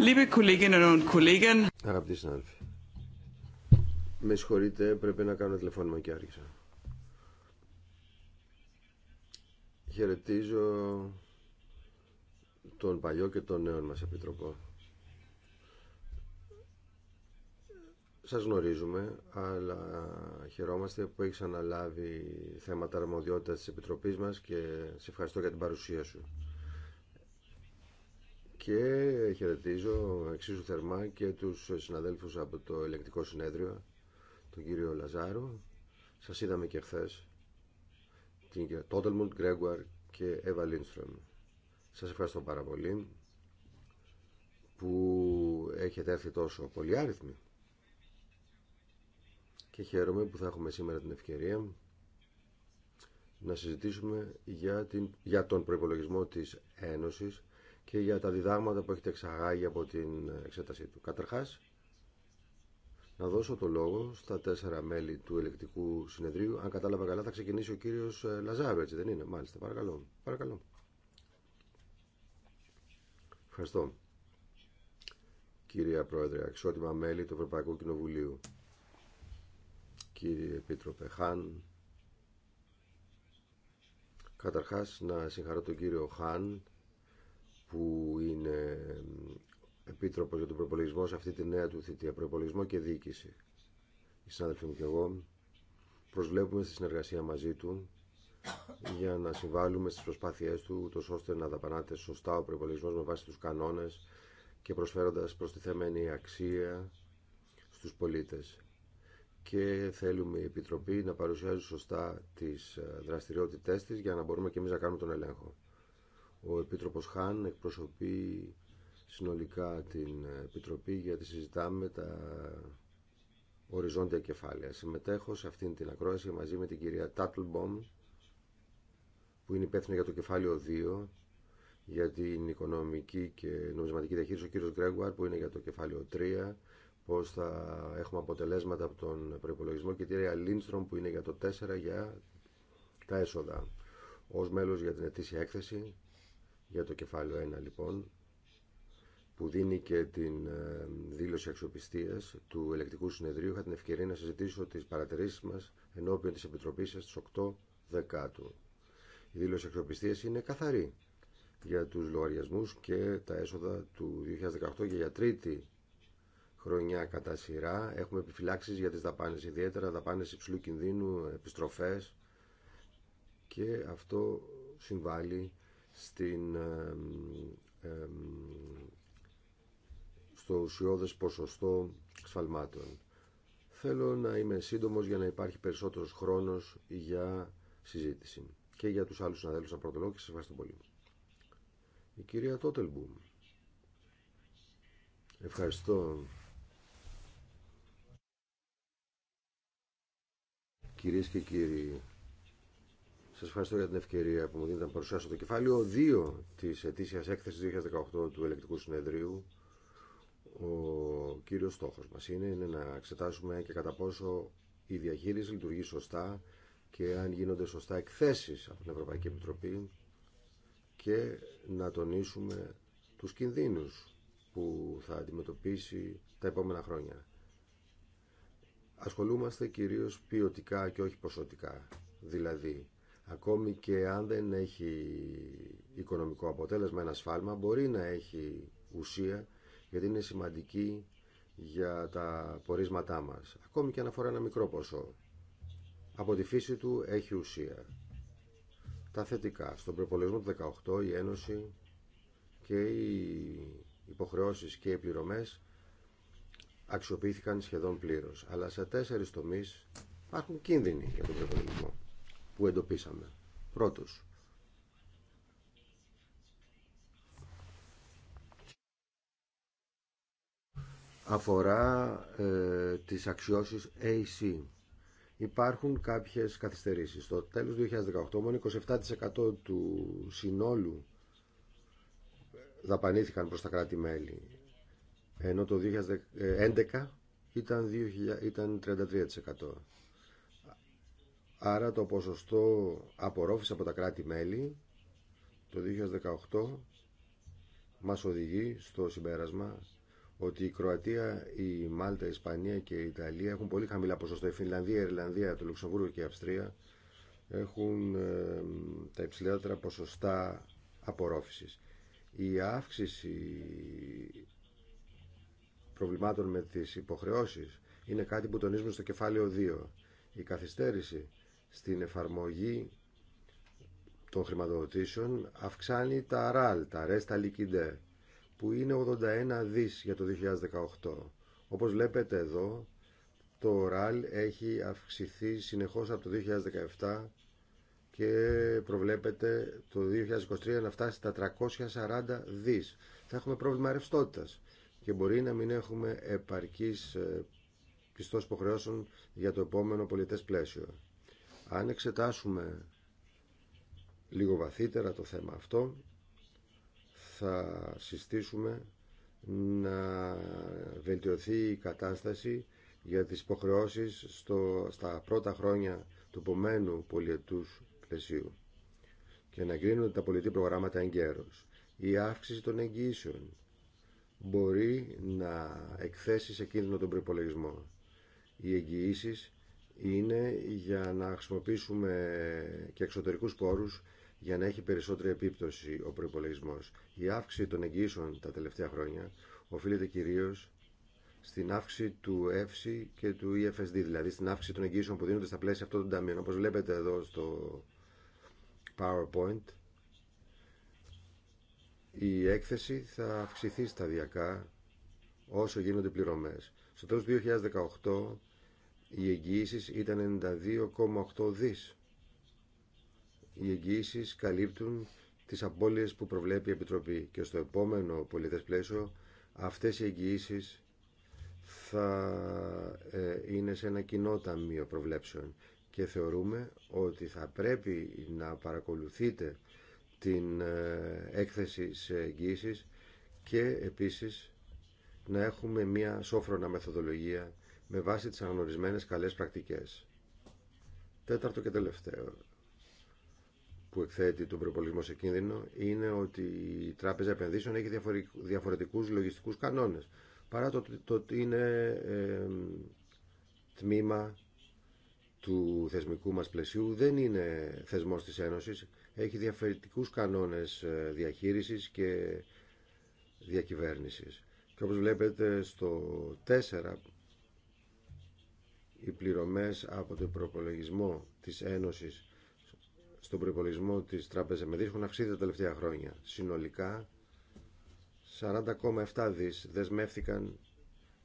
Liebe Kolleginnen und Kollegen. Αγαπητοί συνάδελφοι, με συγχωρείτε, πρέπει να κάνω τηλεφώνημα και άρχισα Χαιρετίζω τον παλιό και τον νέο μας επιτροπό. Σας γνωρίζουμε, αλλά χαιρόμαστε που έχεις αναλάβει θέματα αρμοδιότητας της Επιτροπής μας και σε ευχαριστώ για την παρουσία σου και χαιρετίζω εξίσου θερμά και τους συναδέλφους από το Ελεκτικό συνέδριο, τον κύριο Λαζάρο. Σας είδαμε και χθε την κυρία Τότελμουντ, Γκρέγουαρ και Εύα Λίνστρομ. Σας ευχαριστώ πάρα πολύ που έχετε έρθει τόσο πολύ άριθμοι και χαίρομαι που θα έχουμε σήμερα την ευκαιρία να συζητήσουμε για, την, για τον προϋπολογισμό της Ένωσης και για τα διδάγματα που έχετε εξαγάγει από την εξέτασή του. Καταρχάς, να δώσω το λόγο στα τέσσερα μέλη του ελεκτικού συνεδρίου. Αν κατάλαβα καλά, θα ξεκινήσει ο κύριος ε, Λαζάρου, έτσι δεν είναι. Μάλιστα, παρακαλώ. παρακαλώ. Ευχαριστώ. Κυρία Πρόεδρε, αξιότιμα μέλη του Ευρωπαϊκού Κοινοβουλίου. Κύριε Επίτροπε Χάν, καταρχάς να συγχαρώ τον κύριο Χάν που είναι επίτροπο για τον προπολογισμό σε αυτή τη νέα του θητεία. Προπολογισμό και διοίκηση. Οι συνάδελφοι μου και εγώ προσβλέπουμε στη συνεργασία μαζί του για να συμβάλλουμε στι προσπάθειε του, τόσο ώστε να δαπανάται σωστά ο προπολογισμό με βάση του κανόνε και προσφέροντας προστιθέμενη αξία στου πολίτε Και θέλουμε η Επιτροπή να παρουσιάζει σωστά τι ε, δραστηριότητε τη για να μπορούμε και εμεί να κάνουμε τον ελέγχο. Ο Επίτροπος Χάν εκπροσωπεί συνολικά την Επιτροπή γιατί συζητάμε τα οριζόντια κεφάλαια. Συμμετέχω σε αυτήν την ακρόαση μαζί με την κυρία Τάτλμπομ που είναι υπεύθυνη για το κεφάλαιο 2 για την οικονομική και νομισματική διαχείριση ο κύριος Γκρέγουαρ που είναι για το κεφάλαιο 3 πώς θα έχουμε αποτελέσματα από τον προϋπολογισμό και η κυρία Λίνστρομ που είναι για το 4 για τα έσοδα ως μέλος για την ετήσια έκθεση για το κεφάλαιο 1 λοιπόν που δίνει και την ε, δήλωση αξιοπιστία του ελεκτικού συνεδρίου είχα την ευκαιρία να συζητήσω τι παρατηρήσει μα ενώπιον τη Επιτροπή σα στις 8 Δεκάτου. Η δήλωση αξιοπιστία είναι καθαρή για του λογαριασμού και τα έσοδα του 2018 και για τρίτη χρονιά κατά σειρά. Έχουμε επιφυλάξει για τι δαπάνε ιδιαίτερα δαπάνε υψηλού κινδύνου, επιστροφέ, και αυτό συμβάλλει στην, στο ουσιώδες ποσοστό σφαλμάτων. Θέλω να είμαι σύντομος για να υπάρχει περισσότερος χρόνος για συζήτηση και για τους άλλους συναδέλφους από το λόγο και σας ευχαριστώ πολύ. Η κυρία Τότελμπου. Ευχαριστώ. Κυρίες και κύριοι, Σα ευχαριστώ για την ευκαιρία που μου δίνετε να παρουσιάσω το κεφάλαιο 2 τη ετήσια έκθεση 2018 του Ελεκτικού Συνεδρίου. Ο κύριο στόχο μα είναι, είναι να εξετάσουμε και κατά πόσο η διαχείριση λειτουργεί σωστά και αν γίνονται σωστά εκθέσεις από την Ευρωπαϊκή Επιτροπή και να τονίσουμε τους κινδύνους που θα αντιμετωπίσει τα επόμενα χρόνια. Ασχολούμαστε κυρίως ποιοτικά και όχι ποσοτικά. Δηλαδή, Ακόμη και αν δεν έχει οικονομικό αποτέλεσμα ένα σφάλμα, μπορεί να έχει ουσία γιατί είναι σημαντική για τα πορίσματά μας. Ακόμη και αν αφορά ένα μικρό ποσό. Από τη φύση του έχει ουσία. Τα θετικά. Στον προπολογισμό του 18 η Ένωση και οι υποχρεώσεις και οι πληρωμές αξιοποιήθηκαν σχεδόν πλήρως. Αλλά σε τέσσερις τομείς υπάρχουν κίνδυνοι για τον προπολογισμό που εντοπίσαμε. Πρώτος, αφορά ε, τις αξιώσεις AC. Υπάρχουν κάποιες καθυστερήσεις. Στο τέλος 2018, μόνο 27% του συνόλου δαπανήθηκαν προς τα κράτη-μέλη, ενώ το 2011 ε, ήταν, ήταν 33%. Άρα το ποσοστό απορρόφηση από τα κράτη-μέλη το 2018 μας οδηγεί στο συμπέρασμα ότι η Κροατία, η Μάλτα, η Ισπανία και η Ιταλία έχουν πολύ χαμηλά ποσοστά. Η Φινλανδία, η Ιρλανδία, το Λουξεμβούργο και η Αυστρία έχουν τα υψηλότερα ποσοστά απορρόφησης. Η αύξηση προβλημάτων με τις υποχρεώσεις είναι κάτι που τονίζουμε στο κεφάλαιο 2. Η καθυστέρηση στην εφαρμογή των χρηματοδοτήσεων αυξάνει τα RAL, τα Resta Liquide, που είναι 81 δις για το 2018. Όπως βλέπετε εδώ, το RAL έχει αυξηθεί συνεχώς από το 2017 και προβλέπεται το 2023 να φτάσει στα 340 δις. Θα έχουμε πρόβλημα ρευστότητας και μπορεί να μην έχουμε επαρκής ε, πιστός υποχρεώσεων για το επόμενο πολιτές πλαίσιο. Αν εξετάσουμε λίγο βαθύτερα το θέμα αυτό, θα συστήσουμε να βελτιωθεί η κατάσταση για τις υποχρεώσεις στα πρώτα χρόνια του επομένου πολιετούς πλαισίου και να κρίνονται τα πολιτή προγράμματα εγκαίρως. Η αύξηση των εγγυήσεων μπορεί να εκθέσει σε κίνδυνο τον προπολογισμό. Οι εγγυήσει είναι για να χρησιμοποιήσουμε και εξωτερικούς πόρους για να έχει περισσότερη επίπτωση ο προπολογισμό. Η αύξηση των εγγύσεων τα τελευταία χρόνια οφείλεται κυρίω στην αύξηση του ΕΦΣΥ και του EFSD, δηλαδή στην αύξηση των εγγύσεων που δίνονται στα πλαίσια αυτών των ταμείων. Όπω βλέπετε εδώ στο PowerPoint, η έκθεση θα αυξηθεί σταδιακά όσο γίνονται πληρωμές. Στο τέλος του 2018 οι εγγύησεις ήταν 92,8 δις. Οι εγγύησεις καλύπτουν τις απώλειες που προβλέπει η Επιτροπή και στο επόμενο πολιτές πλαίσιο αυτές οι εγγυήσεις θα ε, είναι σε ένα κοινό ταμείο προβλέψεων και θεωρούμε ότι θα πρέπει να παρακολουθείτε την ε, έκθεση σε εγγύησεις και επίσης να έχουμε μία σόφρονα μεθοδολογία με βάση τις αναγνωρισμένες καλές πρακτικές. Τέταρτο και τελευταίο που εκθέτει τον προπολογισμό σε κίνδυνο είναι ότι η Τράπεζα Επενδύσεων έχει διαφορετικούς λογιστικούς κανόνες παρά το, ότι είναι τμήμα του θεσμικού μας πλαισίου δεν είναι θεσμός της Ένωσης έχει διαφορετικούς κανόνες ε, διαχείρισης και διακυβέρνησης και όπως βλέπετε στο 4 οι πληρωμές από τον προπολογισμό της Ένωσης στον προπολογισμό της Τράπεζα Επενδύσεων έχουν τα τελευταία χρόνια. Συνολικά 40,7 δις δεσμεύθηκαν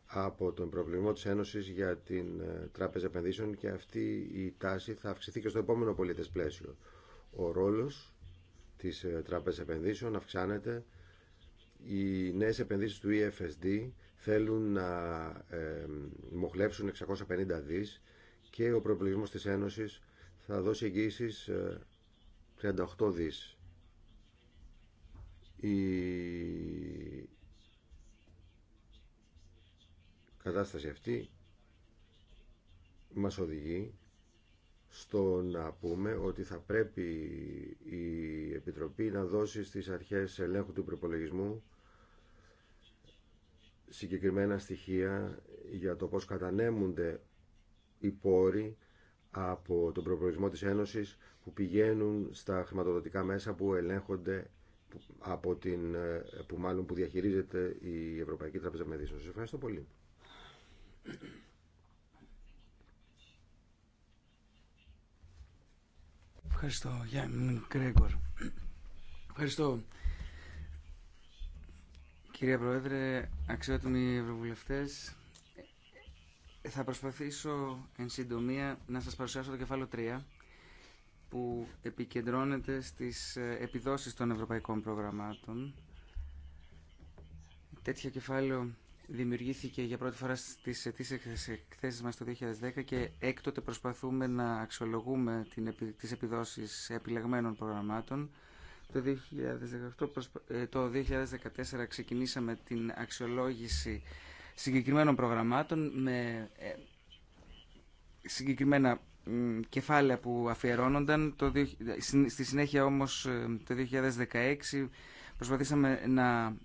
από τον προβλημό της Ένωσης για την ε, Τράπεζα Επενδύσεων και αυτή η τάση θα αυξηθεί και στο επόμενο πολίτες πλαίσιο. Ο ρόλος της ε, Τράπεζα Επενδύσεων αυξάνεται. Οι νέες επενδύσεις του EFSD θέλουν να ε, μοχλεύσουν 650 δις και ο προπολογισμός της Ένωσης θα δώσει εγγύησεις 38 ε, δις. Η κατάσταση αυτή μας οδηγεί στο να πούμε ότι θα πρέπει η Επιτροπή να δώσει στις αρχές ελέγχου του προπολογισμού συγκεκριμένα στοιχεία για το πώς κατανέμονται οι πόροι από τον προπολογισμό της Ένωσης που πηγαίνουν στα χρηματοδοτικά μέσα που ελέγχονται από την, ε, που μάλλον που διαχειρίζεται η Ευρωπαϊκή Τράπεζα Μεδίσεων. Σας ευχαριστώ πολύ. Ευχαριστώ, Γιάννη Γκρέγκορ. Ευχαριστώ. Κυρία Πρόεδρε, αξιότιμοι ευρωβουλευτές, θα προσπαθήσω εν συντομία να σας παρουσιάσω το κεφάλαιο 3 που επικεντρώνεται στις ε, επιδόσεις των ευρωπαϊκών προγραμμάτων. Τέτοιο κεφάλαιο δημιουργήθηκε για πρώτη φορά στις αιτήσεις εκθέσεις μας το 2010 και έκτοτε προσπαθούμε να αξιολογούμε τις επιδόσεις επιλεγμένων προγραμμάτων το 2014, ε, το 2014 ξεκινήσαμε την αξιολόγηση συγκεκριμένων προγραμμάτων με ε, συγκεκριμένα κεφάλαια που αφιερώνονταν. Το, στη συνέχεια όμως ε, το 2016 προσπαθήσαμε να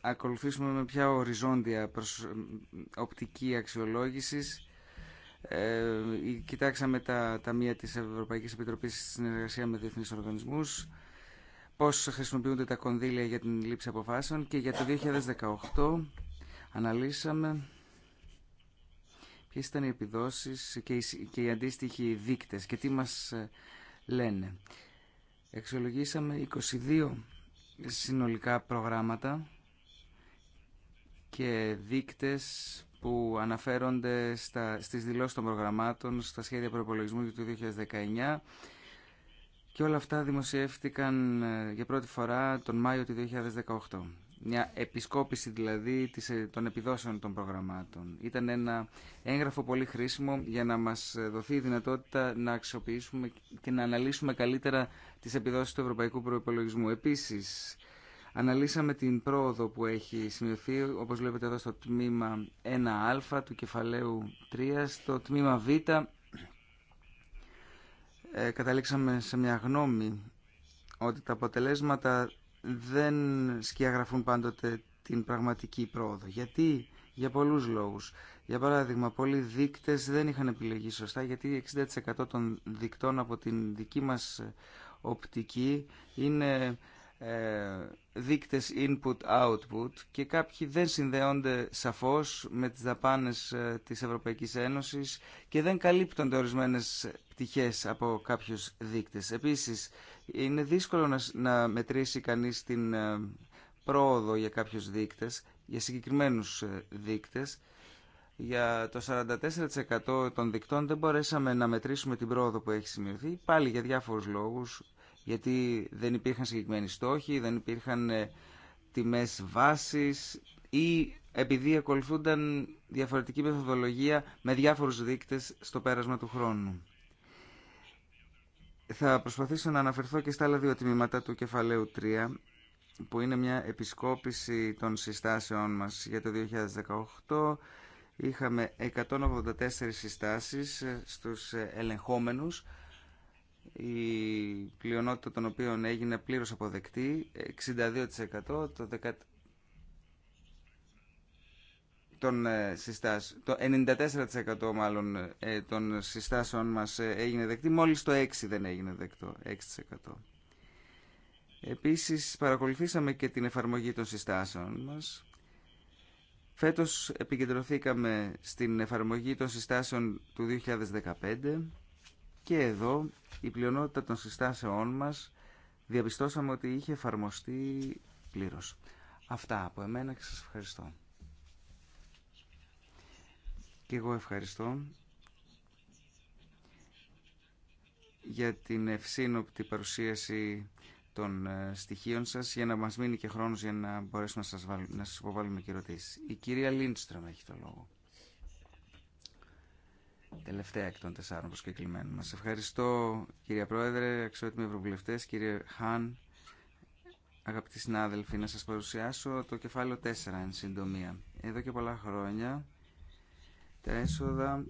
ακολουθήσουμε με πια οριζόντια προς οπτική αξιολόγησης ε, κοιτάξαμε τα ταμεία της Ευρωπαϊκής Επιτροπής στη συνεργασία με διεθνείς οργανισμούς, πώς χρησιμοποιούνται τα κονδύλια για την λήψη αποφάσεων και για το 2018 αναλύσαμε ποιες ήταν οι επιδόσεις και οι, και οι αντίστοιχοι δείκτες και τι μας ε, λένε. Εξολογήσαμε 22 συνολικά προγράμματα και δείκτες που αναφέρονται στα, στις δηλώσεις των προγραμμάτων, στα σχέδια προπολογισμού του 2019 και όλα αυτά δημοσιεύτηκαν ε, για πρώτη φορά τον Μάιο του 2018. Μια επισκόπηση δηλαδή ε, των επιδόσεων των προγραμμάτων. Ήταν ένα έγγραφο πολύ χρήσιμο για να μας ε, δοθεί η δυνατότητα να αξιοποιήσουμε και να αναλύσουμε καλύτερα τις επιδόσεις του ευρωπαϊκού προϋπολογισμού. Επίσης, Αναλύσαμε την πρόοδο που έχει σημειωθεί, όπως βλέπετε εδώ στο τμήμα 1α του κεφαλαίου 3, στο τμήμα β ε, καταλήξαμε σε μια γνώμη ότι τα αποτελέσματα δεν σκιαγραφούν πάντοτε την πραγματική πρόοδο. Γιατί, για πολλούς λόγους. Για παράδειγμα, πολλοί δείκτες δεν είχαν επιλεγεί σωστά, γιατί 60% των δικτών από την δική μας ε, οπτική είναι ε, δείκτες input-output και κάποιοι δεν συνδέονται σαφώς με τις δαπάνες ε, της Ευρωπαϊκής Ένωσης και δεν καλύπτονται ορισμένες πτυχές από κάποιους δείκτες. Επίσης, είναι δύσκολο να μετρήσει κανείς την ε, πρόοδο για κάποιους δείκτες, για συγκεκριμένους δείκτες. Για το 44% των δικτών δεν μπορέσαμε να μετρήσουμε την πρόοδο που έχει σημειωθεί, πάλι για διάφορους λόγους, γιατί δεν υπήρχαν συγκεκριμένοι στόχοι, δεν υπήρχαν ε, τιμές βάσης ή επειδή ακολουθούνταν διαφορετική μεθοδολογία με διάφορους δείκτες στο πέρασμα του χρόνου. Θα προσπαθήσω να αναφερθώ και στα άλλα δύο τμήματα του κεφαλαίου 3, που είναι μια επισκόπηση των συστάσεών μας για το 2018. Είχαμε 184 συστάσεις ε, στους ε, ελεγχόμενους, η πλειονότητα των οποίων έγινε πλήρως αποδεκτή, 62% το 10... των ε, συστάσεων, το 94% μάλλον ε, των συστάσεων μας ε, έγινε δεκτή, μόλις το 6% δεν έγινε δεκτό, 6%. Επίσης παρακολουθήσαμε και την εφαρμογή των συστάσεων μας. Φέτος επικεντρωθήκαμε στην εφαρμογή των συστάσεων του 2015 και εδώ η πλειονότητα των συστάσεών μας διαπιστώσαμε ότι είχε εφαρμοστεί πλήρως. Αυτά από εμένα και σας ευχαριστώ. Και εγώ ευχαριστώ για την ευσύνοπτη παρουσίαση των ε, στοιχείων σας για να μας μείνει και χρόνος για να μπορέσουμε να σας, βάλουμε, να σας υποβάλουμε και ερωτήσεις. Η κυρία Λίντστρομ έχει το λόγο τελευταία εκ των τεσσάρων προσκεκλημένων μας. Ευχαριστώ κυρία Πρόεδρε, αξιότιμοι ευρωβουλευτές, κύριε Χάν, αγαπητοί συνάδελφοι, να σας παρουσιάσω το κεφάλαιο 4 εν συντομία. Εδώ και πολλά χρόνια τα έσοδα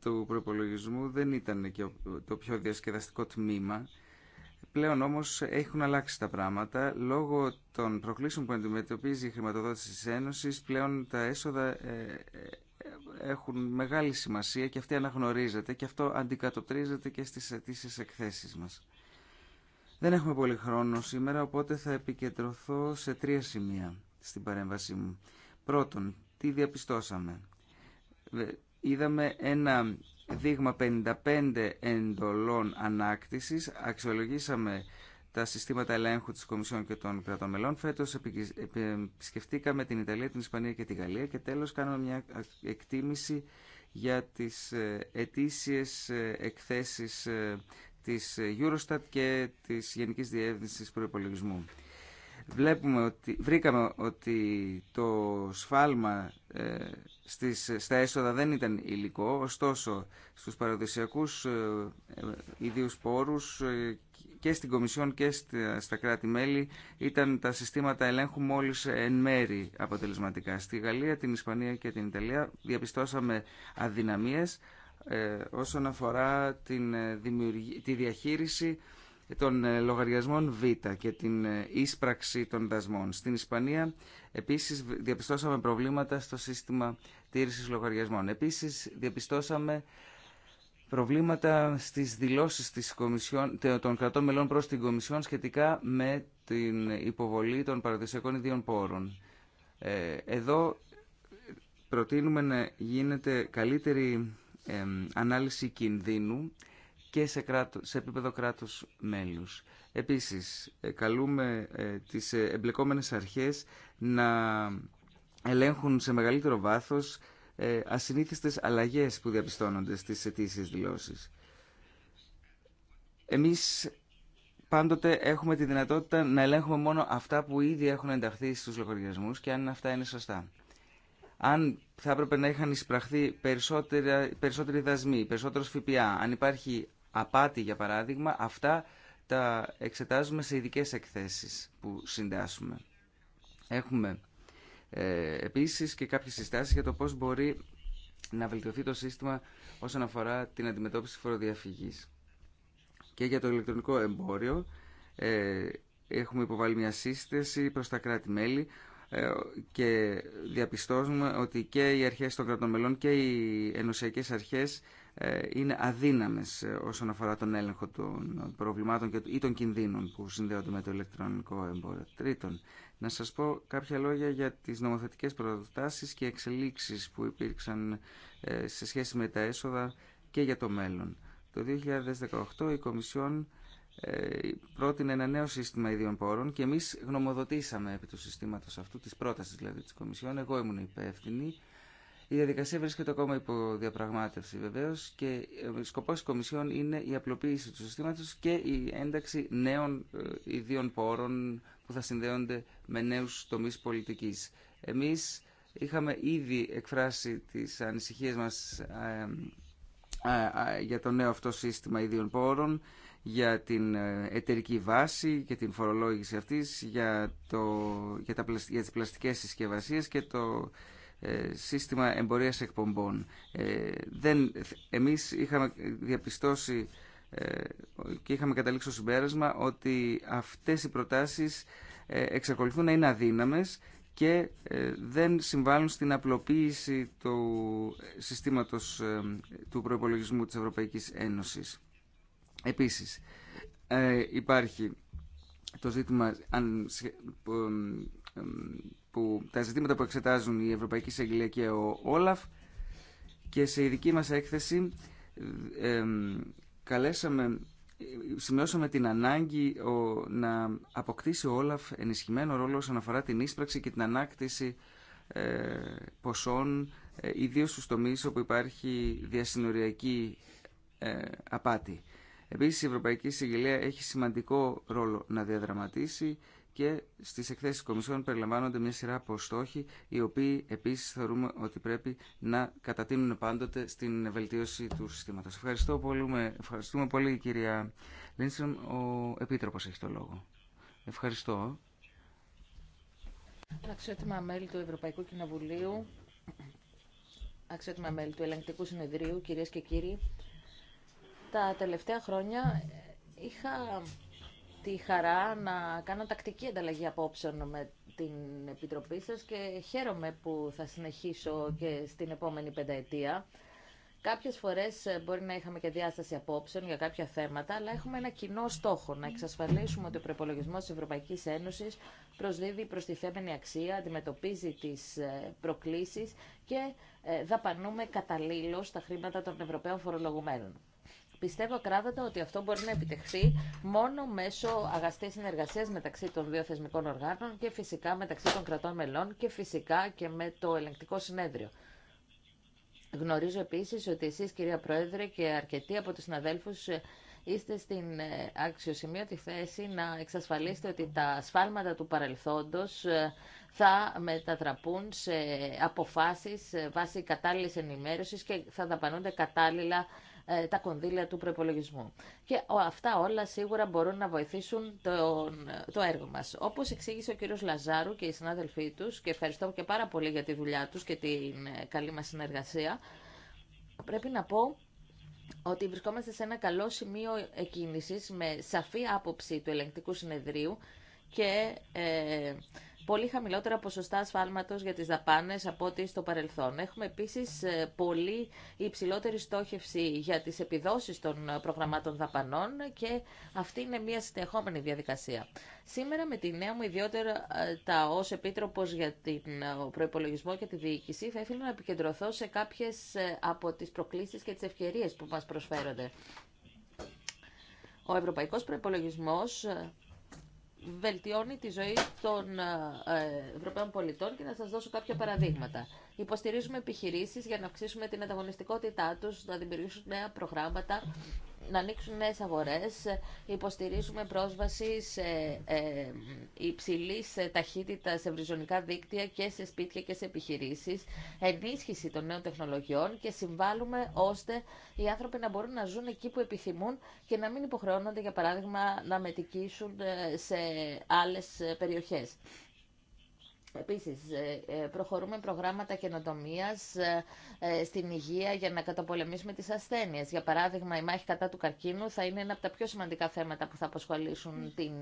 του προπολογισμού δεν ήταν και το πιο διασκεδαστικό τμήμα. Πλέον όμως έχουν αλλάξει τα πράγματα. Λόγω των προκλήσεων που αντιμετωπίζει η χρηματοδότηση της Ένωσης, πλέον τα έσοδα ε, ε, έχουν μεγάλη σημασία και αυτή αναγνωρίζεται και αυτό αντικατοπτρίζεται και στις αιτήσεις εκθέσεις μας. Δεν έχουμε πολύ χρόνο σήμερα, οπότε θα επικεντρωθώ σε τρία σημεία στην παρέμβασή μου. Πρώτον, τι διαπιστώσαμε. Είδαμε ένα δείγμα 55 εντολών ανάκτησης, αξιολογήσαμε τα συστήματα ελέγχου τη Κομισιόν και των κρατών μελών. Φέτος επισκεφτήκαμε την Ιταλία, την Ισπανία και τη Γαλλία και τέλο κάναμε μια εκτίμηση για τι ε, ετήσιε εκθέσει ε, τη Eurostat και τη γενική διεύθυνση προπολογισμού. Βλέπουμε ότι, βρήκαμε ότι το σφάλμα ε, στις, στα έσοδα δεν ήταν υλικό, ωστόσο στους παραδοσιακούς ε, ιδίους πόρους και στην Κομισιόν και στα κράτη-μέλη ήταν τα συστήματα ελέγχου μόλις εν μέρη αποτελεσματικά. Στη Γαλλία, την Ισπανία και την Ιταλία διαπιστώσαμε αδυναμίες ε, όσον αφορά την, ε, τη διαχείριση των ε, λογαριασμών Β και την ίσπραξη των δασμών. Στην Ισπανία επίσης διαπιστώσαμε προβλήματα στο σύστημα τήρησης λογαριασμών. Επίσης διαπιστώσαμε προβλήματα στις δηλώσεις της Κομισιόν, των κρατών μελών προς την Κομισιόν σχετικά με την υποβολή των παραδοσιακών ιδίων πόρων. Ε, εδώ προτείνουμε να γίνεται καλύτερη ανάλυση κινδύνου και σε, σε επίπεδο κράτους μέλους. Επίσης, ε, καλούμε ε, τις εμπλεκόμενες αρχές να ελέγχουν σε μεγαλύτερο βάθος ε, ασυνήθιστες αλλαγές που διαπιστώνονται στις αιτήσει δηλώσεις. Εμείς πάντοτε έχουμε τη δυνατότητα να ελέγχουμε μόνο αυτά που ήδη έχουν ενταχθεί στους λογαριασμούς και αν αυτά είναι σωστά. Αν θα έπρεπε να είχαν εισπραχθεί περισσότεροι δασμοί, περισσότερο ΦΠΑ, αν υπάρχει απάτη για παράδειγμα, αυτά τα εξετάζουμε σε ειδικές εκθέσεις που συντάσσουμε. Έχουμε ε, επίσης και κάποιες συστάσεις για το πώς μπορεί να βελτιωθεί το σύστημα όσον αφορά την αντιμετώπιση φοροδιαφυγής. Και για το ηλεκτρονικό εμπόριο ε, έχουμε υποβάλει μια σύσταση προς τα κράτη-μέλη ε, και διαπιστώνουμε ότι και οι αρχές των κρατών μελών και οι ενωσιακές αρχές ε, είναι αδύναμες ε, όσον αφορά τον έλεγχο των προβλημάτων ή των κινδύνων που συνδέονται με το ηλεκτρονικό εμπόριο. Τρίτον, να σας πω κάποια λόγια για τις νομοθετικές προτάσεις και εξελίξεις που υπήρξαν ε, σε σχέση με τα έσοδα και για το μέλλον. Το 2018 η Κομισιόν πρότεινε ένα νέο σύστημα ιδίων πόρων και εμείς γνωμοδοτήσαμε επί του συστήματος αυτού, της πρότασης δηλαδή της Κομισιόν. Εγώ ήμουν υπεύθυνη η διαδικασία βρίσκεται ακόμα υπό διαπραγμάτευση βεβαίω και ε, σκοπό τη Κομισιόν είναι η απλοποίηση του συστήματο και η ένταξη νέων ε, ιδίων πόρων που θα συνδέονται με νέου τομεί πολιτική. Εμεί είχαμε ήδη εκφράσει τι ανησυχίε μα ε, για το νέο αυτό σύστημα ιδίων πόρων για την εταιρική βάση και την φορολόγηση αυτής, για, το, για, τις πλαστικές και το ε, σύστημα εμπορίας εκπομπών. Ε, δεν, εμείς είχαμε διαπιστώσει ε, και είχαμε καταλήξει στο συμπέρασμα ότι αυτές οι προτάσεις εξακολουθούν να είναι αδύναμες και δεν συμβάλλουν στην απλοποίηση του συστήματος του προϋπολογισμού της Ευρωπαϊκής Ένωσης. Επίσης, υπάρχει το ζήτημα αν τα ζητήματα που εξετάζουν η Ευρωπαϊκή Εισαγγελία και ο Όλαφ και σε ειδική μας έκθεση καλέσαμε, σημειώσαμε την ανάγκη να αποκτήσει ο Όλαφ ενισχυμένο ρόλο όσον αφορά την ίσπραξη και την ανάκτηση ε, ποσών, ε, ιδίως στους τομείς όπου υπάρχει διασυνοριακή ε, απάτη. Επίσης η Ευρωπαϊκή Συγγελία έχει σημαντικό ρόλο να διαδραματίσει και στις εκθέσεις Κομισιόν περιλαμβάνονται μια σειρά από στόχοι, οι οποίοι επίσης θεωρούμε ότι πρέπει να κατατείνουν πάντοτε στην βελτίωση του συστήματος. Ευχαριστώ πολύ, ευχαριστούμε πολύ κυρία Λίνστρομ. Ο Επίτροπος έχει το λόγο. Ευχαριστώ. Αξιότιμα μέλη του Ευρωπαϊκού Κοινοβουλίου, αξιότιμα μέλη του Ελεγκτικού Συνεδρίου, κυρίες και κύριοι, τα τελευταία χρόνια είχα τη χαρά να κάνω τακτική ανταλλαγή απόψεων με την Επιτροπή σας και χαίρομαι που θα συνεχίσω και στην επόμενη πενταετία. Κάποιες φορές ε, μπορεί να είχαμε και διάσταση απόψεων για κάποια θέματα, αλλά έχουμε ένα κοινό στόχο να εξασφαλίσουμε ότι ο προπολογισμό της Ευρωπαϊκής Ένωσης προσδίδει προστιθέμενη αξία, αντιμετωπίζει τις ε, προκλήσεις και ε, δαπανούμε καταλήλως τα χρήματα των Ευρωπαίων φορολογουμένων. Πιστεύω ακράδαντα ότι αυτό μπορεί να επιτευχθεί μόνο μέσω αγαστής συνεργασίας μεταξύ των δύο θεσμικών οργάνων και φυσικά μεταξύ των κρατών μελών και φυσικά και με το ελεγκτικό συνέδριο. Γνωρίζω επίσης ότι εσείς κυρία Πρόεδρε και αρκετοί από τους συναδέλφου ε, είστε στην αξιοσημείωτη ε, θέση να εξασφαλίσετε ότι τα σφάλματα του παρελθόντος ε, θα μετατραπούν σε αποφάσεις βάσει κατάλληλης ενημέρωσης και θα δαπανούνται κατάλληλα ε, τα κονδύλια του προπολογισμού. Και αυτά όλα σίγουρα μπορούν να βοηθήσουν το έργο μα. Όπω εξήγησε ο κύριο Λαζάρου και οι συνάδελφοί του, και ευχαριστώ και πάρα πολύ για τη δουλειά του και την ε, καλή μα συνεργασία, πρέπει να πω ότι βρισκόμαστε σε ένα καλό σημείο εκκίνησης με σαφή άποψη του ελεγκτικού συνεδρίου και ε, πολύ χαμηλότερα ποσοστά ασφάλματος για τις δαπάνε από ό,τι στο παρελθόν. Έχουμε επίσης ε, πολύ υψηλότερη στόχευση για τις επιδόσεις των ε, προγραμμάτων δαπανών και αυτή είναι μια συνεχόμενη διαδικασία. Σήμερα με τη νέα μου ιδιότητα ε, ω επίτροπο για τον προπολογισμό και τη Διοίκηση θα ήθελα να επικεντρωθώ σε κάποιε από τι προκλήσει και τι ευκαιρίε που μα προσφέρονται. Ο Ευρωπαϊκός Προϋπολογισμός βελτιώνει τη ζωή των ε, Ευρωπαίων πολιτών και να σας δώσω κάποια παραδείγματα. Υποστηρίζουμε επιχειρήσεις για να αυξήσουμε την ανταγωνιστικότητά τους, να δημιουργήσουν νέα προγράμματα να ανοίξουν νέε αγορέ, Υποστηρίζουμε πρόσβαση σε ε, υψηλής σε βριζονικά δίκτυα και σε σπίτια και σε επιχειρήσει, ενίσχυση των νέων τεχνολογιών και συμβάλλουμε ώστε οι άνθρωποι να μπορούν να ζουν εκεί που επιθυμούν και να μην υποχρεώνονται, για παράδειγμα, να μετικήσουν ε, σε άλλες ε, περιοχές. Επίσης, ε, ε, προχωρούμε προγράμματα καινοτομίας ε, στην υγεία για να καταπολεμήσουμε τις ασθένειες. Για παράδειγμα, η μάχη κατά του καρκίνου θα είναι ένα από τα πιο σημαντικά θέματα που θα αποσχολήσουν την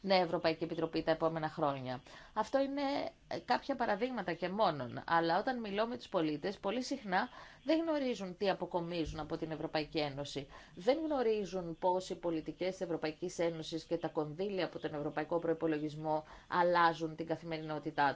Νέα Ευρωπαϊκή Επιτροπή τα επόμενα χρόνια. Αυτό είναι κάποια παραδείγματα και μόνον. Αλλά όταν μιλώ με τους πολίτες, πολύ συχνά δεν γνωρίζουν τι αποκομίζουν από την Ευρωπαϊκή Ένωση. Δεν γνωρίζουν πώς οι πολιτικές της Ευρωπαϊκής Ένωσης και τα κονδύλια από τον Ευρωπαϊκό Προπολογισμό αλλάζουν την καθημερινότητά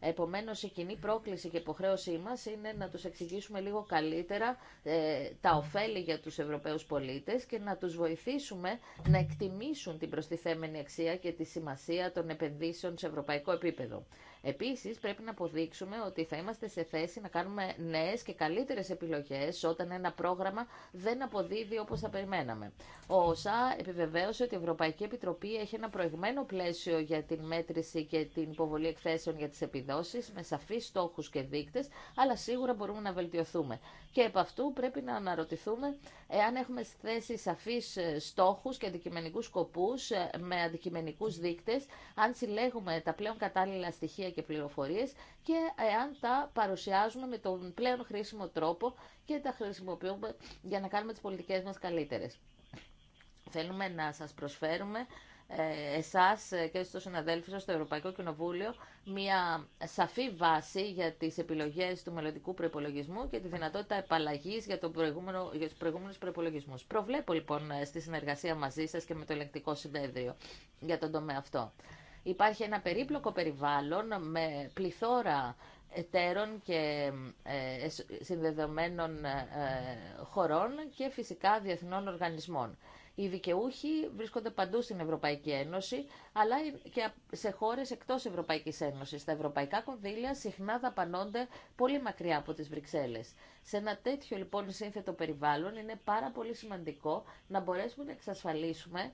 Επομένως, η κοινή πρόκληση και υποχρέωσή μας είναι να τους εξηγήσουμε λίγο καλύτερα ε, τα ωφέλη για τους Ευρωπαίους πολίτες και να τους βοηθήσουμε να εκτιμήσουν την προστιθέμενη αξία και τη σημασία των επενδύσεων σε ευρωπαϊκό επίπεδο. Επίση, πρέπει να αποδείξουμε ότι θα είμαστε σε θέση να κάνουμε νέε και καλύτερε επιλογέ όταν ένα πρόγραμμα δεν αποδίδει όπω θα περιμέναμε. Ο ΩΣΑ επιβεβαίωσε ότι η Ευρωπαϊκή Επιτροπή έχει ένα προηγμένο πλαίσιο για την μέτρηση και την υποβολή εκθέσεων για τι επιδόσει με σαφεί στόχου και δείκτες, αλλά σίγουρα μπορούμε να βελτιωθούμε. Και επ' αυτού πρέπει να αναρωτηθούμε εάν έχουμε θέσει σαφεί ε, στόχου και αντικειμενικού σκοπού ε, με αντικειμενικού δείκτε, αν συλλέγουμε τα πλέον κατάλληλα στοιχεία και πληροφορίες και εάν τα παρουσιάζουμε με τον πλέον χρήσιμο τρόπο και τα χρησιμοποιούμε για να κάνουμε τις πολιτικές μας καλύτερες. Θέλουμε να σας προσφέρουμε ε, εσάς και στους συναδέλφους σας στο Ευρωπαϊκό Κοινοβούλιο μια σαφή βάση για τις επιλογές του μελλοντικού προπολογισμού και τη δυνατότητα επαλλαγής για, τον προηγούμενο, για τους προηγούμενους προϋπολογισμούς. Προβλέπω λοιπόν στη συνεργασία μαζί σας και με το ελεγκτικό συνέδριο για τον τομέα αυτό. Υπάρχει ένα περίπλοκο περιβάλλον με πληθώρα εταίρων και ε, συνδεδεμένων ε, χωρών και φυσικά διεθνών οργανισμών. Οι δικαιούχοι βρίσκονται παντού στην Ευρωπαϊκή Ένωση, αλλά και σε χώρες εκτός Ευρωπαϊκής Ένωσης. Τα ευρωπαϊκά κονδύλια συχνά δαπανώνται πολύ μακριά από τις Βρυξέλλες. Σε ένα τέτοιο λοιπόν σύνθετο περιβάλλον είναι πάρα πολύ σημαντικό να μπορέσουμε να εξασφαλίσουμε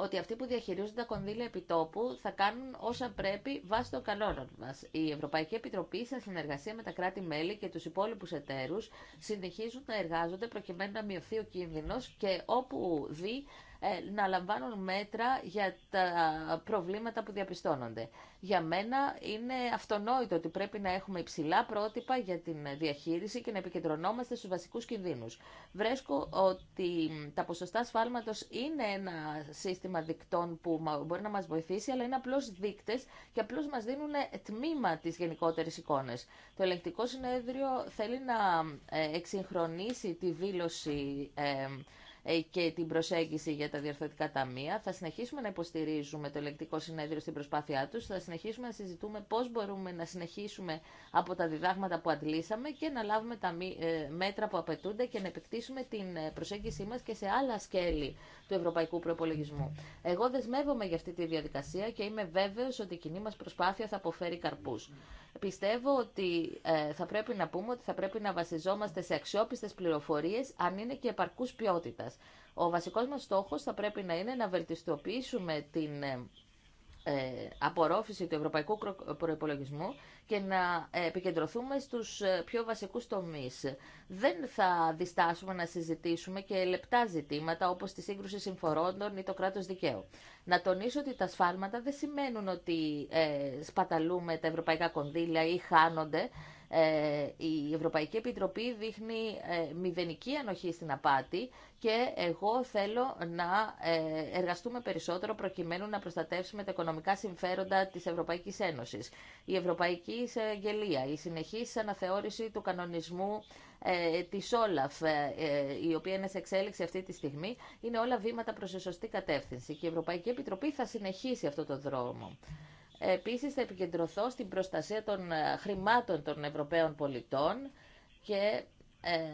ότι αυτοί που διαχειρίζονται τα κονδύλια επιτόπου θα κάνουν όσα πρέπει βάσει των κανόνων μα. Η Ευρωπαϊκή Επιτροπή, σε συνεργασία με τα κράτη-μέλη και του υπόλοιπου εταίρου, συνεχίζουν να εργάζονται προκειμένου να μειωθεί ο κίνδυνο και όπου δει ε, να λαμβάνουν μέτρα για τα προβλήματα που διαπιστώνονται. Για μένα είναι αυτονόητο ότι πρέπει να έχουμε υψηλά πρότυπα για την διαχείριση και να επικεντρωνόμαστε στους βασικούς κινδύνους. Βρέσκω ότι τα ποσοστά σφάλματος είναι ένα σύστημα δικτών που μπορεί να μας βοηθήσει, αλλά είναι απλώς δείκτες και απλώς μας δίνουν τμήμα της γενικότερης εικόνες. Το ελεγκτικό συνέδριο θέλει να ε, εξυγχρονίσει τη δήλωση ε, ε, και την προσέγγιση για τα διορθωτικά ταμεία. Θα συνεχίσουμε να υποστηρίζουμε το ηλεκτρικό συνέδριο στην προσπάθειά του. Θα συνεχίσουμε να συζητούμε πώ μπορούμε να συνεχίσουμε από τα διδάγματα που αντλήσαμε και να λάβουμε τα ε, μέτρα που απαιτούνται και να επεκτήσουμε την ε, προσέγγιση μα και σε άλλα σκέλη του Ευρωπαϊκού Προπολογισμού. Εγώ δεσμεύομαι για αυτή τη διαδικασία και είμαι βέβαιος ότι η κοινή μας προσπάθεια θα αποφέρει καρπούς. Πιστεύω ότι ε, θα πρέπει να πούμε ότι θα πρέπει να βασιζόμαστε σε αξιόπιστες πληροφορίες, αν είναι και επαρκούς ποιότητα. Ο βασικός μας στόχος θα πρέπει να είναι να βελτιστοποιήσουμε την ε, ε, απορρόφηση του ευρωπαϊκού προπολογισμού και να ε, επικεντρωθούμε στους ε, πιο βασικούς τομείς. Δεν θα διστάσουμε να συζητήσουμε και λεπτά ζητήματα όπως τη σύγκρουση συμφορώντων ή το κράτος δικαίου. Να τονίσω ότι τα σφάλματα δεν σημαίνουν ότι σπαταλούμε τα ευρωπαϊκά κονδύλια ή χάνονται, ε, η Ευρωπαϊκή Επιτροπή δείχνει ε, μηδενική ανοχή στην απάτη και εγώ θέλω να ε, εργαστούμε περισσότερο προκειμένου να προστατεύσουμε τα οικονομικά συμφέροντα της Ευρωπαϊκής Ένωσης. Η Ευρωπαϊκή Εισαγγελία, η συνεχής αναθεώρηση του κανονισμού ε, της Όλαφ, η οποία είναι σε εξέλιξη αυτή τη στιγμή, είναι όλα βήματα προς σωστή κατεύθυνση και η Ευρωπαϊκή Επιτροπή θα συνεχίσει αυτό το δρόμο. Επίσης θα επικεντρωθώ στην προστασία των ε, χρημάτων των Ευρωπαίων πολιτών και ε,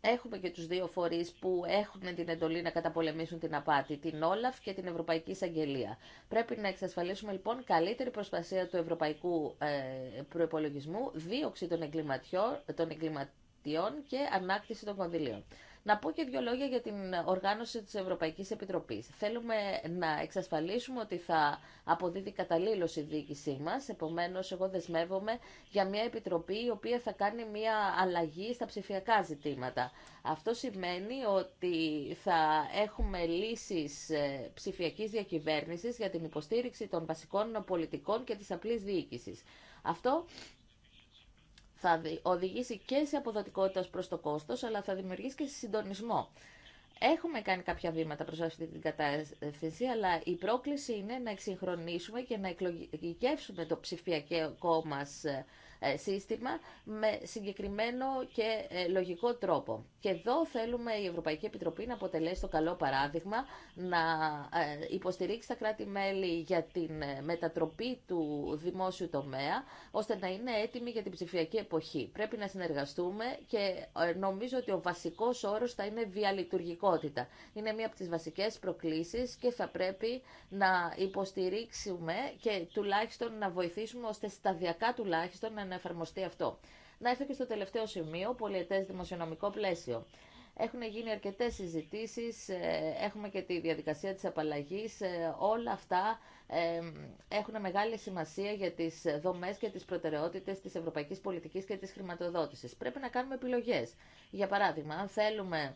έχουμε και τους δύο φορείς που έχουν την εντολή να καταπολεμήσουν την απάτη, την Όλαφ και την Ευρωπαϊκή Εισαγγελία. Πρέπει να εξασφαλίσουμε λοιπόν καλύτερη προστασία του ευρωπαϊκού ε, προπολογισμού, δίωξη των εγκληματιών, των και ανάκτηση των κονδυλίων. Να πω και δύο λόγια για την οργάνωση της Ευρωπαϊκής Επιτροπής. Θέλουμε να εξασφαλίσουμε ότι θα αποδίδει καταλήλωση η διοίκησή μας, επομένως εγώ δεσμεύομαι για μια επιτροπή η οποία θα κάνει μια αλλαγή στα ψηφιακά ζητήματα. Αυτό σημαίνει ότι θα έχουμε λύσεις ε, ψηφιακής διακυβέρνησης για την υποστήριξη των βασικών πολιτικών και της απλής διοίκησης. Αυτό θα οδηγήσει και σε αποδοτικότητα προ το κόστο, αλλά θα δημιουργήσει και σε συντονισμό. Έχουμε κάνει κάποια βήματα προ αυτή την κατεύθυνση, αλλά η πρόκληση είναι να εξυγχρονίσουμε και να εκλογικεύσουμε το ψηφιακό μας ε, ε, σύστημα με συγκεκριμένο και ε, λογικό τρόπο. Και εδώ θέλουμε η Ευρωπαϊκή Επιτροπή να αποτελέσει το καλό παράδειγμα, να ε, υποστηρίξει τα κράτη-μέλη για την μετατροπή του δημόσιου τομέα, ώστε να είναι έτοιμοι για την ψηφιακή εποχή. Πρέπει να συνεργαστούμε και νομίζω ότι ο βασικός όρος θα είναι διαλειτουργικότητα. Είναι μία από τις βασικές προκλήσεις και θα πρέπει να υποστηρίξουμε και τουλάχιστον να βοηθήσουμε ώστε σταδιακά τουλάχιστον να να εφαρμοστεί αυτό. Να έρθω και στο τελευταίο σημείο, πολιετές δημοσιονομικό πλαίσιο. Έχουν γίνει αρκετές συζητήσεις, ε, έχουμε και τη διαδικασία της απαλλαγής. Ε, όλα αυτά ε, έχουν μεγάλη σημασία για τις δομές και τις προτεραιότητες της ευρωπαϊκής πολιτικής και της χρηματοδότησης. Πρέπει να κάνουμε επιλογές. Για παράδειγμα, αν θέλουμε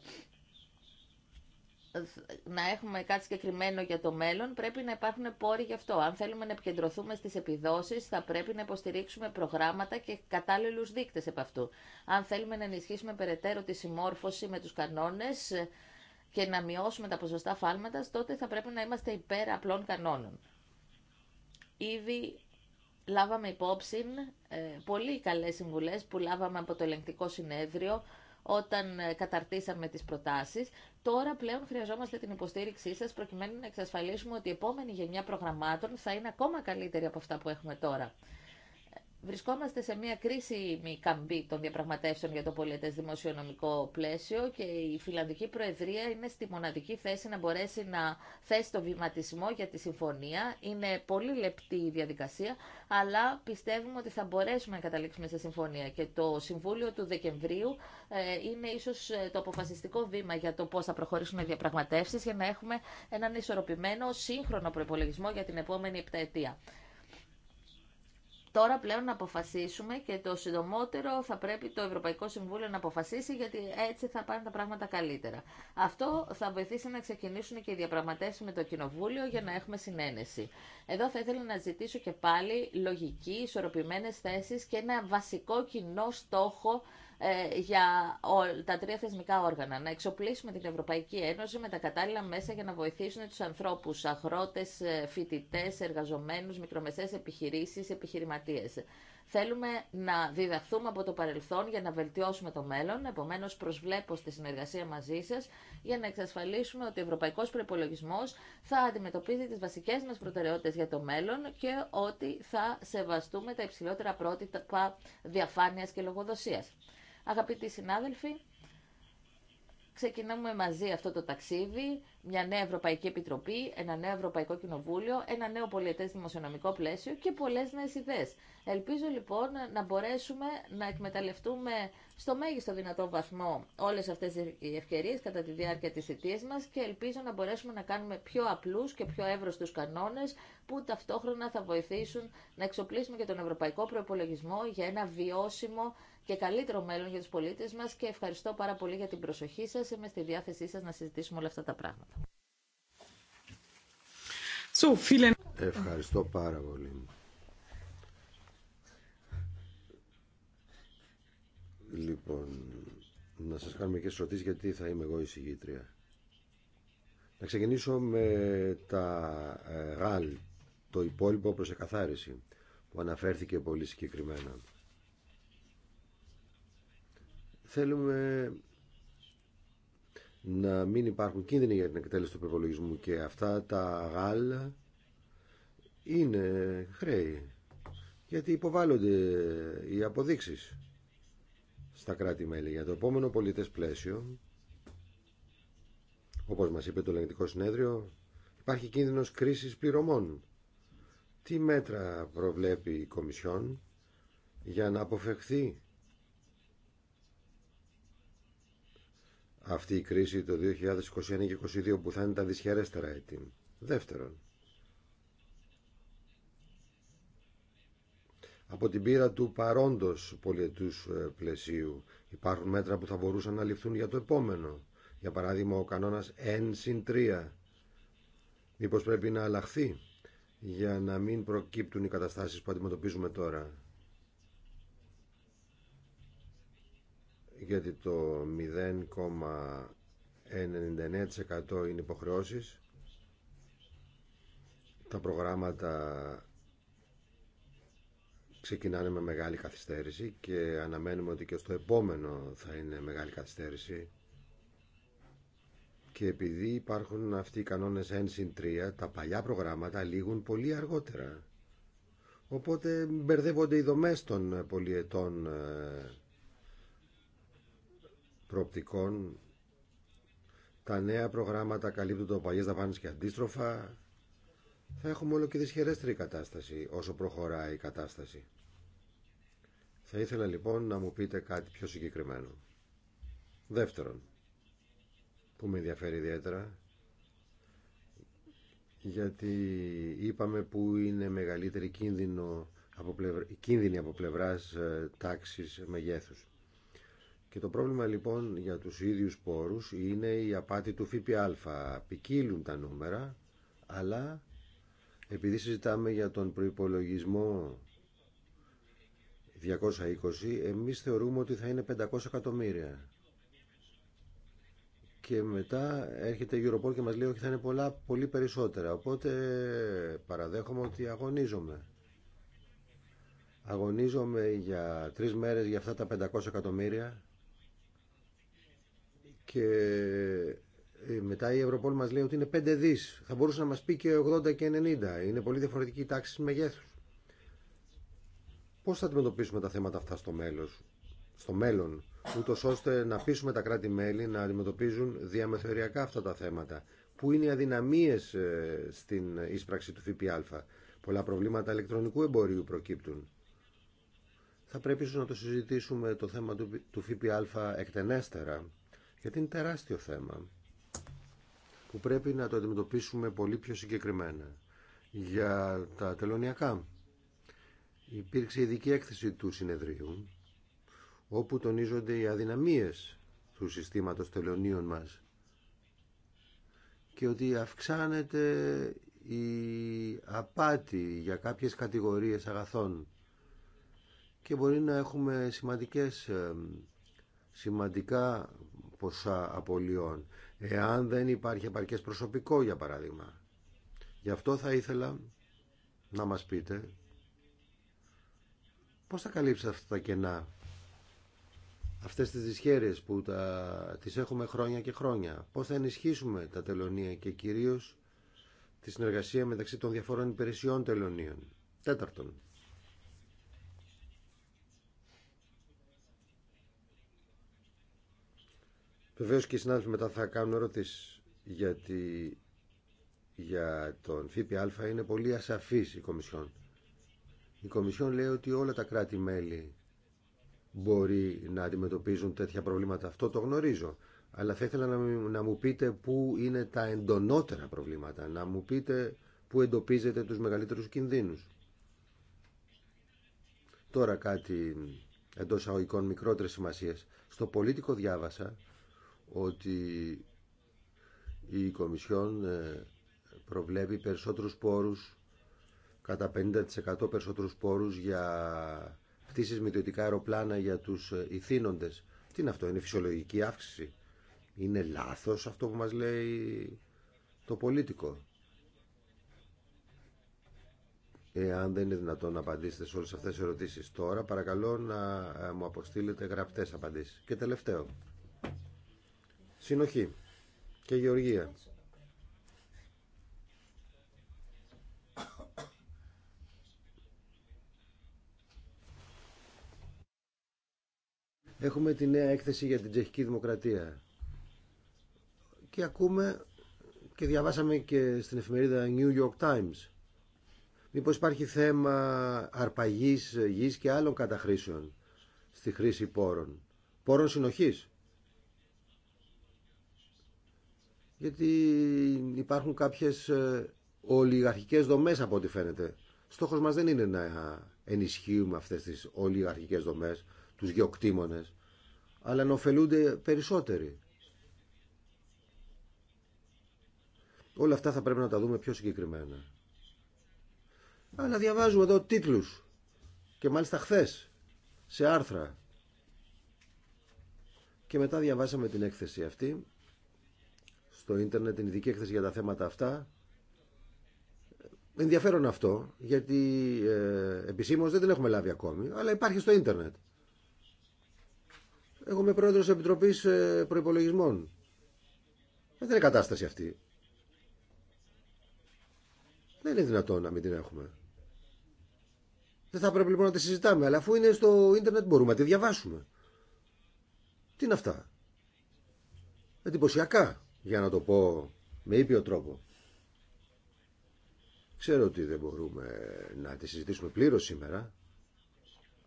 να έχουμε κάτι συγκεκριμένο για το μέλλον, πρέπει να υπάρχουν πόροι γι' αυτό. Αν θέλουμε να επικεντρωθούμε στις επιδόσεις, θα πρέπει να υποστηρίξουμε προγράμματα και κατάλληλου δείκτε επ' αυτού. Αν θέλουμε να ενισχύσουμε περαιτέρω τη συμμόρφωση με τους κανόνες και να μειώσουμε τα ποσοστά φάλματα, τότε θα πρέπει να είμαστε υπέρ απλών κανόνων. Ήδη λάβαμε υπόψη ε, πολύ καλέ συμβουλέ που λάβαμε από το ελεγκτικό συνέδριο, όταν ε, καταρτήσαμε τις προτάσεις. Τώρα πλέον χρειαζόμαστε την υποστήριξή σας προκειμένου να εξασφαλίσουμε ότι η επόμενη γενιά προγραμμάτων θα είναι ακόμα καλύτερη από αυτά που έχουμε τώρα. Βρισκόμαστε σε μια κρίσιμη καμπή των διαπραγματεύσεων για το πολιτέ δημοσιονομικό πλαίσιο και η Φιλανδική Προεδρία είναι στη μοναδική θέση να μπορέσει να θέσει το βηματισμό για τη συμφωνία. Είναι πολύ λεπτή η διαδικασία, αλλά πιστεύουμε ότι θα μπορέσουμε να καταλήξουμε σε συμφωνία. Και το Συμβούλιο του Δεκεμβρίου ε, είναι ίσω ε, το αποφασιστικό βήμα για το πώ θα προχωρήσουμε οι διαπραγματεύσει για να έχουμε έναν ισορροπημένο σύγχρονο προπολογισμό για την επόμενη επταετία. Τώρα πλέον να αποφασίσουμε και το συντομότερο θα πρέπει το Ευρωπαϊκό Συμβούλιο να αποφασίσει γιατί έτσι θα πάνε τα πράγματα καλύτερα. Αυτό θα βοηθήσει να ξεκινήσουν και οι διαπραγματεύσει με το Κοινοβούλιο για να έχουμε συνένεση. Εδώ θα ήθελα να ζητήσω και πάλι λογική, ισορροπημένε θέσει και ένα βασικό κοινό στόχο ε, για τα τρία θεσμικά όργανα. Να εξοπλίσουμε την Ευρωπαϊκή Ένωση με τα κατάλληλα μέσα για να βοηθήσουν τους ανθρώπους, αγρότε, φοιτητέ, εργαζομένους, μικρομεσαίε επιχειρήσεις, επιχειρηματίε. Θέλουμε να διδαχθούμε από το παρελθόν για να βελτιώσουμε το μέλλον. Επομένω, προσβλέπω στη συνεργασία μαζί σα για να εξασφαλίσουμε ότι ο Ευρωπαϊκό Προπολογισμό θα αντιμετωπίζει τι βασικέ μα προτεραιότητε για το μέλλον και ότι θα σεβαστούμε τα υψηλότερα πρότυπα διαφάνεια και λογοδοσία. Αγαπητοί συνάδελφοι, ξεκινάμε μαζί αυτό το ταξίδι, μια νέα Ευρωπαϊκή Επιτροπή, ένα νέο Ευρωπαϊκό Κοινοβούλιο, ένα νέο πολιετέ δημοσιονομικό πλαίσιο και πολλέ νέε ιδέε. Ελπίζω λοιπόν να μπορέσουμε να εκμεταλλευτούμε στο μέγιστο δυνατό βαθμό όλε αυτέ οι ευκαιρίε κατά τη διάρκεια τη θητεία μα και ελπίζω να μπορέσουμε να κάνουμε πιο απλού και πιο εύρωστου κανόνε που ταυτόχρονα θα βοηθήσουν να εξοπλίσουμε και τον ευρωπαϊκό προπολογισμό για ένα βιώσιμο και καλύτερο μέλλον για τους πολίτες μας και ευχαριστώ πάρα πολύ για την προσοχή σας. Είμαι στη διάθεσή σας να συζητήσουμε όλα αυτά τα πράγματα. Ευχαριστώ πάρα πολύ. Λοιπόν, να σας κάνουμε και ερωτήσεις γιατί θα είμαι εγώ η συγγήτρια. Να ξεκινήσω με τα ε, γάλ, το υπόλοιπο προς εκαθάριση, που αναφέρθηκε πολύ συγκεκριμένα. Θέλουμε να μην υπάρχουν κίνδυνοι για την εκτέλεση του προπολογισμού και αυτά τα γάλα είναι χρέη γιατί υποβάλλονται οι αποδείξεις στα κράτη-μέλη για το επόμενο πολιτές πλαίσιο όπως μας είπε το Ελεγκτικό Συνέδριο υπάρχει κίνδυνος κρίσης πληρωμών τι μέτρα προβλέπει η Κομισιόν για να αποφευχθεί αυτή η κρίση το 2021 και 2022 που θα είναι τα δυσχερέστερα έτη. Δεύτερον, από την πείρα του παρόντος πολιετούς ε, πλαισίου υπάρχουν μέτρα που θα μπορούσαν να ληφθούν για το επόμενο. Για παράδειγμα ο κανόνας 1 συν 3. Μήπως πρέπει να αλλάχθεί για να μην προκύπτουν οι καταστάσεις που αντιμετωπίζουμε τώρα. γιατί το 0,99% είναι υποχρεώσεις τα προγράμματα ξεκινάνε με μεγάλη καθυστέρηση και αναμένουμε ότι και στο επόμενο θα είναι μεγάλη καθυστέρηση και επειδή υπάρχουν αυτοί οι κανόνες 1 συν 3 τα παλιά προγράμματα λήγουν πολύ αργότερα οπότε μπερδεύονται οι δομές των πολιετών ε, προοπτικών. Τα νέα προγράμματα καλύπτουν το παλιές δαπάνες και αντίστροφα. Θα έχουμε όλο και δυσχερέστερη κατάσταση όσο προχωράει η κατάσταση. Θα ήθελα λοιπόν να μου πείτε κάτι πιο συγκεκριμένο. Δεύτερον, που με ενδιαφέρει ιδιαίτερα, γιατί είπαμε που είναι μεγαλύτερη κίνδυνο από πλευρα... κίνδυνη από πλευράς ε, τάξης μεγέθους. Και το πρόβλημα λοιπόν για τους ίδιους πόρους είναι η απάτη του ΦΠΑ. Ποικίλουν τα νούμερα, αλλά επειδή συζητάμε για τον προϋπολογισμό 220, εμείς θεωρούμε ότι θα είναι 500 εκατομμύρια. Και μετά έρχεται η Europol και μας λέει ότι θα είναι πολλά, πολύ περισσότερα. Οπότε παραδέχομαι ότι αγωνίζομαι. Αγωνίζομαι για τρεις μέρες για αυτά τα 500 εκατομμύρια και ε, μετά η Ευρωπόλ μας λέει ότι είναι 5 δις. Θα μπορούσε να μας πει και 80 και 90. Είναι πολύ διαφορετική η τάξη μεγέθους. Πώς θα αντιμετωπίσουμε τα θέματα αυτά στο μέλλον, στο μέλλον ούτω ώστε να πείσουμε τα κράτη-μέλη να αντιμετωπίζουν διαμεθοριακά αυτά τα θέματα. Πού είναι οι αδυναμίες ε, στην ίσπραξη του ΦΠΑ. Πολλά προβλήματα ηλεκτρονικού εμπορίου προκύπτουν. Θα πρέπει ίσως να το συζητήσουμε το θέμα του ΦΠΑ εκτενέστερα γιατί είναι τεράστιο θέμα που πρέπει να το αντιμετωπίσουμε πολύ πιο συγκεκριμένα. Για τα τελωνιακά υπήρξε ειδική έκθεση του συνεδρίου όπου τονίζονται οι αδυναμίες του συστήματος τελωνίων μας και ότι αυξάνεται η απάτη για κάποιες κατηγορίες αγαθών και μπορεί να έχουμε σημαντικές ε, σημαντικά ποσά απολειών, εάν δεν υπάρχει επαρκές προσωπικό για παράδειγμα. Γι' αυτό θα ήθελα να μας πείτε πώς θα καλύψει αυτά τα κενά, αυτές τις δυσχέρειες που τα, τις έχουμε χρόνια και χρόνια, πώς θα ενισχύσουμε τα τελωνία και κυρίως τη συνεργασία μεταξύ των διαφορών υπηρεσιών τελωνίων. Τέταρτον, Βεβαίω και οι συνάδελφοι μετά θα κάνουν ερωτήσει γιατί για τον ΦΠΑ είναι πολύ ασαφή η Κομισιόν. Η Κομισιόν λέει ότι όλα τα κράτη-μέλη μπορεί να αντιμετωπίζουν τέτοια προβλήματα. Αυτό το γνωρίζω. Αλλά θα ήθελα να μου πείτε πού είναι τα εντονότερα προβλήματα. Να μου πείτε πού εντοπίζετε τους μεγαλύτερους κινδύνους. Τώρα κάτι εντό αγωγικών μικρότερες σημασίες. Στο πολίτικο διάβασα ότι η Κομισιόν ε, προβλέπει περισσότερους πόρους, κατά 50% περισσότερους πόρους για πτήσεις με ιδιωτικά αεροπλάνα για τους ε, ηθήνοντες. Τι είναι αυτό, είναι φυσιολογική αύξηση. Είναι λάθος αυτό που μας λέει το πολίτικο. Εάν δεν είναι δυνατόν να απαντήσετε σε όλες αυτές τις ερωτήσεις τώρα, παρακαλώ να ε, μου αποστείλετε γραπτές απαντήσεις. Και τελευταίο. Συνοχή και γεωργία. Έχουμε τη νέα έκθεση για την τσεχική δημοκρατία. Και ακούμε και διαβάσαμε και στην εφημερίδα New York Times. Μήπως υπάρχει θέμα αρπαγής γης και άλλων καταχρήσεων στη χρήση πόρων. Πόρων συνοχής. γιατί υπάρχουν κάποιες ε, ολιγαρχικές δομές από ό,τι φαίνεται. Στόχος μας δεν είναι να ενισχύουμε αυτές τις ολιγαρχικές δομές, τους γεωκτήμονες, αλλά να ωφελούνται περισσότεροι. Όλα αυτά θα πρέπει να τα δούμε πιο συγκεκριμένα. Αλλά διαβάζουμε εδώ τίτλους και μάλιστα χθες σε άρθρα. Και μετά διαβάσαμε την έκθεση αυτή στο ίντερνετ την ειδική έκθεση για τα θέματα αυτά. Ενδιαφέρον αυτό, γιατί ε, επισήμως δεν την έχουμε λάβει ακόμη, αλλά υπάρχει στο ίντερνετ. Εγώ είμαι τη Επιτροπής ε, Προπολογισμών. Ε, δεν είναι κατάσταση αυτή. Δεν είναι δυνατόν να μην την έχουμε. Δεν θα πρέπει λοιπόν να τη συζητάμε, αλλά αφού είναι στο ίντερνετ μπορούμε να τη διαβάσουμε. Τι είναι αυτά. Εντυπωσιακά για να το πω με ήπιο τρόπο. Ξέρω ότι δεν μπορούμε να τη συζητήσουμε πλήρως σήμερα,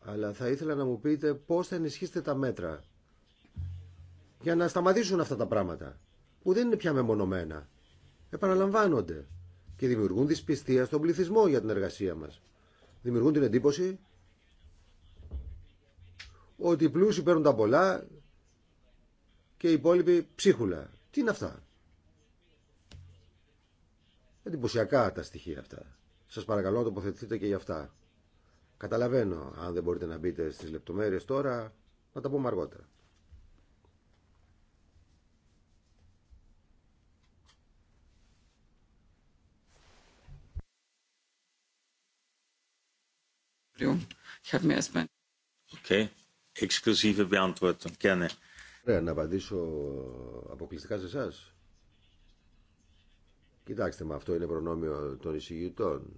αλλά θα ήθελα να μου πείτε πώς θα ενισχύσετε τα μέτρα για να σταματήσουν αυτά τα πράγματα, που δεν είναι πια μεμονωμένα. Επαναλαμβάνονται και δημιουργούν δυσπιστία στον πληθυσμό για την εργασία μας. Δημιουργούν την εντύπωση ότι οι πλούσιοι παίρνουν τα πολλά και οι υπόλοιποι ψίχουλα. Τι είναι αυτά. Εντυπωσιακά τα στοιχεία αυτά. Σας παρακαλώ να τοποθετηθείτε και για αυτά. Καταλαβαίνω, αν δεν μπορείτε να μπείτε στις λεπτομέρειες τώρα, να τα πούμε αργότερα. Ich habe mir erstmal. Okay, exklusive Beantwortung, gerne. Ωραία, να απαντήσω αποκλειστικά σε εσά. Κοιτάξτε μα αυτό είναι προνόμιο των εισηγητών.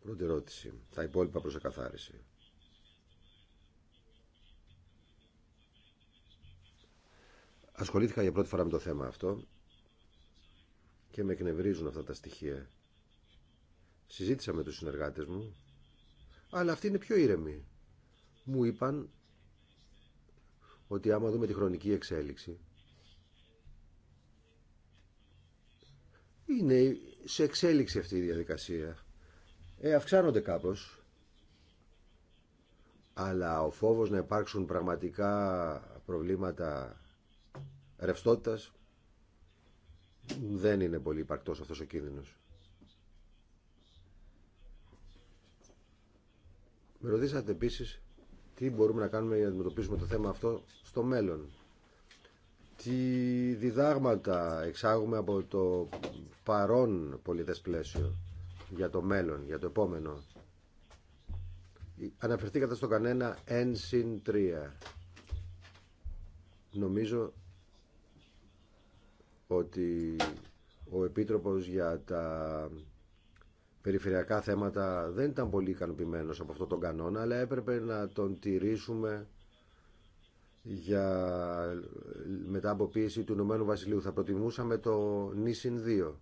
Πρώτη ερώτηση. Τα υπόλοιπα προς εκαθάριση. Ασχολήθηκα για πρώτη φορά με το θέμα αυτό και με εκνευρίζουν αυτά τα στοιχεία. Συζήτησα με τους συνεργάτες μου, αλλά αυτοί είναι πιο ήρεμοι. Μου είπαν ότι άμα δούμε τη χρονική εξέλιξη είναι σε εξέλιξη αυτή η διαδικασία ε, αυξάνονται κάπως αλλά ο φόβος να υπάρξουν πραγματικά προβλήματα ρευστότητας δεν είναι πολύ υπαρκτός αυτός ο κίνδυνος. Με ρωτήσατε επίσης τι μπορούμε να κάνουμε για να αντιμετωπίσουμε το θέμα αυτό στο μέλλον. Τι διδάγματα εξάγουμε από το παρόν πολιτές πλαίσιο για το μέλλον, για το επόμενο. Αναφερθήκατε στο κανένα εν συν 3. Νομίζω ότι ο Επίτροπος για τα περιφερειακά θέματα δεν ήταν πολύ ικανοποιημένος από αυτόν τον κανόνα, αλλά έπρεπε να τον τηρήσουμε για μετά από πίεση του Ηνωμένου Βασιλείου. Θα προτιμούσαμε το νισιν 2.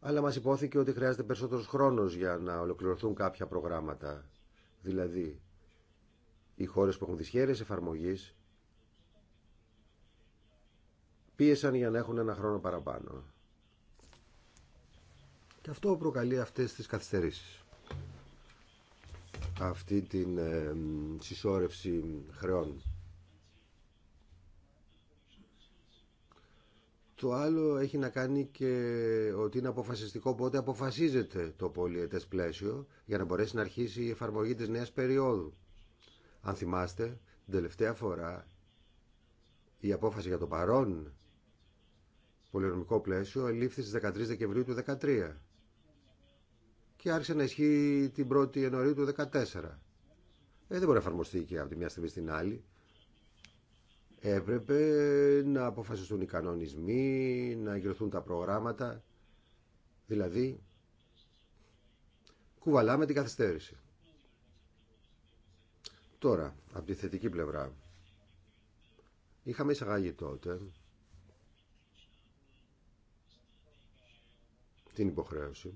Αλλά μας υπόθηκε ότι χρειάζεται περισσότερος χρόνος για να ολοκληρωθούν κάποια προγράμματα. Δηλαδή, οι χώρες που έχουν δυσχέρειες εφαρμογής πίεσαν για να έχουν ένα χρόνο παραπάνω. Και αυτό προκαλεί αυτές τις καθυστερήσεις. Αυτή την ε, συσσόρευση χρεών. Το άλλο έχει να κάνει και ότι είναι αποφασιστικό πότε αποφασίζεται το πολιετές πλαίσιο για να μπορέσει να αρχίσει η εφαρμογή της νέας περίοδου. Αν θυμάστε, την τελευταία φορά η απόφαση για το παρόν πολυονομικό πλαίσιο ελήφθη στις 13 Δεκεμβρίου του 2013 και άρχισε να ισχύει την 1η Ιανουαρίου του 2014. Ε, δεν μπορεί να εφαρμοστεί και από τη μια στιγμή στην άλλη. Έπρεπε να αποφασιστούν οι κανονισμοί, να εγκριθούν τα προγράμματα. Δηλαδή, κουβαλάμε την καθυστέρηση. Τώρα, από τη θετική πλευρά, είχαμε εισαγάγει τότε την υποχρέωση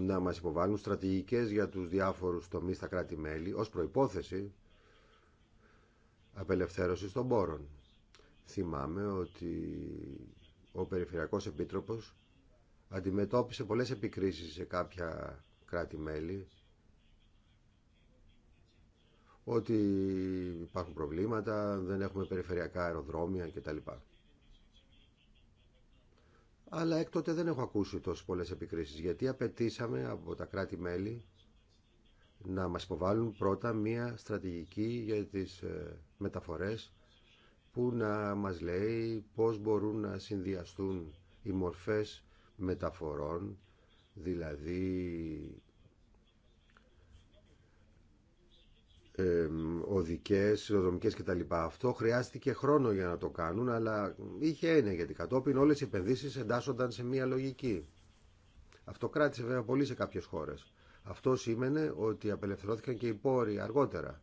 να μας υποβάλουν στρατηγικές για τους διάφορους τομείς στα κράτη-μέλη ως προϋπόθεση απελευθέρωσης των πόρων. Θυμάμαι ότι ο Περιφερειακός Επίτροπος αντιμετώπισε πολλές επικρίσεις σε κάποια κράτη-μέλη ότι υπάρχουν προβλήματα, δεν έχουμε περιφερειακά αεροδρόμια κτλ αλλά έκτοτε δεν έχω ακούσει τόσο πολλές επικρίσεις γιατί απαιτήσαμε από τα κράτη-μέλη να μας υποβάλουν πρώτα μία στρατηγική για τις ε, μεταφορές που να μας λέει πώς μπορούν να συνδυαστούν οι μορφές μεταφορών, δηλαδή ε, οδικές, οδομικές κτλ. Αυτό χρειάστηκε χρόνο για να το κάνουν, αλλά είχε έννοια γιατί κατόπιν όλες οι επενδύσεις εντάσσονταν σε μία λογική. Αυτό κράτησε βέβαια πολύ σε κάποιες χώρες. Αυτό σήμαινε ότι απελευθερώθηκαν και οι πόροι αργότερα.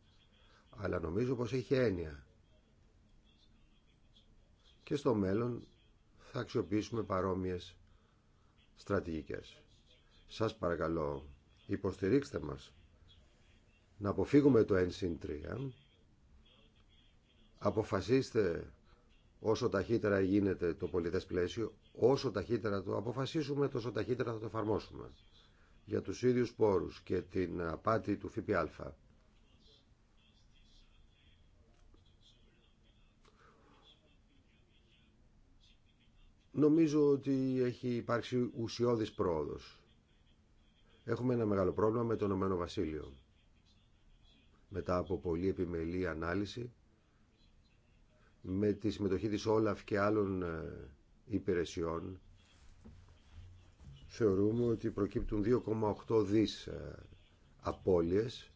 Αλλά νομίζω πως είχε έννοια. Και στο μέλλον θα αξιοποιήσουμε παρόμοιες στρατηγικές. Σας παρακαλώ, υποστηρίξτε μας να αποφύγουμε το 1 3 αποφασίστε όσο ταχύτερα γίνεται το πολιτές πλαίσιο όσο ταχύτερα το αποφασίσουμε τόσο ταχύτερα θα το εφαρμόσουμε για τους ίδιους πόρους και την απάτη του ΦΠΑ Νομίζω ότι έχει υπάρξει ουσιώδης πρόοδος. Έχουμε ένα μεγάλο πρόβλημα με το Ηνωμένο Βασίλειο μετά από πολύ επιμελή ανάλυση με τη συμμετοχή της Όλαφ και άλλων ε, υπηρεσιών θεωρούμε ότι προκύπτουν 2,8 δις ε, απώλειες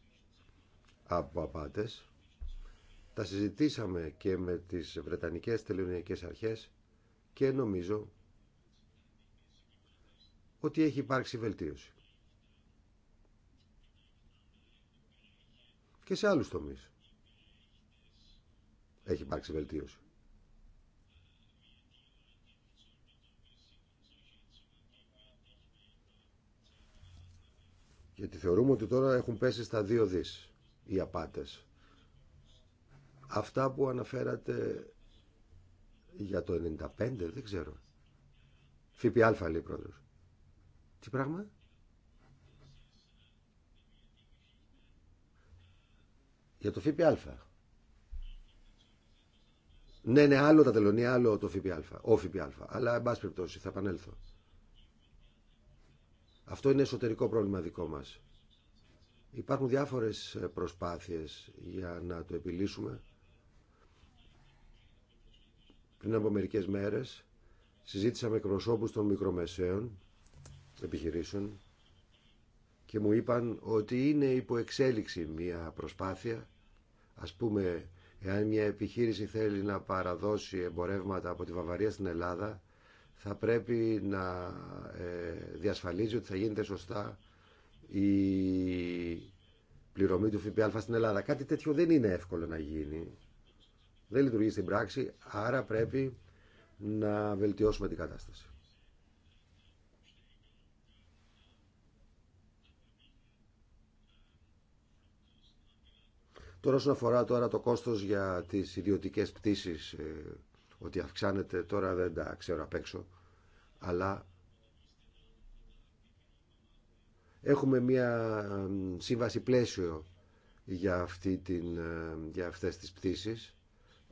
από απάτες. Τα συζητήσαμε και με τις Βρετανικές Τελωνιακές Αρχές και νομίζω ότι έχει υπάρξει βελτίωση. και σε άλλους τομείς. Έχει υπάρξει βελτίωση. Γιατί θεωρούμε ότι τώρα έχουν πέσει στα δύο δις οι απάτες. Αυτά που αναφέρατε για το 95, δεν ξέρω. ΦΠΑ λέει πρόεδρος. Τι πράγμα? Για το ΦΠΑ. Ναι, ναι, άλλο τα τελωνία, άλλο το ΦΠΑ. Ο ΦΠΑ. Αλλά, εν πάση περιπτώσει, θα επανέλθω. Αυτό είναι εσωτερικό πρόβλημα δικό μας. Υπάρχουν διάφορες ε, προσπάθειες για να το επιλύσουμε. Πριν από μερικέ μέρες συζήτησα με εκπροσώπου των μικρομεσαίων επιχειρήσεων και μου είπαν ότι είναι υπό εξέλιξη μια προσπάθεια Ας πούμε, εάν μια επιχείρηση θέλει να παραδώσει εμπορεύματα από τη Βαβαρία στην Ελλάδα, θα πρέπει να ε, διασφαλίζει ότι θα γίνεται σωστά η πληρωμή του ΦΠΑ στην Ελλάδα. Κάτι τέτοιο δεν είναι εύκολο να γίνει. Δεν λειτουργεί στην πράξη, άρα πρέπει να βελτιώσουμε την κατάσταση. Τώρα όσον αφορά τώρα το κόστος για τις ιδιωτικές πτήσεις, ε, ότι αυξάνεται τώρα δεν τα ξέρω απ' έξω, αλλά έχουμε μια σύμβαση πλαίσιο για, αυτή την, ε, για αυτές τις πτήσεις.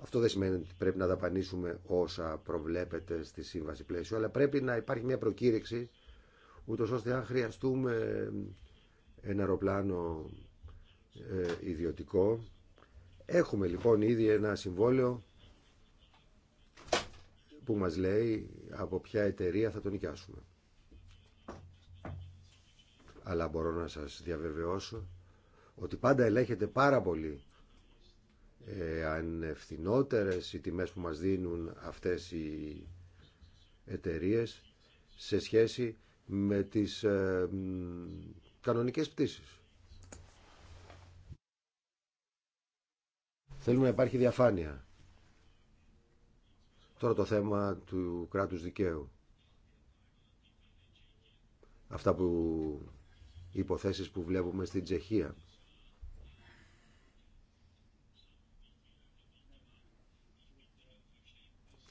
Αυτό δεν σημαίνει ότι πρέπει να δαπανίσουμε όσα προβλέπεται στη σύμβαση πλαίσιο, αλλά πρέπει να υπάρχει μια προκήρυξη, ούτως ώστε αν χρειαστούμε ένα αεροπλάνο ε, ιδιωτικό. Έχουμε λοιπόν ήδη ένα συμβόλαιο που μας λέει από ποια εταιρεία θα τον νοικιάσουμε. Αλλά μπορώ να σας διαβεβαιώσω ότι πάντα ελέγχεται πάρα πολύ ε, αν οι τιμές που μας δίνουν αυτές οι εταιρείες σε σχέση με τις ε, κανονικές πτήσεις. Θέλουμε να υπάρχει διαφάνεια. Τώρα το θέμα του κράτους δικαίου. Αυτά που οι υποθέσεις που βλέπουμε στην Τσεχία.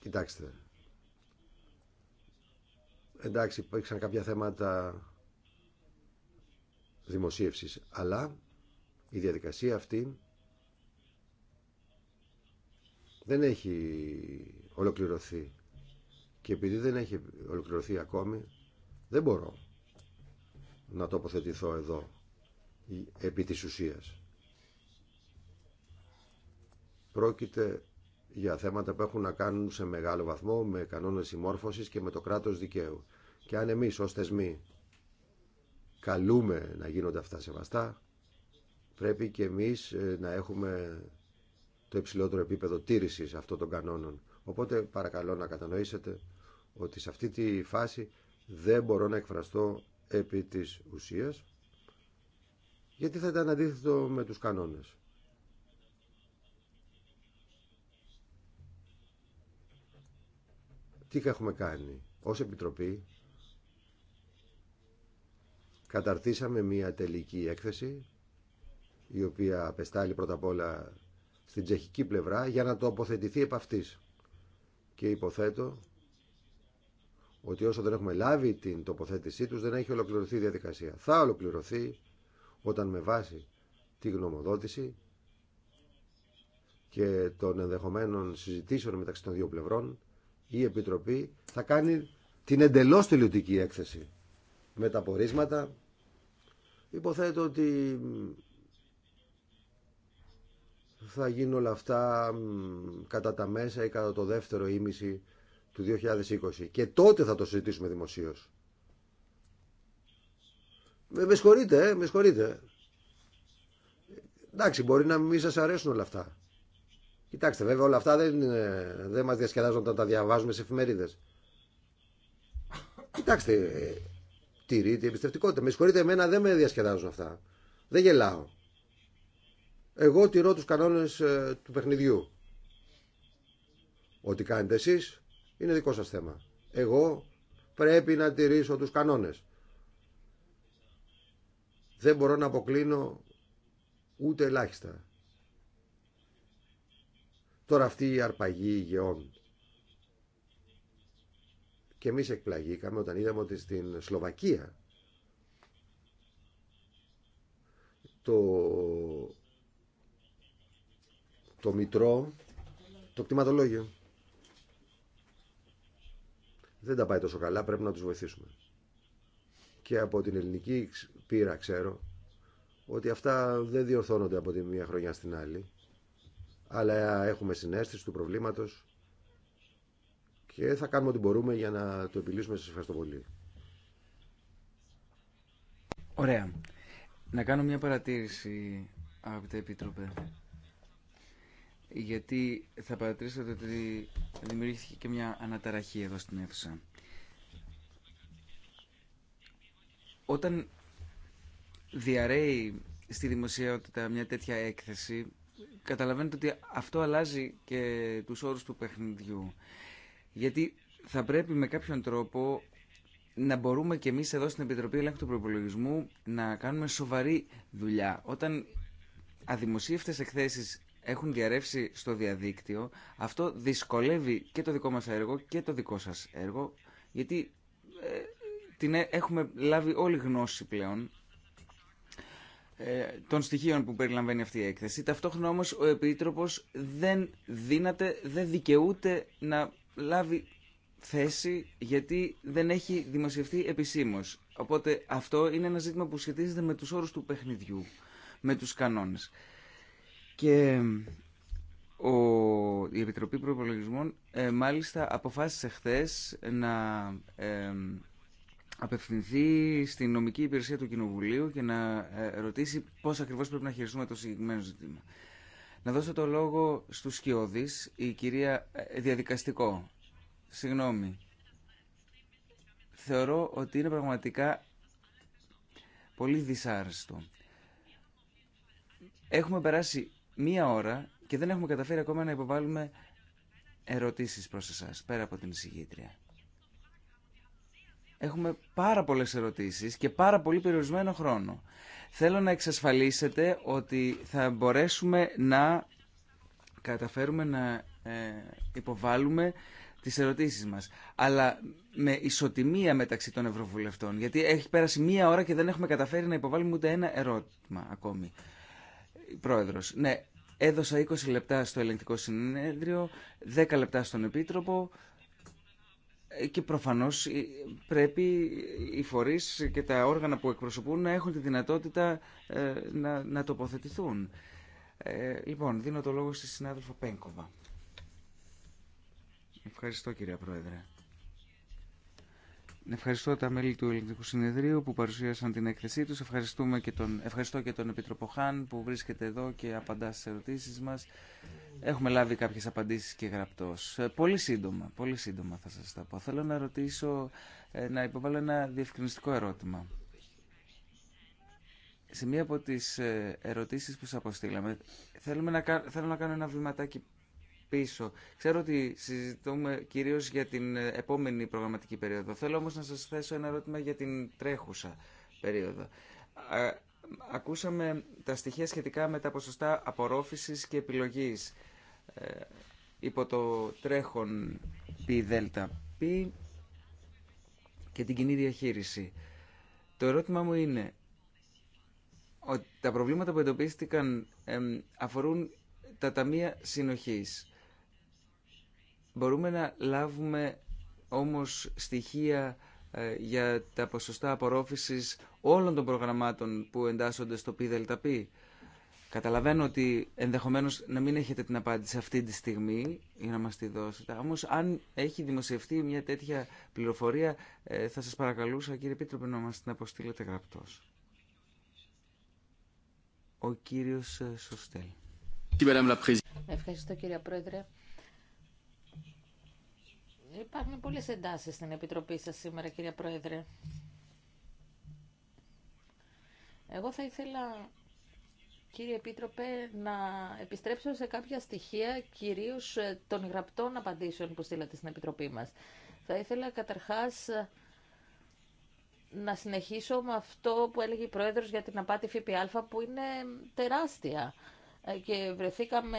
Κοιτάξτε. Εντάξει, υπήρξαν κάποια θέματα δημοσίευσης, αλλά η διαδικασία αυτή δεν έχει ολοκληρωθεί και επειδή δεν έχει ολοκληρωθεί ακόμη δεν μπορώ να τοποθετηθώ εδώ επί της ουσίας. Πρόκειται για θέματα που έχουν να κάνουν σε μεγάλο βαθμό με κανόνες συμμόρφωσης και με το κράτος δικαίου. Και αν εμείς ως θεσμοί καλούμε να γίνονται αυτά σεβαστά, πρέπει και εμείς ε, να έχουμε το υψηλότερο επίπεδο τήρηση αυτών των κανόνων. Οπότε παρακαλώ να κατανοήσετε ότι σε αυτή τη φάση δεν μπορώ να εκφραστώ επί της ουσίας γιατί θα ήταν αντίθετο με τους κανόνες. Τι έχουμε κάνει. Ως Επιτροπή καταρτήσαμε μια τελική έκθεση η οποία απεστάλλει πρώτα απ' όλα στην τσεχική πλευρά για να τοποθετηθεί επ' αυτής. Και υποθέτω ότι όσο δεν έχουμε λάβει την τοποθέτησή τους δεν έχει ολοκληρωθεί η διαδικασία. Θα ολοκληρωθεί όταν με βάση τη γνωμοδότηση και των ενδεχομένων συζητήσεων μεταξύ των δύο πλευρών η Επιτροπή θα κάνει την εντελώς τελειωτική έκθεση με τα πορίσματα. Υποθέτω ότι θα γίνουν όλα αυτά κατά τα μέσα ή κατά το δεύτερο ήμιση του 2020. Και τότε θα το συζητήσουμε δημοσίω. Με, με συγχωρείτε, ε, με συγχωρείτε. Εντάξει, μπορεί να μην σα αρέσουν όλα αυτά. Κοιτάξτε, βέβαια όλα αυτά δεν, δεν μα διασκεδάζουν όταν τα διαβάζουμε σε εφημερίδε. Κοιτάξτε, ε, τηρείτε η εμπιστευτικότητα. Με συγχωρείτε, εμένα δεν με διασκεδάζουν αυτά. Δεν γελάω. Εγώ τηρώ τους κανόνες ε, του παιχνιδιού. Ό,τι κάνετε εσείς είναι δικό σας θέμα. Εγώ πρέπει να τηρήσω τους κανόνες. Δεν μπορώ να αποκλίνω ούτε ελάχιστα. Τώρα αυτή η αρπαγή υγεών. Και εμείς εκπλαγήκαμε όταν είδαμε ότι στην Σλοβακία το το μητρό, το κτηματολόγιο. Δεν τα πάει τόσο καλά, πρέπει να τους βοηθήσουμε. Και από την ελληνική πείρα ξέρω ότι αυτά δεν διορθώνονται από τη μία χρονιά στην άλλη, αλλά έχουμε συνέστηση του προβλήματος και θα κάνουμε ό,τι μπορούμε για να το επιλύσουμε. Σας ευχαριστώ πολύ. Ωραία. Να κάνω μια παρατήρηση, αγαπητέ Επίτροπε γιατί θα παρατηρήσατε ότι δημιουργήθηκε και μια αναταραχή εδώ στην αίθουσα. Όταν διαρρέει στη δημοσιότητα μια τέτοια έκθεση, καταλαβαίνετε ότι αυτό αλλάζει και τους όρους του παιχνιδιού. Γιατί θα πρέπει με κάποιον τρόπο να μπορούμε και εμείς εδώ στην Επιτροπή Ελέγχου του Προπολογισμού να κάνουμε σοβαρή δουλειά. Όταν αδημοσίευτες εκθέσεις έχουν διαρρεύσει στο διαδίκτυο. Αυτό δυσκολεύει και το δικό μας έργο και το δικό σας έργο, γιατί ε, έχουμε λάβει όλη γνώση πλέον ε, των στοιχείων που περιλαμβάνει αυτή η έκθεση. Ταυτόχρονα όμως ο Επίτροπος δεν δύναται, δεν δικαιούται να λάβει θέση γιατί δεν έχει δημοσιευτεί επισήμως. Οπότε αυτό είναι ένα ζήτημα που σχετίζεται με τους όρους του παιχνιδιού, με τους κανόνες. Και ο, η Επιτροπή Προπολογισμών ε, μάλιστα αποφάσισε χθες να ε, απευθυνθεί στην νομική υπηρεσία του Κοινοβουλίου και να ε, ρωτήσει πώς ακριβώς πρέπει να χειριστούμε το συγκεκριμένο ζήτημα. Να δώσω το λόγο στους Σκιώδης, η κυρία ε, Διαδικαστικό. Συγγνώμη. Θεωρώ ότι είναι πραγματικά πολύ δυσάρεστο. Έχουμε περάσει μία ώρα και δεν έχουμε καταφέρει ακόμα να υποβάλουμε ερωτήσεις προς εσάς, πέρα από την εισηγήτρια. Έχουμε πάρα πολλές ερωτήσεις και πάρα πολύ περιορισμένο χρόνο. Θέλω να εξασφαλίσετε ότι θα μπορέσουμε να καταφέρουμε να ε, υποβάλουμε τις ερωτήσεις μας. Αλλά με ισοτιμία μεταξύ των Ευρωβουλευτών. Γιατί έχει πέρασει μία ώρα και δεν έχουμε καταφέρει να υποβάλουμε ούτε ένα ερώτημα ακόμη. Πρόεδρος, ναι, έδωσα 20 λεπτά στο ελεγκτικό συνέδριο, 10 λεπτά στον Επίτροπο και προφανώς ε, πρέπει οι φορεί και τα όργανα που εκπροσωπούν να έχουν τη δυνατότητα ε, να, να τοποθετηθούν. Ε, λοιπόν, δίνω το λόγο στη συνάδελφο Πένκοβα. Ευχαριστώ κυρία Πρόεδρε. Ευχαριστώ τα μέλη του Ελληνικού Συνεδρίου που παρουσίασαν την έκθεσή τους. Ευχαριστούμε και τον, ευχαριστώ και τον Επιτροπο Χάν που βρίσκεται εδώ και απαντά στις ερωτήσεις μας. Έχουμε λάβει κάποιες απαντήσεις και γραπτός. Ε, πολύ σύντομα, πολύ σύντομα θα σας τα πω. Θέλω να ρωτήσω, ε, να υποβάλω ένα διευκρινιστικό ερώτημα. Σε μία από τις ε, ερωτήσεις που σας αποστήλαμε, θέλουμε να, θέλω να κάνω ένα βηματάκι πίσω. Ξέρω ότι συζητούμε κυρίως για την επόμενη προγραμματική περίοδο. Θέλω όμως να σας θέσω ένα ερώτημα για την τρέχουσα περίοδο. Ακούσαμε τα στοιχεία σχετικά με τα ποσοστά απορρόφησης και επιλογής ε, υπό το τρέχον πι δέλτα πι και την κοινή διαχείριση. Το ερώτημα μου είναι ότι τα προβλήματα που εντοπίστηκαν αφορούν τα ταμεία συνοχής. Μπορούμε να λάβουμε όμως στοιχεία ε, για τα ποσοστά απορρόφησης όλων των προγραμμάτων που εντάσσονται στο ΠΔΠ. Καταλαβαίνω ότι ενδεχομένως να μην έχετε την απάντηση αυτή τη στιγμή για να μας τη δώσετε. Όμως αν έχει δημοσιευτεί μια τέτοια πληροφορία ε, θα σας παρακαλούσα κύριε Πίτροπε να μας την αποστείλετε γραπτός. Ο κύριος ε, Σωστέλ. Ευχαριστώ κύριε Πρόεδρε. Υπάρχουν πολλές εντάσεις στην Επιτροπή σα σήμερα, κυρία Πρόεδρε. Εγώ θα ήθελα, κύριε Επίτροπε, να επιστρέψω σε κάποια στοιχεία, κυρίως των γραπτών απαντήσεων που στείλατε στην Επιτροπή μας. Θα ήθελα καταρχάς να συνεχίσω με αυτό που έλεγε η Πρόεδρος για την απάτη ΦΠΑ, που είναι τεράστια. Ε, και βρεθήκαμε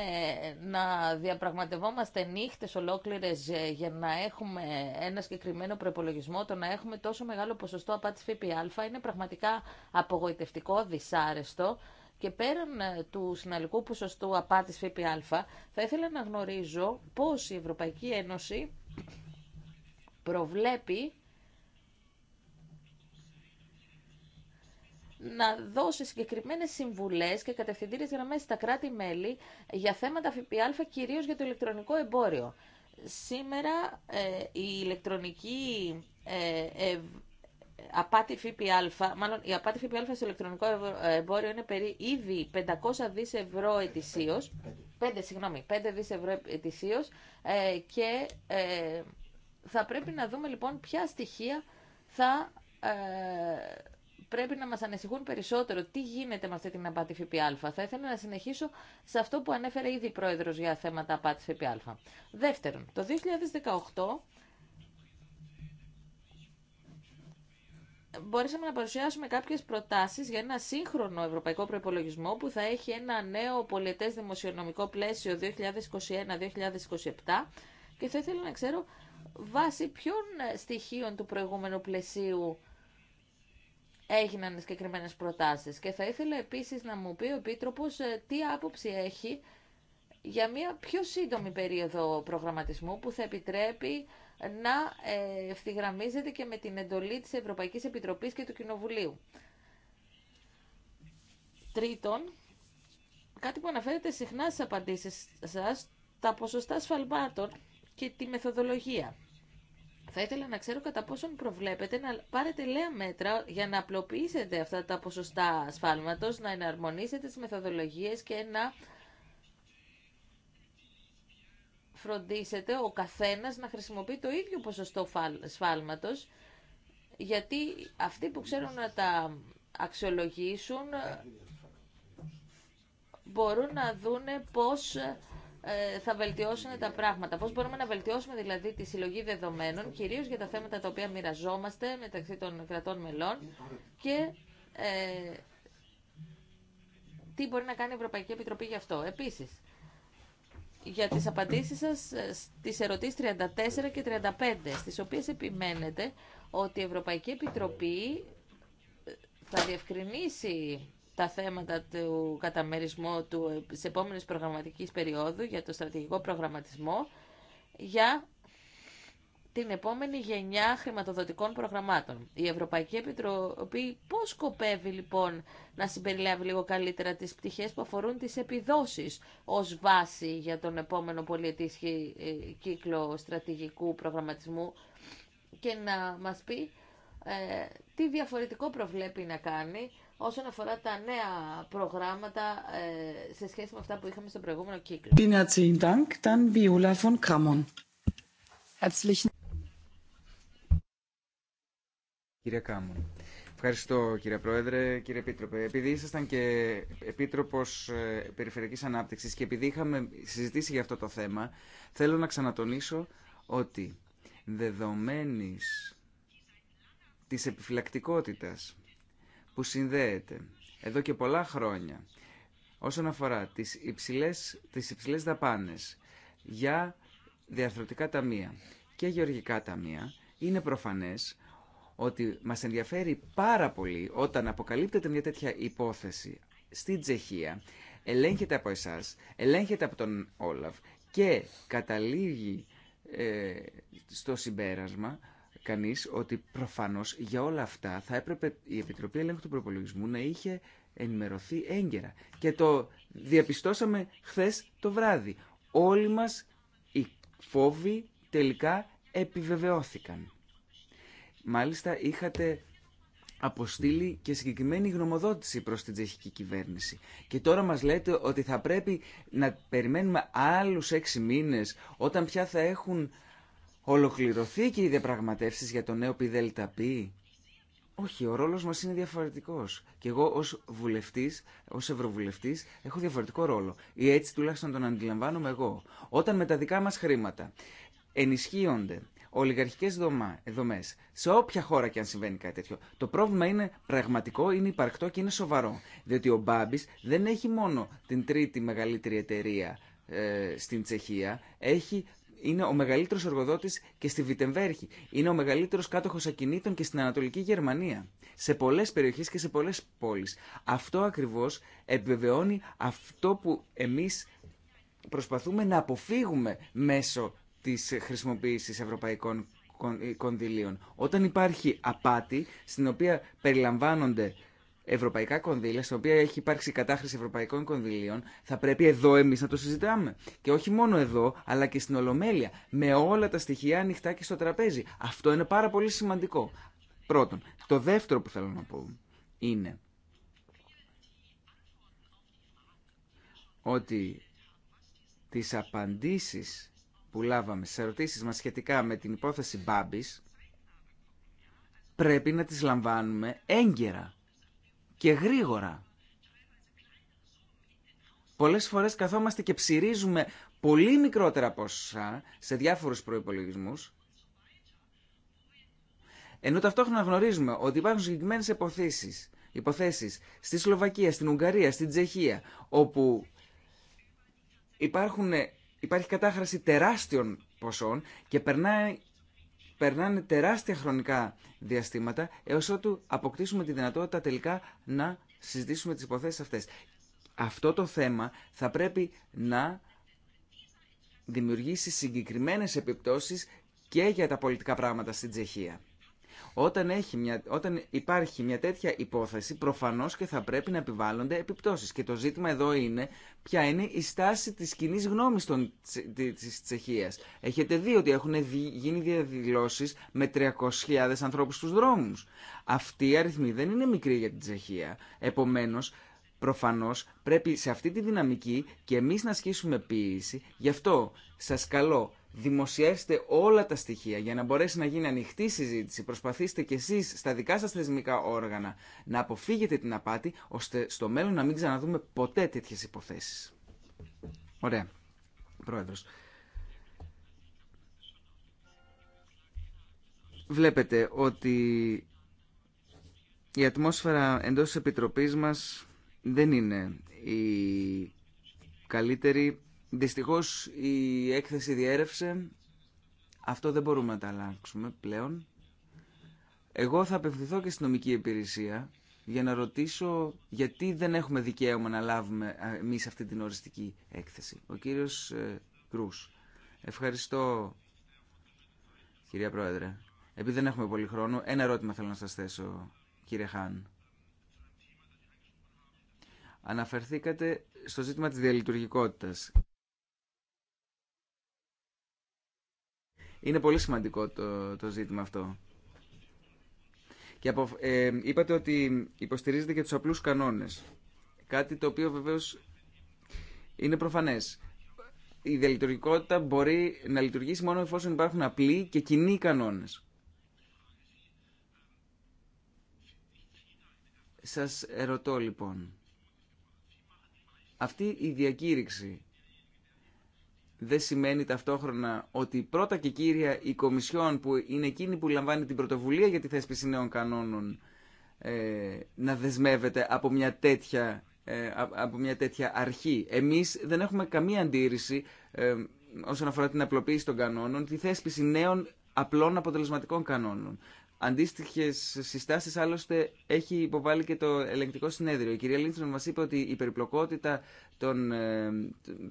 να διαπραγματευόμαστε νύχτες ολόκληρες ε, για να έχουμε ένα συγκεκριμένο προπολογισμό, το να έχουμε τόσο μεγάλο ποσοστό απάτης ΦΠΑ είναι πραγματικά απογοητευτικό, δυσάρεστο και πέραν ε, του συναλλικού ποσοστού απάτης ΦΠΑ θα ήθελα να γνωρίζω πώς η Ευρωπαϊκή Ένωση προβλέπει να δώσει συγκεκριμένες συμβουλές και κατευθυντήριες γραμμές στα κράτη-μέλη για θέματα ΦΠΑ, κυρίως για το ηλεκτρονικό εμπόριο. Σήμερα ε, η ηλεκτρονική ε, απάτη ΦΠΑ, μάλλον η απάτη ΦΠΑ στο ηλεκτρονικό ε, εμπόριο είναι περί ήδη 500 δις ευρώ ετησίως, 5, συγγνώμη, 5 δις ευρώ ετησίως ε, και θα πρέπει να δούμε λοιπόν ποια στοιχεία θα πρέπει να μα ανησυχούν περισσότερο τι γίνεται με αυτή την απάτη ΦΠΑ. Θα ήθελα να συνεχίσω σε αυτό που ανέφερε ήδη η Πρόεδρος για θέματα Απάτη ΦΠΑ. Δεύτερον, το 2018 μπορέσαμε να παρουσιάσουμε κάποιες προτάσεις για ένα σύγχρονο ευρωπαϊκό προϋπολογισμό που θα έχει ένα νέο πολιτές δημοσιονομικό πλαίσιο 2021-2027 και θα ήθελα να ξέρω βάσει ποιων στοιχείων του προηγούμενου πλαισίου έγιναν συγκεκριμένε προτάσεις. Και θα ήθελα επίσης να μου πει ο Επίτροπο ε, τι άποψη έχει για μια πιο σύντομη περίοδο προγραμματισμού που θα επιτρέπει να ε, ευθυγραμμίζεται και με την εντολή της Ευρωπαϊκής Επιτροπής και του Κοινοβουλίου. Τρίτον, κάτι που αναφέρεται συχνά στις απαντήσεις σας, τα ποσοστά σφαλμάτων και τη μεθοδολογία. Θα ήθελα να ξέρω κατά πόσον προβλέπετε να πάρετε λέα μέτρα για να απλοποιήσετε αυτά τα ποσοστά ασφάλματος, να εναρμονίσετε τις μεθοδολογίες και να φροντίσετε ο καθένας να χρησιμοποιεί το ίδιο ποσοστό σφάλματος, γιατί αυτοί που ξέρουν να τα αξιολογήσουν μπορούν να δούνε πώς ε, θα βελτιώσουν τα πράγματα. Πώς μπορούμε να βελτιώσουμε δηλαδή τη συλλογή δεδομένων, κυρίω για τα θέματα τα οποία μοιραζόμαστε μεταξύ των κρατών μελών και ε, τι μπορεί να κάνει η Ευρωπαϊκή Επιτροπή γι' αυτό. Επίσης, για τις απαντήσεις σας ε, στις ερωτήσεις 34 και 35, στις οποίες επιμένετε ότι η Ευρωπαϊκή Επιτροπή ε, θα διευκρινίσει τα θέματα του καταμερισμού του σε επόμενης προγραμματικής περίοδου για το στρατηγικό προγραμματισμό για την επόμενη γενιά χρηματοδοτικών προγραμμάτων. Η Ευρωπαϊκή Επιτροπή πώς σκοπεύει λοιπόν να συμπεριλάβει λίγο καλύτερα τις πτυχές που αφορούν τις επιδόσεις ως βάση για τον επόμενο πολιετής ε, κύκλο στρατηγικού προγραμματισμού και να μας πει ε, τι διαφορετικό προβλέπει να κάνει όσον αφορά τα νέα προγράμματα ε, σε σχέση με αυτά που είχαμε στον προηγούμενο κύκλο. Κύριε Κάμον. Ευχαριστώ κύριε Πρόεδρε, κύριε Επίτροπε. Επειδή ήσασταν και Επίτροπος ε, Περιφερειακής Ανάπτυξης και επειδή είχαμε συζητήσει για αυτό το θέμα, θέλω να ξανατονίσω ότι δεδομένης της επιφυλακτικότητας που συνδέεται εδώ και πολλά χρόνια όσον αφορά τις υψηλές, τις υψηλές δαπάνες για διαρθρωτικά ταμεία και γεωργικά ταμεία, είναι προφανές ότι μας ενδιαφέρει πάρα πολύ όταν αποκαλύπτεται μια τέτοια υπόθεση στην Τσεχία, ελέγχεται από εσάς, ελέγχεται από τον Όλαφ και καταλήγει ε, στο συμπέρασμα κανείς ότι προφανώς για όλα αυτά θα έπρεπε η Επιτροπή Ελέγχου του Προπολογισμού να είχε ενημερωθεί έγκαιρα. Και το διαπιστώσαμε χθες το βράδυ. Όλοι μας οι φόβοι τελικά επιβεβαιώθηκαν. Μάλιστα είχατε αποστείλει και συγκεκριμένη γνωμοδότηση προς την τσεχική κυβέρνηση. Και τώρα μας λέτε ότι θα πρέπει να περιμένουμε άλλους έξι μήνες όταν πια θα έχουν Ολοκληρωθεί και οι διαπραγματεύσει για το νέο πι όχι, ο ρόλος μας είναι διαφορετικός. Και εγώ ως βουλευτής, ως ευρωβουλευτής, έχω διαφορετικό ρόλο. Ή έτσι τουλάχιστον τον αντιλαμβάνομαι εγώ. Όταν με τα δικά μας χρήματα ενισχύονται ολιγαρχικές δομές, σε όποια χώρα και αν συμβαίνει κάτι τέτοιο, το πρόβλημα είναι πραγματικό, είναι υπαρκτό και είναι σοβαρό. Διότι ο Μπάμπης δεν έχει μόνο την τρίτη μεγαλύτερη εταιρεία ε, στην Τσεχία έχει είναι ο μεγαλύτερος εργοδότη και στη Βιτεμβέρχη. Είναι ο μεγαλύτερος κάτοχος ακινήτων και στην Ανατολική Γερμανία. Σε πολλές περιοχές και σε πολλές πόλεις. Αυτό ακριβώς επιβεβαιώνει αυτό που εμείς προσπαθούμε να αποφύγουμε μέσω τη χρησιμοποίηση ευρωπαϊκών κονδυλίων. Όταν υπάρχει απάτη, στην οποία περιλαμβάνονται ευρωπαϊκά κονδύλια, στα οποία έχει υπάρξει κατάχρηση ευρωπαϊκών κονδυλίων, θα πρέπει εδώ εμεί να το συζητάμε. Και όχι μόνο εδώ, αλλά και στην Ολομέλεια. Με όλα τα στοιχεία ανοιχτά και στο τραπέζι. Αυτό είναι πάρα πολύ σημαντικό. Πρώτον. Το δεύτερο που θέλω να πω είναι ότι τις απαντήσεις που λάβαμε σε ερωτήσεις μας σχετικά με την υπόθεση Μπάμπης πρέπει να τις λαμβάνουμε έγκαιρα και γρήγορα. Πολλές φορές καθόμαστε και ψηρίζουμε πολύ μικρότερα ποσά σε διάφορους προϋπολογισμούς, ενώ ταυτόχρονα γνωρίζουμε ότι υπάρχουν συγκεκριμένε υποθέσεις, υποθέσεις στη Σλοβακία, στην Ουγγαρία, στην Τσεχία, όπου υπάρχουν, υπάρχει κατάχραση τεράστιων ποσών και περνάει περνάνε τεράστια χρονικά διαστήματα έω ότου αποκτήσουμε τη δυνατότητα τελικά να συζητήσουμε τις υποθέσεις αυτές. Αυτό το θέμα θα πρέπει να δημιουργήσει συγκεκριμένες επιπτώσεις και για τα πολιτικά πράγματα στην Τσεχία. Όταν, έχει μια, όταν υπάρχει μια τέτοια υπόθεση, προφανώς και θα πρέπει να επιβάλλονται επιπτώσεις. Και το ζήτημα εδώ είναι ποια είναι η στάση της κοινή γνώμης τη της Έχετε δει ότι έχουν γίνει διαδηλώσεις με 300.000 ανθρώπους στους δρόμους. Αυτή η αριθμή δεν είναι μικρή για την Τσεχία. Επομένως, προφανώ πρέπει σε αυτή τη δυναμική και εμεί να ασκήσουμε ποιήση. Γι' αυτό σα καλώ δημοσιεύστε όλα τα στοιχεία για να μπορέσει να γίνει ανοιχτή συζήτηση. Προσπαθήστε κι εσείς στα δικά σα θεσμικά όργανα να αποφύγετε την απάτη, ώστε στο μέλλον να μην ξαναδούμε ποτέ τέτοιες υποθέσεις. Ωραία. Πρόεδρος. Βλέπετε ότι η ατμόσφαιρα εντός της Επιτροπής μας δεν είναι η καλύτερη Δυστυχώς η έκθεση διέρευσε. Αυτό δεν μπορούμε να τα αλλάξουμε πλέον. Εγώ θα απευθυνθώ και στην νομική υπηρεσία για να ρωτήσω γιατί δεν έχουμε δικαίωμα να λάβουμε εμείς αυτή την οριστική έκθεση. Ο κύριος ε, Κρούς. Ευχαριστώ, κυρία Πρόεδρε. Επειδή δεν έχουμε πολύ χρόνο, ένα ερώτημα θέλω να σας θέσω, κύριε Χάν. Αναφερθήκατε στο ζήτημα της διαλειτουργικότητας Είναι πολύ σημαντικό το, το ζήτημα αυτό. Και ε, είπατε ότι υποστηρίζετε και τους απλούς κανόνες. Κάτι το οποίο βεβαίως είναι προφανές. Η διαλειτουργικότητα μπορεί να λειτουργήσει μόνο εφόσον υπάρχουν απλοί και κοινοί κανόνες. Σας ερωτώ λοιπόν. Αυτή η διακήρυξη δεν σημαίνει ταυτόχρονα ότι πρώτα και κύρια η Κομισιόν που είναι εκείνη που λαμβάνει την πρωτοβουλία για τη θέσπιση νέων κανόνων ε, να δεσμεύεται από μια τέτοια ε, από μια τέτοια αρχή. Εμείς δεν έχουμε καμία αντίρρηση ε, όσον αφορά την απλοποίηση των κανόνων, τη θέσπιση νέων απλών αποτελεσματικών κανόνων. Αντίστοιχε συστάσει άλλωστε έχει υποβάλει και το ελεγκτικό συνέδριο. Η κυρία Λίνστρον μα είπε ότι η περιπλοκότητα των, δομή ε,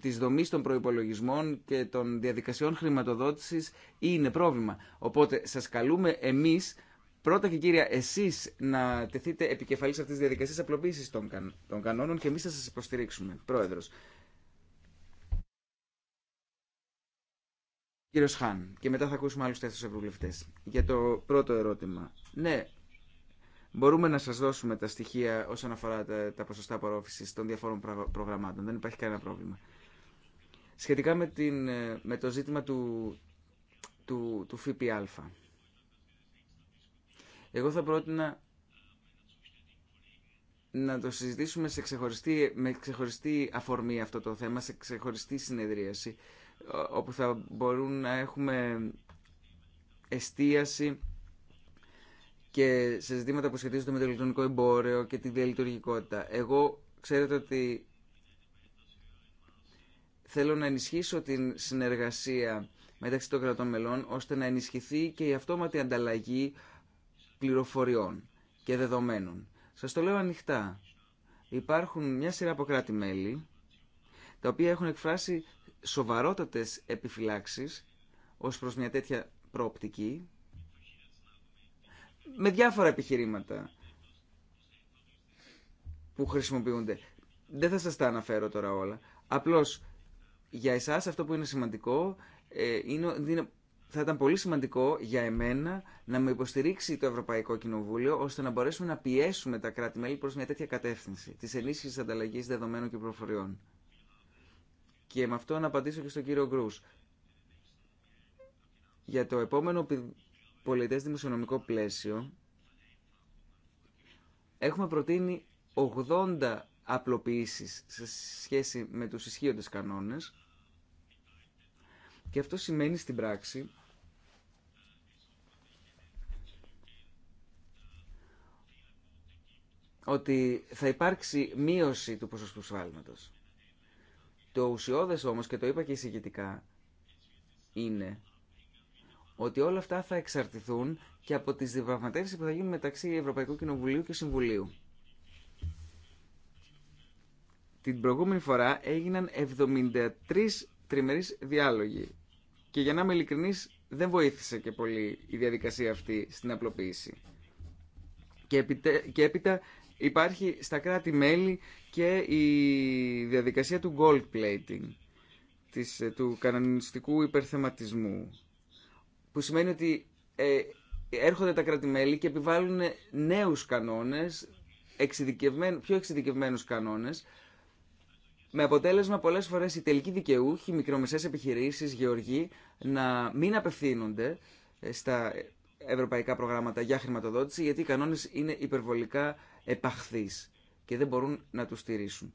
της δομής των προϋπολογισμών και των διαδικασιών χρηματοδότησης είναι πρόβλημα. Οπότε σας καλούμε εμείς, πρώτα και κύρια εσείς, να τεθείτε επικεφαλής αυτή τη διαδικασία απλοποίηση των, των κανόνων και εμεί θα σα υποστηρίξουμε. πρόεδρο. Κύριο Χάν και μετά θα ακούσουμε άλλους τέσσερις ευρωβουλευτές. Για το πρώτο ερώτημα. Ναι, μπορούμε να σας δώσουμε τα στοιχεία όσον αφορά τα, τα ποσοστά απορρόφησης των διαφόρων προγραμμάτων. Δεν υπάρχει κανένα πρόβλημα. Σχετικά με, την, ε, με το ζήτημα του, του, του ΦΠΑ. Εγώ θα πρότεινα να το συζητήσουμε σε ξεχωριστή, με ξεχωριστή αφορμή αυτό το θέμα, σε ξεχωριστή συνεδρίαση όπου θα μπορούν να έχουμε εστίαση και σε ζητήματα που σχετίζονται με το ηλεκτρονικό εμπόριο και τη διαλειτουργικότητα. Εγώ ξέρετε ότι θέλω να ενισχύσω την συνεργασία μεταξύ των κρατών μελών, ώστε να ενισχυθεί και η αυτόματη ανταλλαγή πληροφοριών και δεδομένων. Σας το λέω ανοιχτά. Υπάρχουν μια σειρά από κράτη-μέλη, τα οποία έχουν εκφράσει σοβαρότατες επιφυλάξεις ως προς μια τέτοια προοπτική με διάφορα επιχειρήματα που χρησιμοποιούνται. Δεν θα σας τα αναφέρω τώρα όλα. Απλώς για εσάς αυτό που είναι σημαντικό ε, είναι, θα ήταν πολύ σημαντικό για εμένα να με υποστηρίξει το Ευρωπαϊκό Κοινοβούλιο ώστε να μπορέσουμε να πιέσουμε τα κράτη-μέλη προς μια τέτοια κατεύθυνση της ενίσχυσης ανταλλαγής δεδομένων και προφοριών. Και με αυτό να απαντήσω και στον κύριο Γκρού. Για το επόμενο πολιτές δημοσιονομικό πλαίσιο έχουμε προτείνει 80 απλοποιήσεις σε σχέση με τους ισχύοντες κανόνες και αυτό σημαίνει στην πράξη ότι θα υπάρξει μείωση του ποσοστού σφάλματος. Το ουσιώδες όμως, και το είπα και εισηγητικά, είναι ότι όλα αυτά θα εξαρτηθούν και από τις διαπραγματεύσεις που θα γίνουν μεταξύ Ευρωπαϊκού Κοινοβουλίου και Συμβουλίου. Την προηγούμενη φορά έγιναν 73 τριμερείς διάλογοι και για να είμαι ειλικρινής δεν βοήθησε και πολύ η διαδικασία αυτή στην απλοποίηση. Και, έπειτα υπάρχει στα κράτη-μέλη και η διαδικασία του gold plating, της, ε, του κανονιστικού υπερθεματισμού, που σημαίνει ότι ε, έρχονται τα κράτη-μέλη και επιβάλλουν νέους κανόνες, εξειδικευμέν, πιο εξειδικευμένους κανόνες, με αποτέλεσμα πολλές φορές οι τελικοί δικαιούχοι, οι μικρομεσαίες επιχειρήσεις, γεωργοί, να μην απευθύνονται ε, στα ευρωπαϊκά προγράμματα για χρηματοδότηση, γιατί οι κανόνες είναι υπερβολικά επαχθείς και δεν μπορούν να τους στηρίσουν.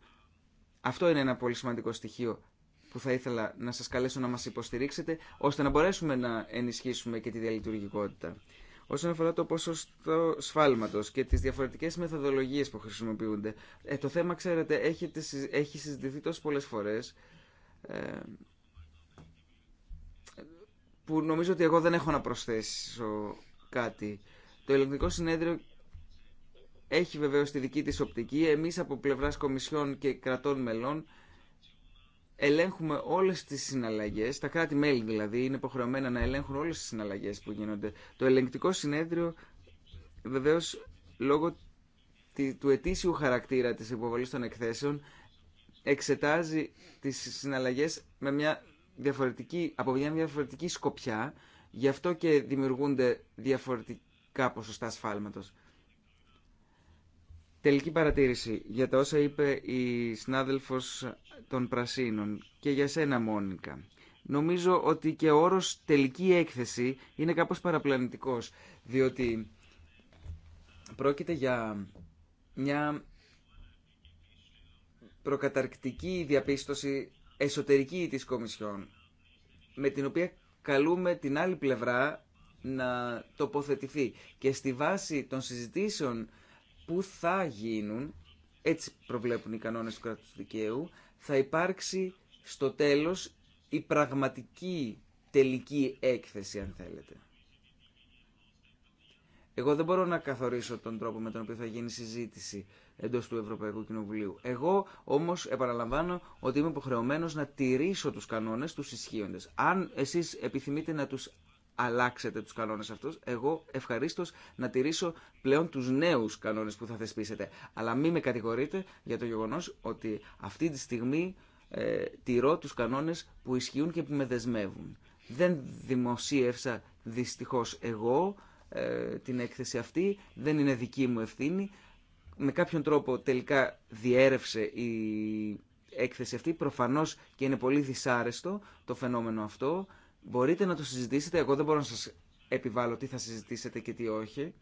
Αυτό είναι ένα πολύ σημαντικό στοιχείο που θα ήθελα να σας καλέσω να μας υποστηρίξετε, ώστε να μπορέσουμε να ενισχύσουμε και τη διαλειτουργικότητα. Όσον αφορά το ποσοστό σφάλματος και τις διαφορετικές μεθοδολογίε που χρησιμοποιούνται, ε, το θέμα, ξέρετε, έχει, έχει συζητηθεί τόσο πολλέ φορέ. ε, που νομίζω ότι εγώ δεν έχω να προσθέσω κάτι. Το ελληνικό συνέδριο έχει βεβαίως τη δική της οπτική. Εμείς από πλευράς Κομισιών και κρατών μελών ελέγχουμε όλες τις συναλλαγέ, τα κράτη-μέλη δηλαδή είναι υποχρεωμένα να ελέγχουν όλες τις συναλλαγές που γίνονται. Το ελεγκτικό συνέδριο βεβαίως λόγω του ετήσιου χαρακτήρα της υποβολής των εκθέσεων εξετάζει τις συναλλαγές με μια διαφορετική, από μια διαφορετική σκοπιά, γι' αυτό και δημιουργούνται διαφορετικά ποσοστά ασφάλματος. Τελική παρατήρηση για τα όσα είπε η συνάδελφος των Πρασίνων και για σένα Μόνικα. Νομίζω ότι και ο όρος τελική έκθεση είναι κάπως παραπλανητικός, διότι πρόκειται για μια προκαταρκτική διαπίστωση εσωτερική της Κομισιόν, με την οποία καλούμε την άλλη πλευρά να τοποθετηθεί. Και στη βάση των συζητήσεων που θα γίνουν, έτσι προβλέπουν οι κανόνες του κράτους δικαίου, θα υπάρξει στο τέλος η πραγματική τελική έκθεση, αν θέλετε. Εγώ δεν μπορώ να καθορίσω τον τρόπο με τον οποίο θα γίνει συζήτηση εντός του Ευρωπαϊκού Κοινοβουλίου. Εγώ όμως, επαναλαμβάνω ότι είμαι υποχρεωμένος να τηρήσω τους κανόνες του ισχύοντε. Αν εσείς επιθυμείτε να του αλλάξετε τους κανόνες αυτούς. Εγώ ευχαρίστως να τηρήσω πλέον τους νέους κανόνες που θα θεσπίσετε. Αλλά μην με κατηγορείτε για το γεγονός ότι αυτή τη στιγμή ε, τηρώ τους κανόνες που ισχύουν και που με δεσμεύουν. Δεν δημοσίευσα δυστυχώς εγώ ε, την έκθεση αυτή, δεν είναι δική μου ευθύνη. Με κάποιον τρόπο τελικά διέρευσε η έκθεση αυτή. Προφανώς και είναι πολύ δυσάρεστο το φαινόμενο αυτό. Μπορείτε να το συζητήσετε, εγώ δεν μπορώ να σας επιβάλλω τι θα συζητήσετε και τι όχι,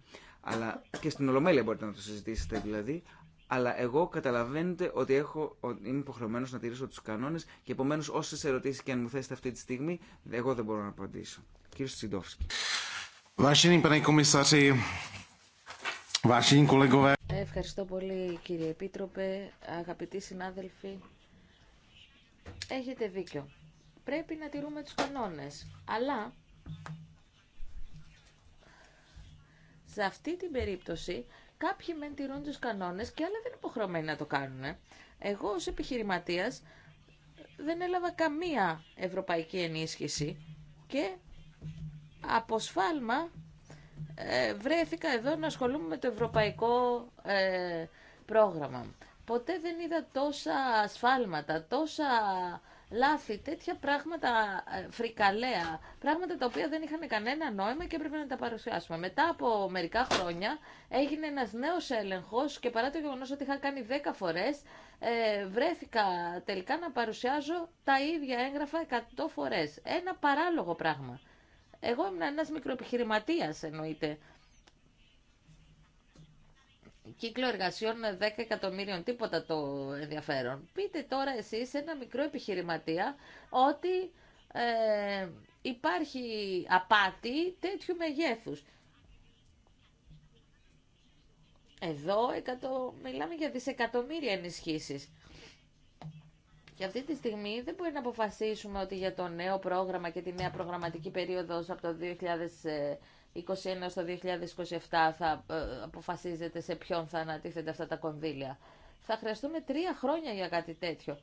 αλλά και στην Ολομέλεια μπορείτε να το συζητήσετε δηλαδή, αλλά εγώ καταλαβαίνετε ότι έχω, είμαι υποχρεωμένο να τηρήσω του κανόνε και επομένω όσε ερωτήσει και αν μου θέσετε αυτή τη στιγμή, εγώ δεν μπορώ να απαντήσω. Κύριε Τσιντόφσκι. Ευχαριστώ πολύ κύριε Επίτροπε, αγαπητοί συνάδελφοι. Έχετε δίκιο πρέπει να τηρούμε τους κανόνες. Αλλά σε αυτή την περίπτωση κάποιοι μεν τηρούν τους κανόνες και άλλοι δεν είναι υποχρεωμένοι να το κάνουν. Εγώ ως επιχειρηματίας δεν έλαβα καμία ευρωπαϊκή ενίσχυση και από σφάλμα ε, βρέθηκα εδώ να ασχολούμαι με το ευρωπαϊκό ε, πρόγραμμα. Ποτέ δεν είδα τόσα ασφάλματα, τόσα λάθη, τέτοια πράγματα ε, φρικαλέα, πράγματα τα οποία δεν είχαν κανένα νόημα και έπρεπε να τα παρουσιάσουμε. Μετά από μερικά χρόνια έγινε ένας νέος έλεγχος και παρά το γεγονός ότι είχα κάνει 10 φορές, ε, βρέθηκα τελικά να παρουσιάζω τα ίδια έγγραφα 100 φορές. Ένα παράλογο πράγμα. Εγώ ήμουν ένας μικροεπιχειρηματίας εννοείται κύκλο εργασιών 10 εκατομμύριων, τίποτα το ενδιαφέρον. Πείτε τώρα εσείς ένα μικρό επιχειρηματία ότι ε, υπάρχει απάτη τέτοιου μεγέθους. Εδώ εκατο... μιλάμε για δισεκατομμύρια ενισχύσεις. Και αυτή τη στιγμή δεν μπορεί να αποφασίσουμε ότι για το νέο πρόγραμμα και τη νέα προγραμματική περίοδος από το 2000 21 στο 2027 θα ε, αποφασίζεται σε ποιον θα ανατίθεται αυτά τα κονδύλια. Θα χρειαστούμε τρία χρόνια για κάτι τέτοιο.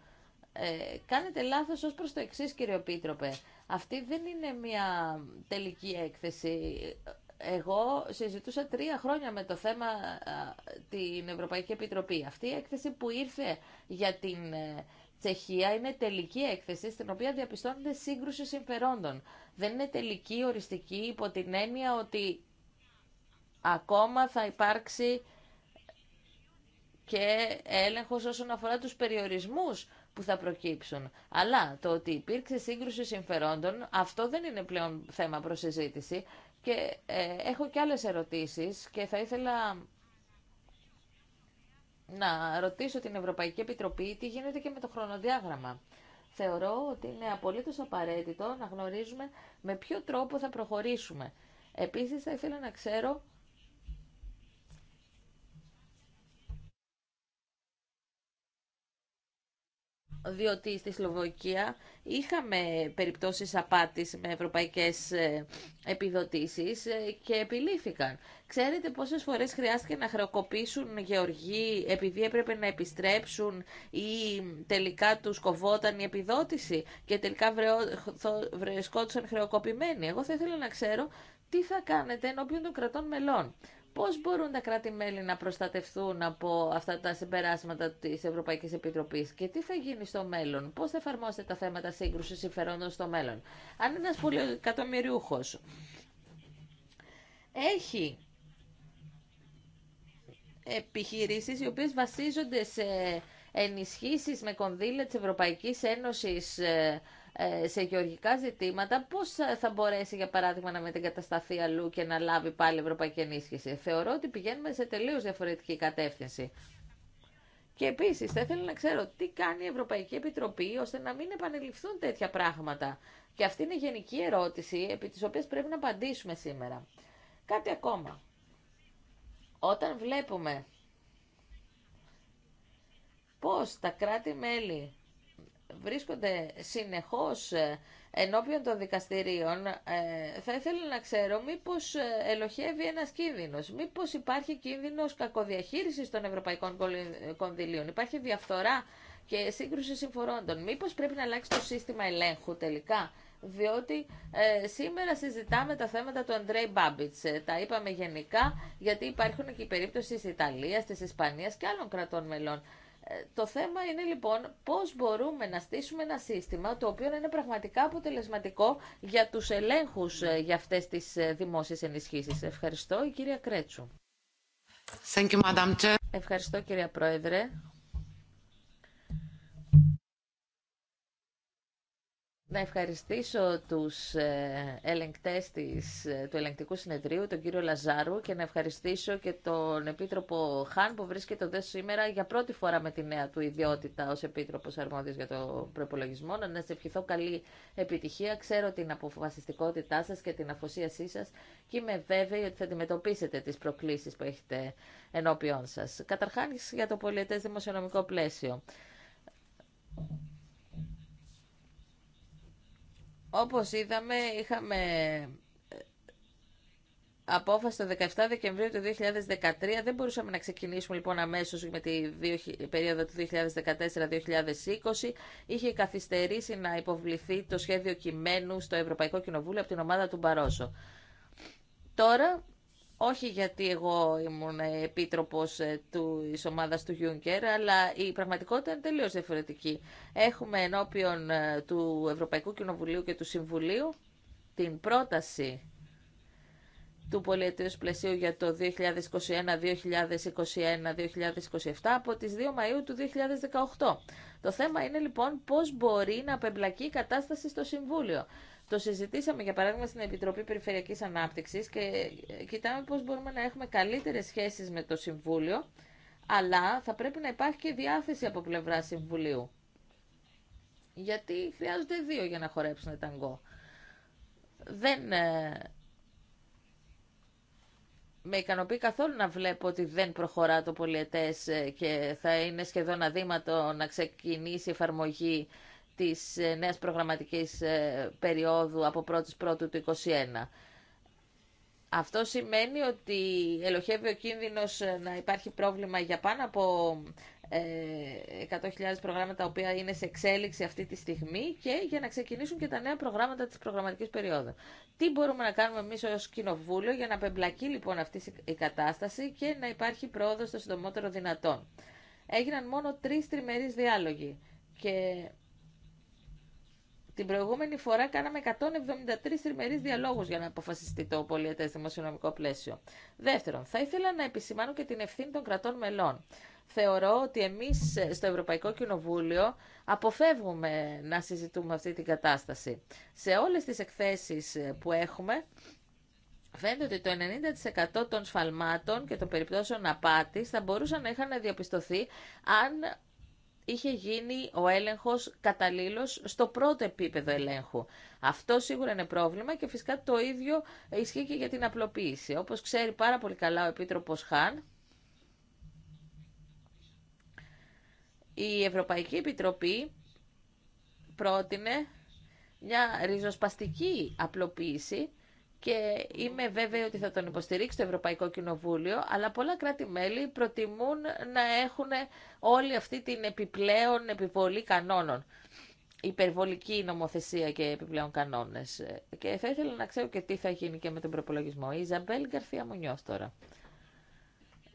Ε, κάνετε λάθος ως προς το εξής κύριο Πίτροπε. Αυτή δεν είναι μια τελική έκθεση. Εγώ συζητούσα τρία χρόνια με το θέμα ε, την Ευρωπαϊκή Επιτροπή. Αυτή η έκθεση που ήρθε για την ε, Τσεχία είναι τελική έκθεση στην οποία διαπιστώνεται σύγκρουση συμφερόντων δεν είναι τελική, οριστική, υπό την έννοια ότι ακόμα θα υπάρξει και έλεγχος όσον αφορά τους περιορισμούς που θα προκύψουν. Αλλά το ότι υπήρξε σύγκρουση συμφερόντων, αυτό δεν είναι πλέον θέμα προς συζήτηση. Και ε, έχω και άλλες ερωτήσεις και θα ήθελα να ρωτήσω την Ευρωπαϊκή Επιτροπή τι γίνεται και με το χρονοδιάγραμμα θεωρώ ότι είναι απολύτως απαραίτητο να γνωρίζουμε με ποιο τρόπο θα προχωρήσουμε. Επίσης θα ήθελα να ξέρω διότι στη Σλοβοκία είχαμε περιπτώσεις απάτης με ευρωπαϊκές ε, επιδοτήσεις ε, και επιλήθηκαν. Ξέρετε πόσες φορές χρειάστηκε να χρεοκοπήσουν γεωργοί επειδή έπρεπε να επιστρέψουν ή τελικά τους κοβόταν η επιδότηση και τελικά βρεσκόντουσαν χρεοκοπημένοι. Εγώ θα ήθελα να ξέρω τι θα κάνετε ενώπιον των κρατών μελών. Πώς μπορούν τα κράτη-μέλη να προστατευτούν από αυτά τα συμπεράσματα της Ευρωπαϊκής Επιτροπής και τι θα γίνει στο μέλλον, πώς θα εφαρμόσετε τα θέματα σύγκρουσης συμφερόντων στο μέλλον. Αν ένας πολυεκατομμυριούχος έχει επιχειρήσεις οι οποίες βασίζονται σε ενισχύσεις με κονδύλια της Ευρωπαϊκής Ένωσης ε, ε, σε γεωργικά ζητήματα, πώς ε, θα μπορέσει, για παράδειγμα, να μετεγκατασταθεί αλλού και να λάβει πάλι ευρωπαϊκή ενίσχυση. Θεωρώ ότι πηγαίνουμε σε τελείως διαφορετική κατεύθυνση. Και επίσης, θα ήθελα να ξέρω τι κάνει η Ευρωπαϊκή Επιτροπή ώστε να μην επανεληφθούν τέτοια πράγματα. Και αυτή είναι η γενική ερώτηση επί τη οποία πρέπει να απαντήσουμε σήμερα. Κάτι ακόμα. Όταν βλέπουμε πώς τα κράτη-μέλη βρίσκονται συνεχώς ε, ενώπιον των δικαστηρίων, ε, θα ήθελα να ξέρω μήπως ε, ελοχεύει ένας κίνδυνος, μήπως υπάρχει κίνδυνος κακοδιαχείρισης των ευρωπαϊκών κονδυλίων, υπάρχει διαφθορά και σύγκρουση συμφορώντων, μήπως πρέπει να αλλάξει το σύστημα ελέγχου τελικά. Διότι σήμερα συζητάμε τα θέματα του Αντρέι Μπάμπιτς. τα είπαμε γενικά γιατί υπάρχουν και οι περίπτωση της Ιταλίας, της Ισπανίας και άλλων κρατών μελών. Το θέμα είναι λοιπόν πώς μπορούμε να στήσουμε ένα σύστημα το οποίο είναι πραγματικά αποτελεσματικό για τους ελέγχους ε, για αυτές τις ε, δημόσιες ενισχύσεις. Ευχαριστώ, η κυρία Κρέτσου. Ευχαριστώ, κυρία Πρόεδρε. να ευχαριστήσω τους ε, ελεγκτές της, ε, του ελεγκτικού συνεδρίου, τον κύριο Λαζάρου και να ευχαριστήσω και τον Επίτροπο Χάν που βρίσκεται εδώ σήμερα για πρώτη φορά με τη νέα του ιδιότητα ως Επίτροπος Αρμόδιος για το προπολογισμό. Να σας ευχηθώ καλή επιτυχία. Ξέρω την αποφασιστικότητά σας και την αφοσίασή σας και είμαι βέβαιη ότι θα αντιμετωπίσετε τις προκλήσεις που έχετε ενώπιόν σας. Καταρχάς για το πολιετές δημοσιονομικό πλαίσιο. Όπως είδαμε, είχαμε ε, απόφαση το 17 Δεκεμβρίου του 2013. Δεν μπορούσαμε να ξεκινήσουμε λοιπόν αμέσως με τη περίοδο του 2014-2020. Είχε καθυστερήσει να υποβληθεί το σχέδιο κειμένου στο Ευρωπαϊκό Κοινοβούλιο από την ομάδα του Μπαρόσο. Τώρα όχι γιατί εγώ ήμουν επίτροπος τη ε, της ομάδας του Γιούνκερ, αλλά η πραγματικότητα είναι τελείως διαφορετική. Έχουμε ενώπιον ε, του Ευρωπαϊκού Κοινοβουλίου και του Συμβουλίου την πρόταση του πολιετίου πλαισίου για το 2021, 2021, 2027 από τις 2 Μαΐου του 2018. Το θέμα είναι λοιπόν πώς μπορεί να απεμπλακεί η κατάσταση στο Συμβούλιο. Το συζητήσαμε για παράδειγμα στην Επιτροπή Περιφερειακής ανάπτυξη και κοιτάμε πώς μπορούμε να έχουμε καλύτερες σχέσεις με το Συμβούλιο, αλλά θα πρέπει να υπάρχει και διάθεση από πλευρά Συμβουλίου. Γιατί χρειάζονται δύο για να χορέψουν ταγκό. Δεν ε, με ικανοποιεί καθόλου να βλέπω ότι δεν προχωρά το πολιετές ε, και θα είναι σχεδόν αδύματο να ξεκινήσει η εφαρμογή της ε, νέας προγραμματικής ε, περίοδου από 1η Πρώτου του 2021. Αυτό σημαίνει ότι ελοχεύει ο κίνδυνος ε, να υπάρχει πρόβλημα για πάνω από 100.000 προγράμματα τα οποία είναι σε εξέλιξη αυτή τη στιγμή και για να ξεκινήσουν και τα νέα προγράμματα της προγραμματικής περίοδου. Τι μπορούμε να κάνουμε εμείς ως Κοινοβούλιο για να απεμπλακεί λοιπόν αυτή η κατάσταση και να υπάρχει πρόοδος στο συντομότερο δυνατόν. Έγιναν μόνο τρει τριμερείς διάλογοι και την προηγούμενη φορά κάναμε 173 τριμερεί διαλόγου για να αποφασιστεί το πολιετέ δημοσιονομικό πλαίσιο. Δεύτερον, θα ήθελα να επισημάνω και την ευθύνη των κρατών μελών. Θεωρώ ότι εμεί ε, στο Ευρωπαϊκό Κοινοβούλιο αποφεύγουμε να συζητούμε αυτή την κατάσταση. Σε όλε τι εκθέσει ε, που έχουμε, Φαίνεται ότι το 90% των σφαλμάτων και των περιπτώσεων απάτης θα μπορούσαν να είχαν διαπιστωθεί αν είχε γίνει ο έλεγχος καταλήλως στο πρώτο επίπεδο ελέγχου. Αυτό σίγουρα είναι πρόβλημα και φυσικά το ίδιο ισχύει και για την απλοποίηση. Όπως ξέρει πάρα πολύ καλά ο Επίτροπος Χάν, η Ευρωπαϊκή Επιτροπή πρότεινε μια ριζοσπαστική απλοποίηση και είμαι βέβαιη ότι θα τον υποστηρίξει το Ευρωπαϊκό Κοινοβούλιο, αλλά πολλά κράτη-μέλη προτιμούν να έχουν όλη αυτή την επιπλέον επιβολή κανόνων. Υπερβολική νομοθεσία και επιπλέον κανόνε. Και θα ήθελα να ξέρω και τι θα γίνει και με τον προπολογισμό. Η Ιζαμπέλ Γκαρθία Μουνιό τώρα.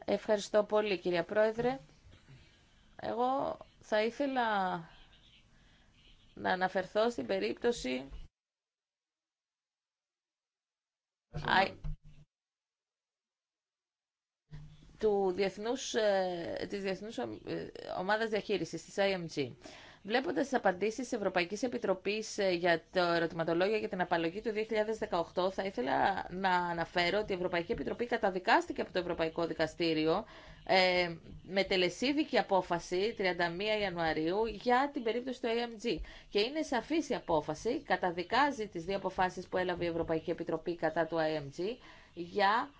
Ευχαριστώ πολύ, κυρία Πρόεδρε. Εγώ θα ήθελα να αναφερθώ στην περίπτωση του διεθνούς, ε, της Διεθνούς ε, Ομάδας Διαχείρισης, της IMG. Βλέποντας τις απαντήσεις της Ευρωπαϊκής Επιτροπής ε, για το ερωτηματολόγιο για την απαλλαγή του 2018, θα ήθελα να αναφέρω ότι η Ευρωπαϊκή Επιτροπή καταδικάστηκε από το Ευρωπαϊκό Δικαστήριο ε, με τελεσίδικη απόφαση 31 Ιανουαρίου για την περίπτωση του AMG. Και είναι σαφής η απόφαση, καταδικάζει τις δύο αποφάσεις που έλαβε η Ευρωπαϊκή Επιτροπή κατά του AMG για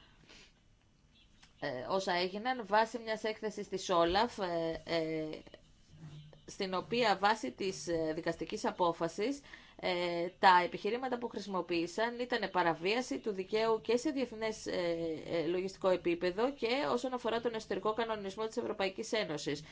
ε, όσα έγιναν βάσει μιας έκθεσης της Όλαφ στην οποία βάσει της ε, δικαστικής απόφασης ε, τα επιχειρήματα που χρησιμοποίησαν ήταν παραβίαση του δικαίου και σε διεθνές ε, λογιστικό επίπεδο και όσον αφορά τον εσωτερικό κανονισμό της Ευρωπαϊκής Ένωσης.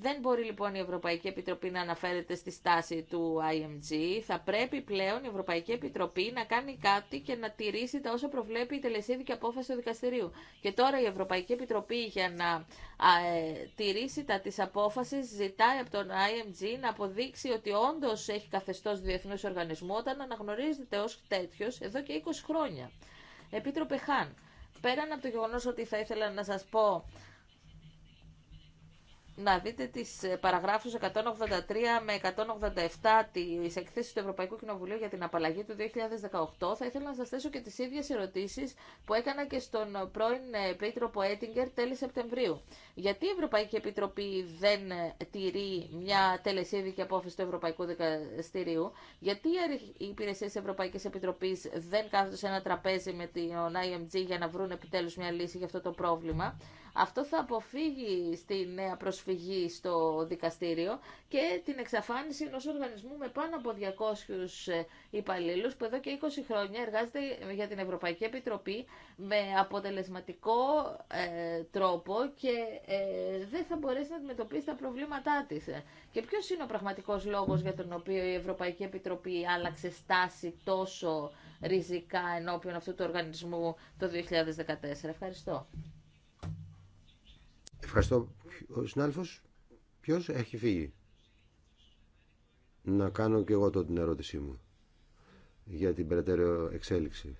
Δεν μπορεί λοιπόν η Ευρωπαϊκή Επιτροπή να αναφέρεται στη στάση του IMG. Θα πρέπει πλέον η Ευρωπαϊκή Επιτροπή να κάνει κάτι και να τηρήσει τα όσα προβλέπει η τελεσίδικη απόφαση του δικαστηρίου. Και τώρα η Ευρωπαϊκή Επιτροπή για να α, ε, τηρήσει τα της απόφασης ζητάει από τον IMG να αποδείξει ότι όντως έχει καθεστώς διεθνούς οργανισμού όταν αναγνωρίζεται ως τέτοιο εδώ και 20 χρόνια. Επίτροπε Χάν, πέραν από το γεγονός ότι θα ήθελα να σας πω να δείτε τις ε, παραγράφους 183 με 187 της εκθέσης του Ευρωπαϊκού Κοινοβουλίου για την απαλλαγή του 2018, θα ήθελα να σας θέσω και τις ίδιες ερωτήσεις που έκανα και στον πρώην ε, Επίτροπο Έτιγκερ τέλη Σεπτεμβρίου. Γιατί η Ευρωπαϊκή Επιτροπή δεν ε, τηρεί μια τελεσίδικη απόφαση του Ευρωπαϊκού Δικαστηρίου, γιατί οι υπηρεσίε τη Ευρωπαϊκή Επιτροπή δεν κάθονται σε ένα τραπέζι με την IMG για να βρουν επιτέλου μια λύση για αυτό το πρόβλημα. Αυτό θα αποφύγει στη νέα προσφυγή στο δικαστήριο και την εξαφάνιση ενός οργανισμού με πάνω από 200 ε, υπαλλήλους που εδώ και 20 χρόνια εργάζεται για την Ευρωπαϊκή Επιτροπή με αποτελεσματικό ε, τρόπο και ε, δεν θα μπορέσει να αντιμετωπίσει τα προβλήματά της. Και ποιος είναι ο πραγματικός λόγος για τον οποίο η Ευρωπαϊκή Επιτροπή άλλαξε στάση τόσο ριζικά ενώπιον αυτού του οργανισμού το 2014. Ευχαριστώ. Ευχαριστώ. Ο συνάδελφος, ποιος έχει φύγει. Να κάνω και εγώ τότε την ερώτησή μου για την περαιτέρω εξέλιξη.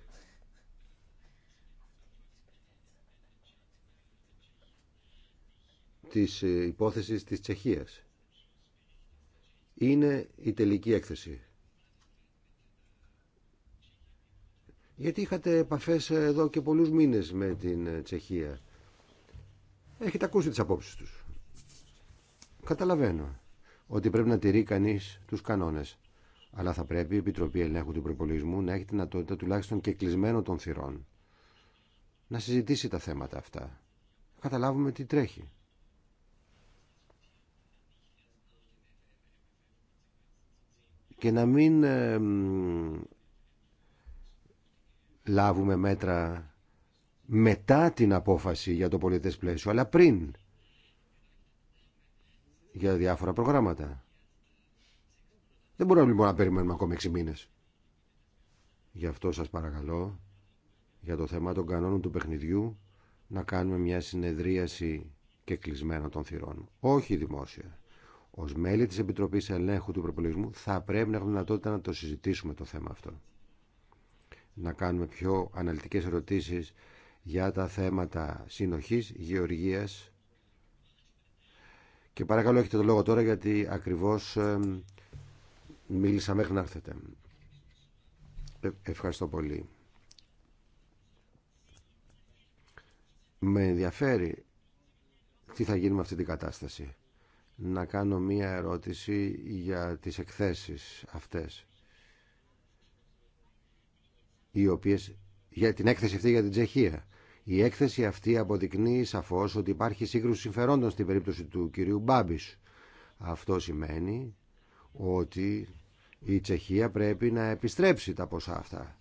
της ε, υπόθεσης της Τσεχίας. Είναι η τελική έκθεση. Γιατί είχατε επαφές εδώ και πολλούς μήνες με την ε, Τσεχία Έχετε ακούσει τις απόψεις τους. Καταλαβαίνω ότι πρέπει να τηρεί κανείς τους κανόνες. Αλλά θα πρέπει η Επιτροπή Ελέγχου του Προπολογισμού να έχει τη δυνατότητα τουλάχιστον και κλεισμένο των θυρών να συζητήσει τα θέματα αυτά. Καταλάβουμε τι τρέχει. Και να μην λάβουμε μέτρα μετά την απόφαση για το πολιτές πλαίσιο, αλλά πριν για διάφορα προγράμματα. Δεν μπορούμε λοιπόν να περιμένουμε ακόμα 6 μήνες. Γι' αυτό σας παρακαλώ, για το θέμα των κανόνων του παιχνιδιού, να κάνουμε μια συνεδρίαση και κλεισμένα των θυρών. Όχι δημόσια. Ω μέλη τη Επιτροπή Ελέγχου του Προπολογισμού θα πρέπει να έχουμε δυνατότητα να το συζητήσουμε το θέμα αυτό. Να κάνουμε πιο αναλυτικέ ερωτήσει για τα θέματα συνοχής, γεωργίας και παρακαλώ έχετε το λόγο τώρα γιατί ακριβώς ε, μίλησα μέχρι να έρθετε. Ε, ευχαριστώ πολύ. Με ενδιαφέρει τι θα γίνει με αυτή την κατάσταση. Να κάνω μία ερώτηση για τις εκθέσεις αυτές. Οι οποίες, για την έκθεση αυτή για την Τσεχία η έκθεση αυτή αποδεικνύει σαφώς ότι υπάρχει σύγκρουση συμφερόντων στην περίπτωση του κυρίου Μπάμπης. Αυτό σημαίνει ότι η Τσεχία πρέπει να επιστρέψει τα ποσά αυτά.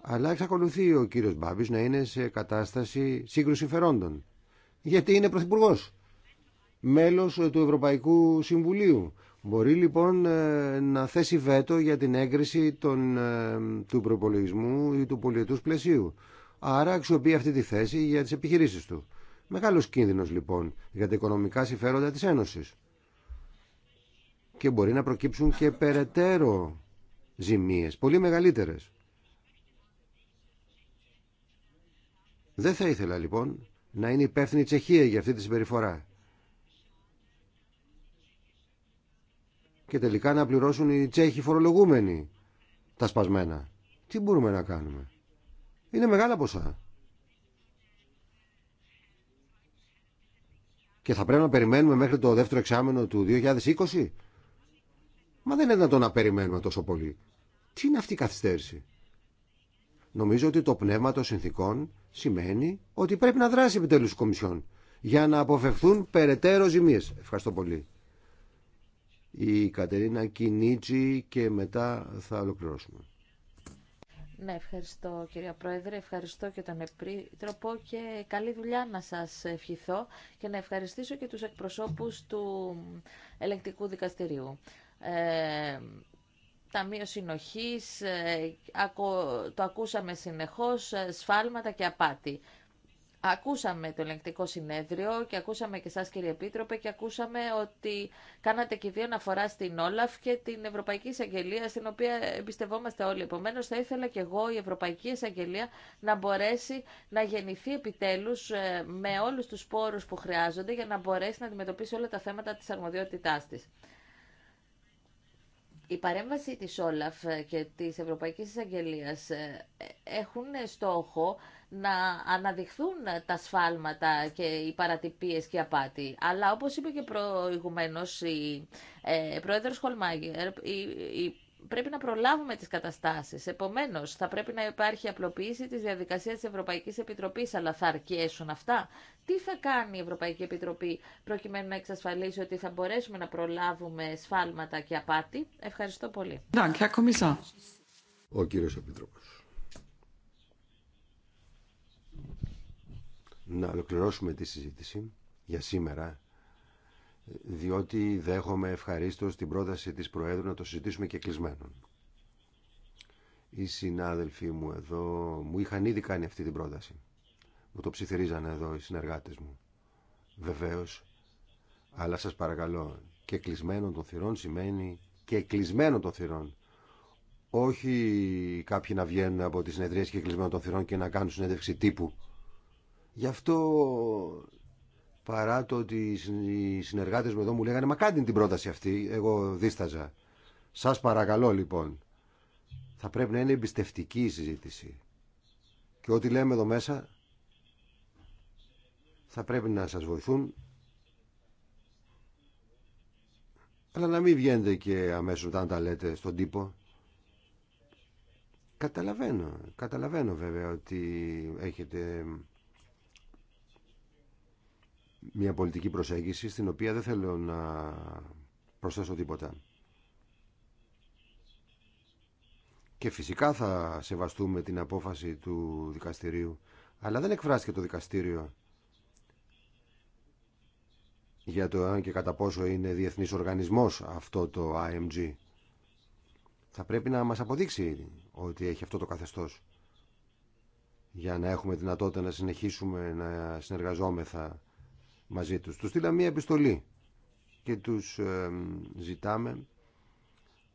Αλλά εξακολουθεί ο κύριος Μπάμπης να είναι σε κατάσταση σύγκρουση συμφερόντων. Γιατί είναι πρωθυπουργό. μέλος του Ευρωπαϊκού Συμβουλίου. Μπορεί λοιπόν ε, να θέσει βέτο για την έγκριση ε, του προπολογισμού ή του πολιετούς πλαισίου άρα αξιοποιεί αυτή τη θέση για τις επιχειρήσεις του. Μεγάλος κίνδυνος λοιπόν για τα οικονομικά συμφέροντα της Ένωσης. Και μπορεί να προκύψουν και περαιτέρω ζημίες, πολύ μεγαλύτερες. Δεν θα ήθελα λοιπόν να είναι υπεύθυνη η Τσεχία για αυτή τη συμπεριφορά. Και τελικά να πληρώσουν οι Τσέχοι φορολογούμενοι τα σπασμένα. Τι μπορούμε να κάνουμε. Είναι μεγάλα ποσά. Και θα πρέπει να περιμένουμε μέχρι το δεύτερο εξάμενο του 2020. Μα δεν είναι δυνατόν να περιμένουμε τόσο πολύ. Τι είναι αυτή η καθυστέρηση. Νομίζω ότι το πνεύμα των συνθήκων σημαίνει ότι πρέπει να δράσει επιτέλου η Κομισιόν για να αποφευθούν περαιτέρω ζημίες. Ευχαριστώ πολύ. Η Κατερίνα Κινίτσι και μετά θα ολοκληρώσουμε. Ναι, ευχαριστώ κυρία Πρόεδρε, ευχαριστώ και τον Επίτροπο και καλή δουλειά να σας ευχηθώ και να ευχαριστήσω και τους εκπροσώπους του Ελεκτικού Δικαστηρίου. Ε, Ταμείο Συνοχής, ε, το ακούσαμε συνεχώς, ε, σφάλματα και απάτη. Ακούσαμε το ελεγκτικό συνέδριο και ακούσαμε και εσά κύριε Επίτροπε και ακούσαμε ότι κάνατε και δύο αναφορά στην Όλαφ και την Ευρωπαϊκή Εισαγγελία στην οποία εμπιστευόμαστε όλοι. Επομένως θα ήθελα και εγώ η Ευρωπαϊκή Εισαγγελία να μπορέσει να γεννηθεί επιτέλους ε, με όλους τους πόρους που χρειάζονται για να μπορέσει να αντιμετωπίσει όλα τα θέματα της αρμοδιότητάς της. Η παρέμβαση της Όλαφ ε, και της Ευρωπαϊκής Εισαγγελίας ε, έχουν στόχο να αναδειχθούν τα σφάλματα και οι παρατυπίες και η απάτη. Αλλά όπως είπε και προηγουμένως η ε, πρόεδρος Χολμάγερ, η, πρέπει να προλάβουμε τις καταστάσεις. Επομένως, θα πρέπει να υπάρχει απλοποίηση της διαδικασίας της Ευρωπαϊκής Επιτροπής, αλλά θα αρκέσουν αυτά. Τι θα κάνει η Ευρωπαϊκή Επιτροπή προκειμένου να εξασφαλίσει ότι θα μπορέσουμε να προλάβουμε σφάλματα και απάτη. Ευχαριστώ πολύ. Ο κύριος να ολοκληρώσουμε τη συζήτηση για σήμερα, διότι δέχομαι ευχαρίστως την πρόταση της Προέδρου να το συζητήσουμε και κλεισμένον. Οι συνάδελφοί μου εδώ μου είχαν ήδη κάνει αυτή την πρόταση. Μου το ψιθυρίζανε εδώ οι συνεργάτες μου. Βεβαίως, αλλά σας παρακαλώ, και κλεισμένον των θυρών σημαίνει και κλεισμένον των θυρών. Όχι κάποιοι να βγαίνουν από τις συνεδρίες και κλεισμένων των θυρών και να κάνουν συνέντευξη τύπου Γι' αυτό παρά το ότι οι συνεργάτες μου εδώ μου λέγανε «Μα κάντε την πρόταση αυτή», εγώ δίσταζα. Σας παρακαλώ λοιπόν, θα πρέπει να είναι εμπιστευτική η συζήτηση. Και ό,τι λέμε εδώ μέσα θα πρέπει να σας βοηθούν αλλά να μην βγαίνετε και αμέσως όταν τα λέτε στον τύπο. Καταλαβαίνω, καταλαβαίνω βέβαια ότι έχετε μια πολιτική προσέγγιση στην οποία δεν θέλω να προσθέσω τίποτα. Και φυσικά θα σεβαστούμε την απόφαση του δικαστηρίου, αλλά δεν εκφράστηκε το δικαστήριο για το αν και κατά πόσο είναι διεθνής οργανισμός αυτό το IMG. Θα πρέπει να μας αποδείξει ότι έχει αυτό το καθεστώς για να έχουμε δυνατότητα να συνεχίσουμε να συνεργαζόμεθα μαζί τους. Τους στείλαμε μία επιστολή και τους ζητάμε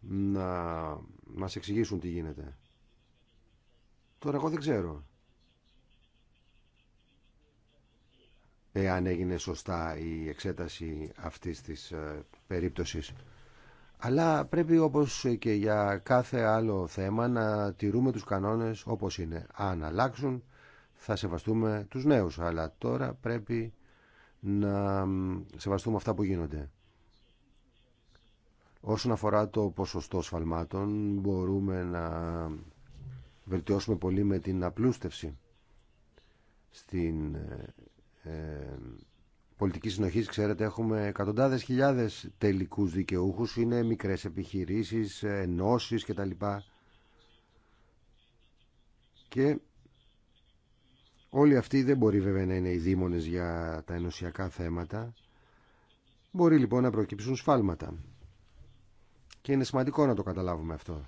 να μας εξηγήσουν τι γίνεται. Τώρα εγώ δεν ξέρω. Εάν έγινε σωστά η εξέταση αυτής της ε, περίπτωσης. Αλλά πρέπει όπως και για κάθε άλλο θέμα να τηρούμε τους κανόνες όπως είναι. Αν αλλάξουν θα σεβαστούμε τους νέους. Αλλά τώρα πρέπει να σεβαστούμε αυτά που γίνονται. Όσον αφορά το ποσοστό σφαλμάτων, μπορούμε να βελτιώσουμε πολύ με την απλούστευση στην ε, ε, πολιτική συνοχή. Ξέρετε, έχουμε εκατοντάδες χιλιάδες τελικούς δικαιούχους, είναι μικρές επιχειρήσεις, ε, ενώσεις κτλ. Και Όλοι αυτοί δεν μπορεί βέβαια να είναι οι δήμονες για τα ενωσιακά θέματα. Μπορεί λοιπόν να προκύψουν σφάλματα. Και είναι σημαντικό να το καταλάβουμε αυτό.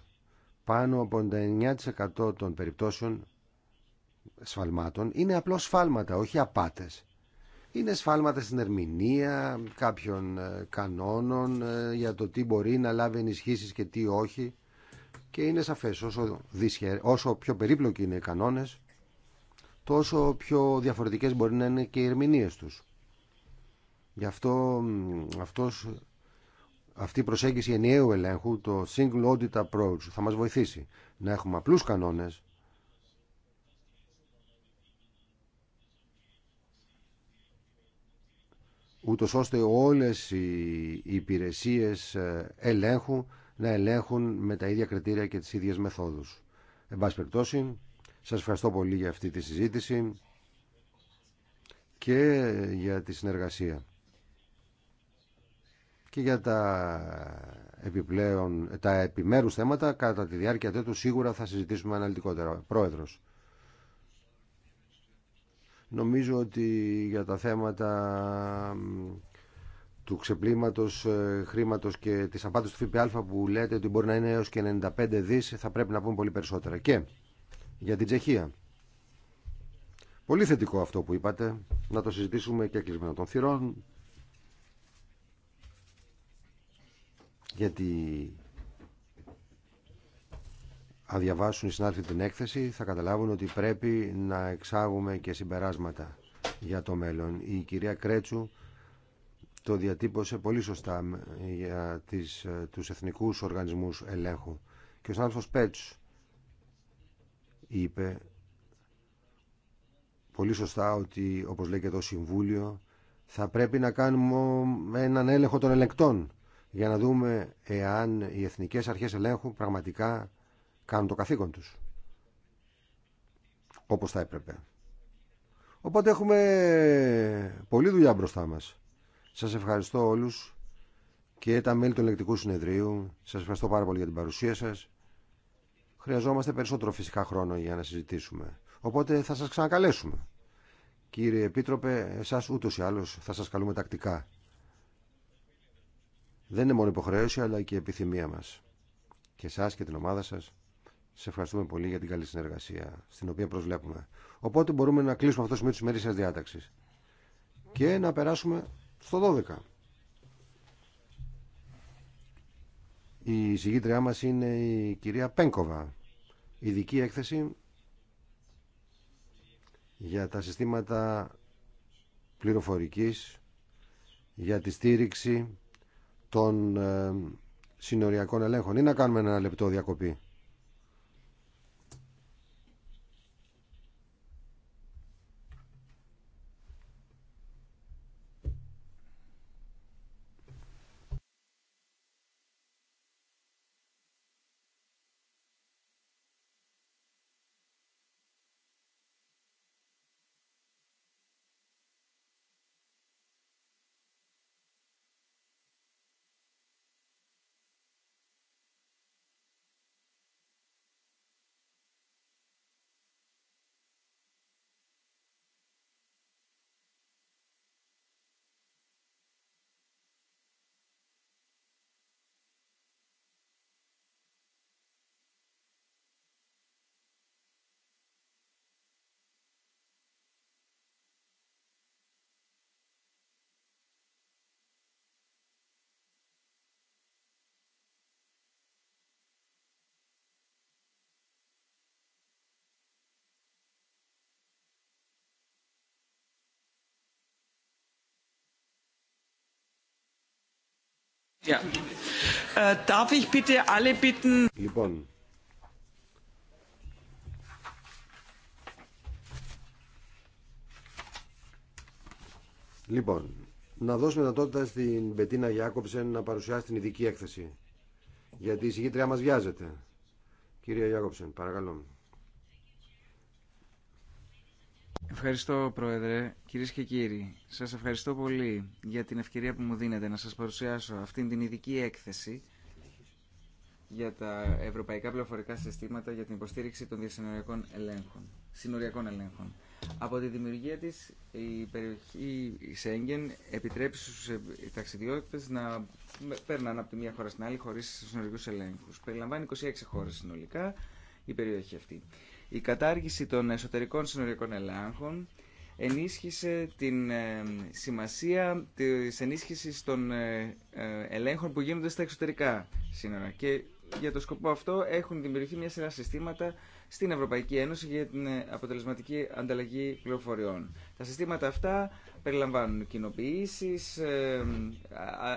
Πάνω από 99% των περιπτώσεων σφαλμάτων είναι απλώς σφάλματα, όχι απάτες. Είναι σφάλματα στην ερμηνεία κάποιων ε, κανόνων ε, για το τι μπορεί να λάβει ενισχύσεις και τι όχι. Και είναι σαφές όσο, όσο πιο περίπλοκοι είναι οι κανόνες τόσο πιο διαφορετικές μπορεί να είναι και οι ερμηνείες τους. Γι' αυτό αυτός, αυτή η προσέγγιση ενιαίου ελέγχου, το single audit approach, θα μας βοηθήσει να έχουμε απλούς κανόνες, ούτως ώστε όλες οι υπηρεσίες ε, ελέγχου να ελέγχουν με τα ίδια κριτήρια και τις ίδιες μεθόδους. Εν πάση περιπτώσει, σας ευχαριστώ πολύ για αυτή τη συζήτηση και για τη συνεργασία και για τα επιπλέον, τα επιμέρους θέματα κατά τη διάρκεια του σίγουρα θα συζητήσουμε αναλυτικότερα. Πρόεδρος. Νομίζω ότι για τα θέματα του ξεπλήματος ε, χρήματος και της απάντησης του ΦΠΑ που λέτε ότι μπορεί να είναι έως και 95 δις θα πρέπει να πούμε πολύ περισσότερα. Και για την Τσεχία. Πολύ θετικό αυτό που είπατε, να το συζητήσουμε και κλεισμένο των θυρών, γιατί αν διαβάσουν οι συνάδελφοι την έκθεση θα καταλάβουν ότι πρέπει να εξάγουμε και συμπεράσματα για το μέλλον. Η κυρία Κρέτσου το διατύπωσε πολύ σωστά για τις, ε, τους εθνικούς οργανισμούς ελέγχου. Και ο συνάδελφος Πέτσου είπε πολύ σωστά ότι όπως λέει και το Συμβούλιο θα πρέπει να κάνουμε έναν έλεγχο των ελεκτών για να δούμε εάν οι εθνικές αρχές ελέγχου πραγματικά κάνουν το καθήκον τους όπως θα έπρεπε. Οπότε έχουμε πολλή δουλειά μπροστά μας. Σας ευχαριστώ όλους και τα μέλη του Ελεκτικού Συνεδρίου. Σας ευχαριστώ πάρα πολύ για την παρουσία σας χρειαζόμαστε περισσότερο φυσικά χρόνο για να συζητήσουμε. Οπότε θα σας ξανακαλέσουμε. Κύριε Επίτροπε, εσάς ούτως ή άλλως θα σας καλούμε τακτικά. Δεν είναι μόνο υποχρέωση, αλλά και η επιθυμία μας. Και εσάς και την ομάδα σας. Σε ευχαριστούμε πολύ για την καλή συνεργασία, στην οποία προσβλέπουμε. Οπότε μπορούμε να κλείσουμε αυτό το σημείο της ημερήσιας διάταξης. Και να περάσουμε στο 12. Η συγγήτριά μας είναι η κυρία Πένκοβα ειδική έκθεση για τα συστήματα πληροφορικής, για τη στήριξη των ε, συνοριακών ελέγχων. Ή να κάνουμε ένα λεπτό διακοπή. Äh, λοιπόν. λοιπόν, να δώσουμε δυνατότητα στην Μπετίνα Γιάκοψεν να παρουσιάσει την ειδική έκθεση. Γιατί η συγκήτριά μας βιάζεται. Κύριε Γιάκοψεν, παρακαλώ. Ευχαριστώ, Πρόεδρε. Κυρίες και κύριοι, σας ευχαριστώ πολύ για την ευκαιρία που μου δίνετε να σας παρουσιάσω αυτήν την ειδική έκθεση για τα ευρωπαϊκά πληροφορικά συστήματα για την υποστήριξη των διασυνοριακών ελέγχων, συνοριακών ελέγχων. Από τη δημιουργία της, η περιοχή Σέγγεν επιτρέπει στους ε, ταξιδιώτες να παίρνουν από τη μία χώρα στην άλλη χωρίς συνοριακούς ελέγχους. Περιλαμβάνει 26 χώρες συνολικά η περιοχή αυτή. Η κατάργηση των εσωτερικών συνολικών ελέγχων ενίσχυσε την ε, σημασία της ενίσχυσης των ε, ε, ελέγχων που γίνονται στα εξωτερικά σύνορα. Και για το σκοπό αυτό έχουν δημιουργηθεί μια σειρά συστήματα στην Ευρωπαϊκή Ένωση για την αποτελεσματική ανταλλαγή πληροφοριών. Τα συστήματα αυτά περιλαμβάνουν κοινοποιήσει,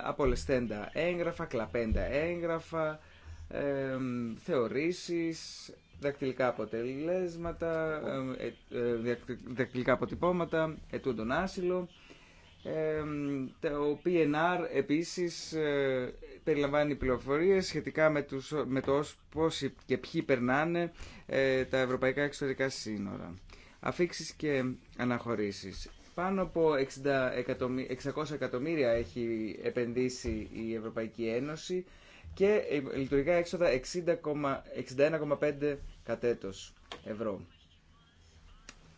απολεσθέντα έγγραφα, κλαπέντα έγγραφα, θεωρήσεις, δακτυλικά αποτελέσματα, ε, ε, ε, δακτυλικά αποτυπώματα, τον άσυλο. Το PNR επίσης περιλαμβάνει πληροφορίες σχετικά με, τους, με το πώς και ποιοι περνάνε τα ευρωπαϊκά εξωτερικά σύνορα. Αφήξεις και αναχωρήσεις. Πάνω από 600 εκατομμύρια έχει επενδύσει η Ευρωπαϊκή Ένωση και λειτουργικά έξοδα 61,5 κατέτος ευρώ.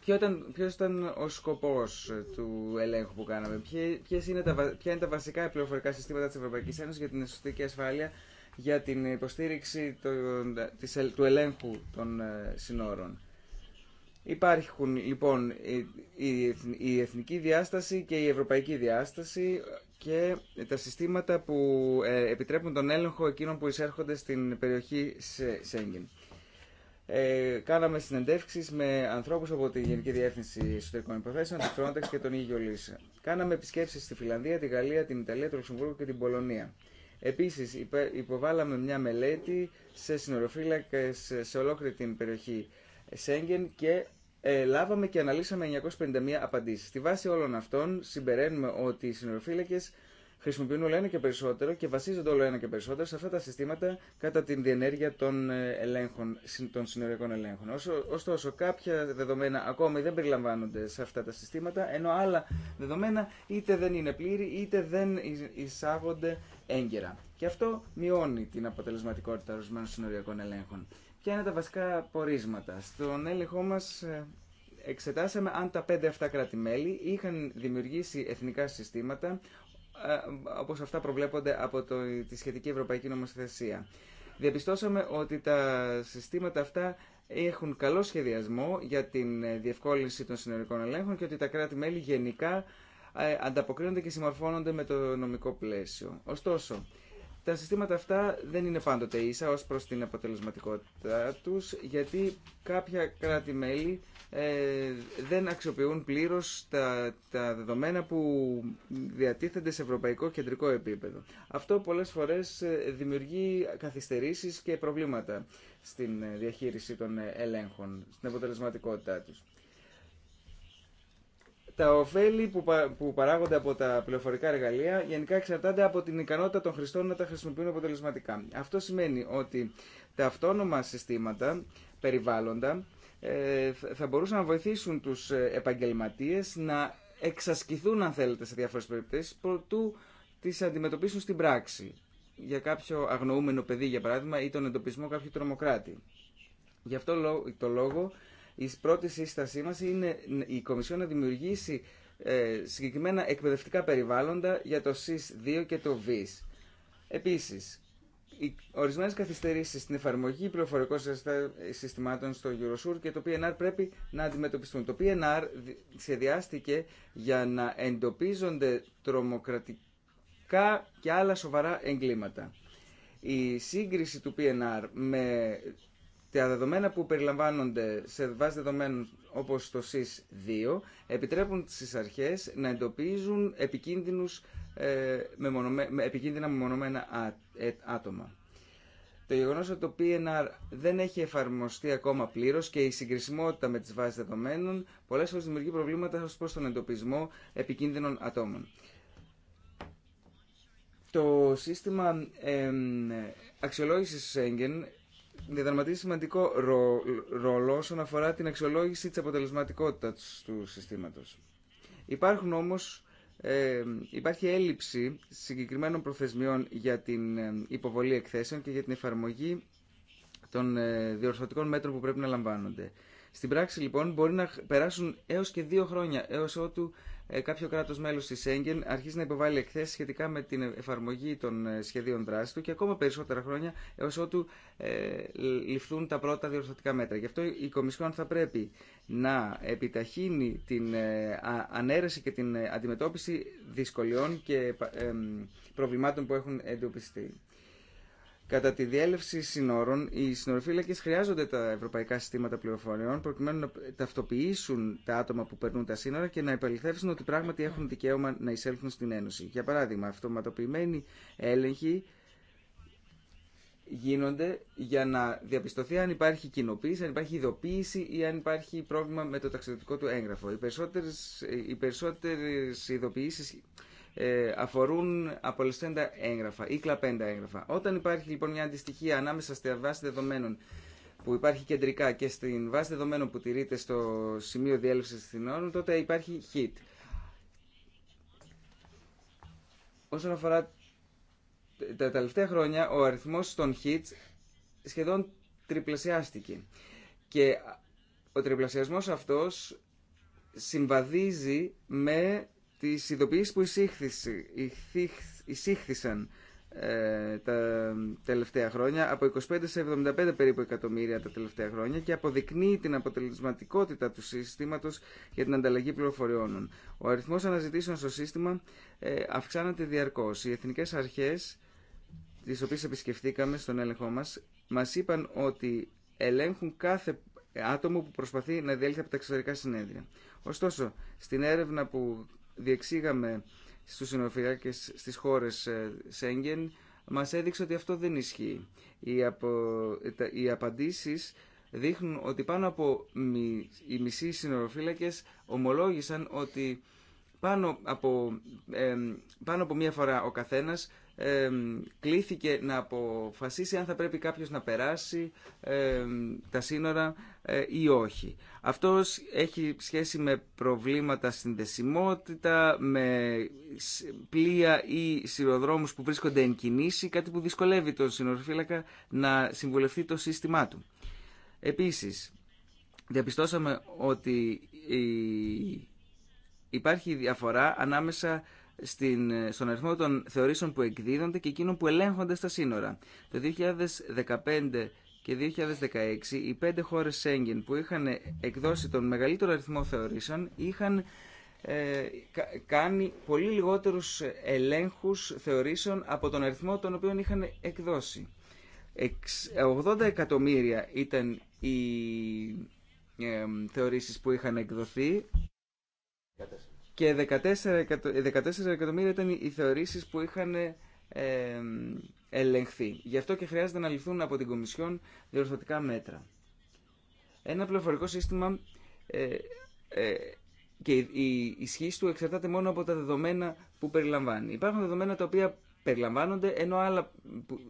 Ποιο ήταν, ποιος ήταν ο σκοπός ε, του ελέγχου που κάναμε, ποιες είναι τα, ποια είναι τα βασικά πληροφορικά συστήματα της Ευρωπαϊκής Ένωσης για την εσωτερική ασφάλεια, για την υποστήριξη ε, του ελέγχου των ε, συνόρων. Υπάρχουν λοιπόν η, η εθνική διάσταση και η ευρωπαϊκή διάσταση και τα συστήματα που επιτρέπουν τον έλεγχο εκείνων που εισέρχονται στην περιοχή Σέγγεν. Ε, κάναμε συνεντεύξεις με ανθρώπους από τη Γενική Διεύθυνση Εσωτερικών Υποθέσεων, τη Frontex και τον Λύσσα. Κάναμε επισκέψεις στη Φιλανδία, τη Γαλλία, την Ιταλία, το Λουξεμβούργο και την Πολωνία. Επίσης υποβάλαμε μια μελέτη σε συνοροφύλακες σε ολόκληρη την περιοχή Σέγγεν και ε, λάβαμε και αναλύσαμε 951 απαντήσεις. Στη βάση όλων αυτών συμπεραίνουμε ότι οι συνοροφύλακες χρησιμοποιούν όλο ένα και περισσότερο και βασίζονται όλο ένα και περισσότερο σε αυτά τα συστήματα κατά την διενέργεια των, ε, ελέγχων, των συνοριακών ελέγχων. Ωστόσο, κάποια δεδομένα ακόμη δεν περιλαμβάνονται σε αυτά τα συστήματα, ενώ άλλα δεδομένα είτε δεν είναι πλήρη είτε δεν εισάγονται έγκαιρα. Και αυτό μειώνει την αποτελεσματικότητα ορισμένων συνοριακών ελέγχων. Ποια είναι τα βασικά πορίσματα. Στον έλεγχό μας ε, εξετάσαμε αν τα πέντε αυτά κράτη-μέλη είχαν δημιουργήσει εθνικά συστήματα ε, όπως αυτά προβλέπονται από το, τη σχετική ευρωπαϊκή νομοθεσία. Διαπιστώσαμε ότι τα συστήματα αυτά έχουν καλό σχεδιασμό για την διευκόλυνση των συνολικών ελέγχων και ότι τα κράτη-μέλη γενικά ε, ανταποκρίνονται και συμμορφώνονται με το νομικό πλαίσιο. Ωστόσο, τα συστήματα αυτά δεν είναι πάντοτε ίσα ως προς την αποτελεσματικότητά τους, γιατί κάποια κράτη-μέλη ε, δεν αξιοποιούν πλήρως τα, τα δεδομένα που διατίθενται σε ευρωπαϊκό κεντρικό επίπεδο. Αυτό πολλές φορές ε, δημιουργεί καθυστερήσεις και προβλήματα στην ε, διαχείριση των ελέγχων, στην αποτελεσματικότητά τους τα ωφέλη που, που παράγονται από τα πληροφορικά εργαλεία γενικά εξαρτάται από την ικανότητα των χρηστών να τα χρησιμοποιούν αποτελεσματικά. Αυτό σημαίνει ότι τα αυτόνομα συστήματα, περιβάλλοντα, ε, θα μπορούσαν να βοηθήσουν τους ε, επαγγελματίες να εξασκηθούν, αν θέλετε, σε διάφορες περιπτώσεις, προτού τις αντιμετωπίσουν στην πράξη. Για κάποιο αγνοούμενο παιδί, για παράδειγμα, ή τον εντοπισμό κάποιου τρομοκράτη. Γι' αυτό το λόγο η πρώτη σύστασή μας είναι η Κομισιόν να δημιουργήσει ε, συγκεκριμένα εκπαιδευτικά περιβάλλοντα για το ΣΥΣ2 και το ΒΙΣ. Επίσης, οι ορισμένες καθυστερήσεις στην εφαρμογή πληροφορικών συστημάτων στο Eurosur και το PNR πρέπει να αντιμετωπιστούν. Το PNR σχεδιάστηκε για να εντοπίζονται τρομοκρατικά και άλλα σοβαρά εγκλήματα. Η σύγκριση του PNR με τα δεδομένα που περιλαμβάνονται σε βάση δεδομένων όπως το SIS-2 επιτρέπουν στις αρχές να εντοπίζουν επικίνδυνους, ε, με μονομένα επικίνδυνα μεμονωμένα ε, άτομα. Το γεγονός ότι το PNR δεν έχει εφαρμοστεί ακόμα πλήρως και η συγκρισιμότητα με τις βάσεις δεδομένων πολλές φορές δημιουργεί προβλήματα ως προς τον εντοπισμό επικίνδυνων ατόμων. Το σύστημα ε, αξιολόγησης Schengen διαδραματίζει σημαντικό ρόλο όσον αφορά την αξιολόγηση της αποτελεσματικότητας του συστήματος. Υπάρχουν όμως, ε, υπάρχει έλλειψη συγκεκριμένων προθεσμιών για την ε, υποβολή εκθέσεων και για την εφαρμογή των ε, διορθωτικών μέτρων που πρέπει να λαμβάνονται. Στην πράξη λοιπόν μπορεί να περάσουν έως και δύο χρόνια έως ότου ε, κάποιο κράτος μέλος της Σέγγεν αρχίζει να υποβάλλει εκθέσεις σχετικά με την εφαρμογή των ε, σχεδίων δράσης του και ακόμα περισσότερα χρόνια έως ότου ε, ληφθούν τα πρώτα διορθωτικά μέτρα. Γι' αυτό η Κομισιόν θα πρέπει να επιταχύνει την ανέρεση και την αντιμετώπιση δυσκολιών και προβλημάτων που έχουν εντοπιστεί. Κατά τη διέλευση συνόρων, οι συνοροφύλακε χρειάζονται τα ευρωπαϊκά συστήματα πληροφοριών προκειμένου να ταυτοποιήσουν τα άτομα που περνούν τα σύνορα και να επαληθεύσουν ότι πράγματι έχουν δικαίωμα να εισέλθουν στην Ένωση. Για παράδειγμα, αυτοματοποιημένοι έλεγχοι γίνονται για να διαπιστωθεί αν υπάρχει κοινοποίηση, αν υπάρχει ειδοποίηση ή αν υπάρχει πρόβλημα με το ταξιδιωτικό του έγγραφο. Οι περισσότερε ειδοποίησει. Ε, αφορούν απολυσθέντα έγγραφα ή κλαπέντα έγγραφα. Όταν υπάρχει λοιπόν μια αντιστοιχία ανάμεσα στη βάση δεδομένων που υπάρχει κεντρικά και στην βάση δεδομένων που τηρείται στο σημείο διέλευση συνόρων, τότε υπάρχει hit. Όσον αφορά τα τελευταία χρόνια, ο αριθμό των hits σχεδόν τριπλασιάστηκε. Και ο τριπλασιασμός αυτός συμβαδίζει με τις ειδοποιήσεις που εισήχθησαν ε, τα τελευταία χρόνια, από 25 σε 75 περίπου εκατομμύρια τα τελευταία χρόνια και αποδεικνύει την αποτελεσματικότητα του συστήματος για την ανταλλαγή πληροφοριών. Ο αριθμός αναζητήσεων στο σύστημα ε, αυξάνεται διαρκώς. Οι εθνικές αρχές, τις οποίες επισκεφτήκαμε στον έλεγχό μας, μας είπαν ότι ελέγχουν κάθε άτομο που προσπαθεί να διέλθει από τα εξωτερικά συνέδρια. Ωστόσο, στην έρευνα που διεξήγαμε στους συνοριοφυλάκες στις χώρες ε, Σέγγεν μας έδειξε ότι αυτό δεν ισχύει. Οι, απο... απαντήσεις δείχνουν ότι πάνω από μη... οι μισοί συνοροφύλακες ομολόγησαν ότι πάνω από, πάνω από μία φορά ο καθένας κλήθηκε να αποφασίσει αν θα πρέπει κάποιος να περάσει τα σύνορα ε, ή όχι. Αυτό έχει σχέση με προβλήματα συνδεσιμότητα, με πλοία ή σειροδρόμους που βρίσκονται εν κινήσει, κάτι που δυσκολεύει τον φύλακα να συμβουλευτεί το σύστημά του. Επίσης, διαπιστώσαμε ότι υπάρχει διαφορά ανάμεσα στην, στον αριθμό των θεωρήσεων που εκδίδονται και εκείνων που ελέγχονται στα σύνορα. Το 2015 και 2016 οι πέντε χώρες Σέγγεν που είχαν εκδώσει τον μεγαλύτερο αριθμό θεωρήσεων είχαν ε, κάνει πολύ λιγότερους ελέγχους θεωρήσεων από τον αριθμό τον οποίο είχαν εκδώσει. 80 εκατομμύρια ήταν οι ε, θεωρήσεις που είχαν εκδοθεί και 14, 14 εκατομμύρια ήταν οι θεωρήσεις που είχαν ε, ελεγχθεί. Γι' αυτό και χρειάζεται να ληφθούν από την Κομισιόν διορθωτικά μέτρα. Ένα πληροφορικό σύστημα ε, ε και η ισχύ του εξαρτάται μόνο από τα δεδομένα που περιλαμβάνει. Υπάρχουν δεδομένα τα οποία περιλαμβάνονται, ενώ άλλα που,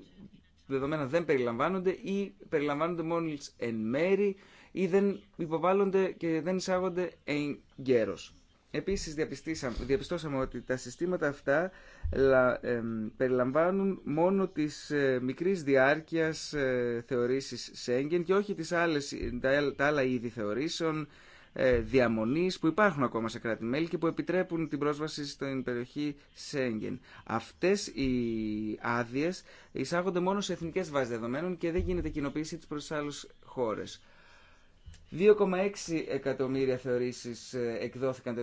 δεδομένα δεν περιλαμβάνονται ή περιλαμβάνονται μόνο εν μέρη ή δεν υποβάλλονται και δεν εισάγονται εν Επίσης διαπιστώσαμε ότι τα συστήματα αυτά περιλαμβάνουν μόνο τις ε, μικρής διάρκειας ε, θεωρήσεις Σέγγεν και όχι τις άλλες, τα άλλα είδη θεωρήσεων ε, διαμονής που υπάρχουν ακόμα σε κράτη-μέλη και που επιτρέπουν την πρόσβαση στην περιοχή Σέγγεν. Αυτές οι άδειες εισάγονται μόνο σε εθνικές βάσεις δεδομένων και δεν γίνεται κοινοποίηση της προς άλλους χώρες. 2,6 εκατομμύρια θεωρήσεις ε, εκδόθηκαν το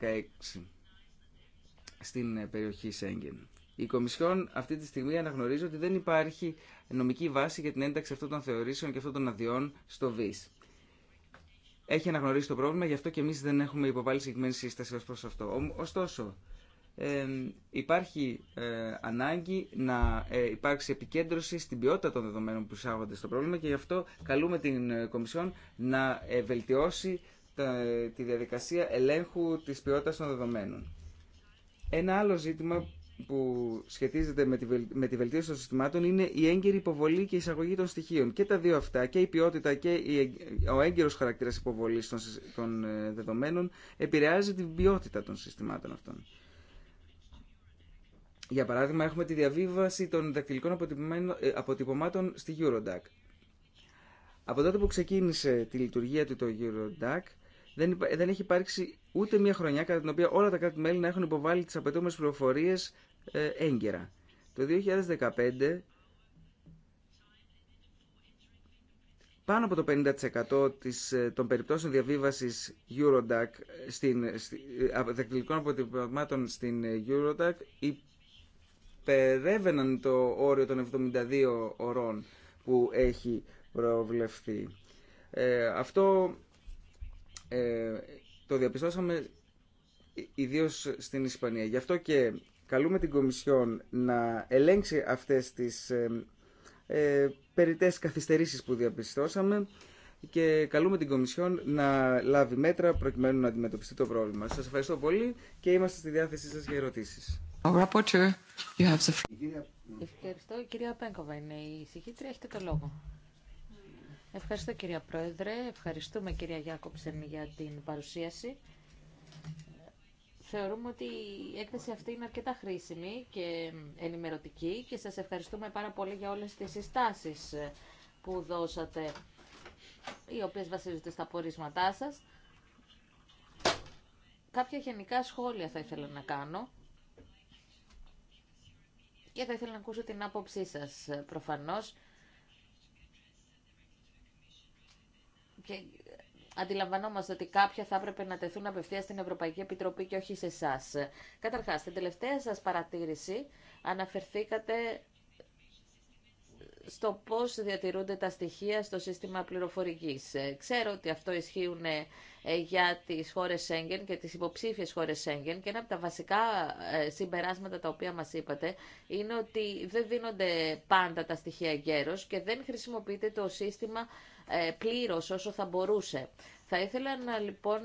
2016 στην ε, περιοχή Σέγγεν. Η Κομισιόν αυτή τη στιγμή αναγνωρίζει ότι δεν υπάρχει νομική βάση για την ένταξη αυτών των θεωρήσεων και αυτών των αδειών στο ΒΙΣ. Έχει αναγνωρίσει το πρόβλημα, γι' αυτό και εμεί δεν έχουμε υποβάλει συγκεκριμένη σύσταση ω προ αυτό. Ωστόσο, υπάρχει ε, ανάγκη να ε, υπάρξει επικέντρωση στην ποιότητα των δεδομένων που εισάγονται στο πρόβλημα και γι' αυτό καλούμε την ε, Κομισιόν να βελτιώσει τη διαδικασία ελέγχου της ποιότητας των δεδομένων. Ένα άλλο ζήτημα που σχετίζεται με τη βελτίωση των συστημάτων είναι η έγκαιρη υποβολή και εισαγωγή των στοιχείων. Και τα δύο αυτά, και η ποιότητα και ο έγκαιρος χαρακτήρας υποβολής των δεδομένων επηρεάζει την ποιότητα των συστημάτων αυτών. Για παράδειγμα, έχουμε τη διαβίβαση των δακτυλικών ε, αποτυπωμάτων στη Eurodac. Από τότε που ξεκίνησε τη λειτουργία του το Eurodac, δεν, δεν έχει υπάρξει ούτε μία χρονιά κατά την οποία όλα τα κράτη-μέλη να έχουν υποβάλει τις απαιτούμενες πληροφορίες ε, έγκαιρα. Το 2015 πάνω από το 50% της, ε, των περιπτώσεων διαβίβασης Eurodac στην, δακτυλικών αποτυπωμάτων στην Eurodac περέβαιναν το όριο των 72 ωρών που έχει προβλεφθεί. Ε, αυτό ε, το διαπιστώσαμε ιδίως στην Ισπανία. Γι' αυτό και καλούμε την Κομισιόν να ελέγξει αυτές τις ε, ε, περιττές καθυστερήσεις που διαπιστώσαμε και καλούμε την Κομισιόν να λάβει μέτρα προκειμένου να αντιμετωπιστεί το πρόβλημα. Σας ευχαριστώ πολύ και είμαστε στη διάθεσή σας για ερωτήσεις. Ευχαριστώ. κυρία Πέγκοβα είναι η Έχετε το λόγο. Ευχαριστώ κυρία Πρόεδρε. Ευχαριστούμε κυρία Γιάκοψεν για την παρουσίαση. Θεωρούμε ότι η έκθεση αυτή είναι αρκετά χρήσιμη και ενημερωτική και σας ευχαριστούμε πάρα πολύ για όλες τις συστάσεις που δώσατε, οι οποίες βασίζονται στα πορίσματά σας. Κάποια γενικά σχόλια θα ήθελα να κάνω και θα ήθελα να ακούσω την άποψή σας ε, προφανώς. Και ε, αντιλαμβανόμαστε ότι κάποια θα έπρεπε να τεθούν απευθεία στην Ευρωπαϊκή Επιτροπή και όχι σε εσά. Καταρχά, στην τελευταία σα παρατήρηση αναφερθήκατε στο πώς διατηρούνται τα στοιχεία στο σύστημα πληροφορικής. Ε, ξέρω ότι αυτό ισχύουν ε, ε, για τις χώρες Σέγγεν και τις υποψήφιες χώρες Σέγγεν και ένα από τα βασικά συμπεράσματα τα οποία μας είπατε είναι ότι δεν δίνονται πάντα τα στοιχεία γέρος και δεν χρησιμοποιείται το σύστημα πλήρως όσο θα μπορούσε. Θα ήθελα να, λοιπόν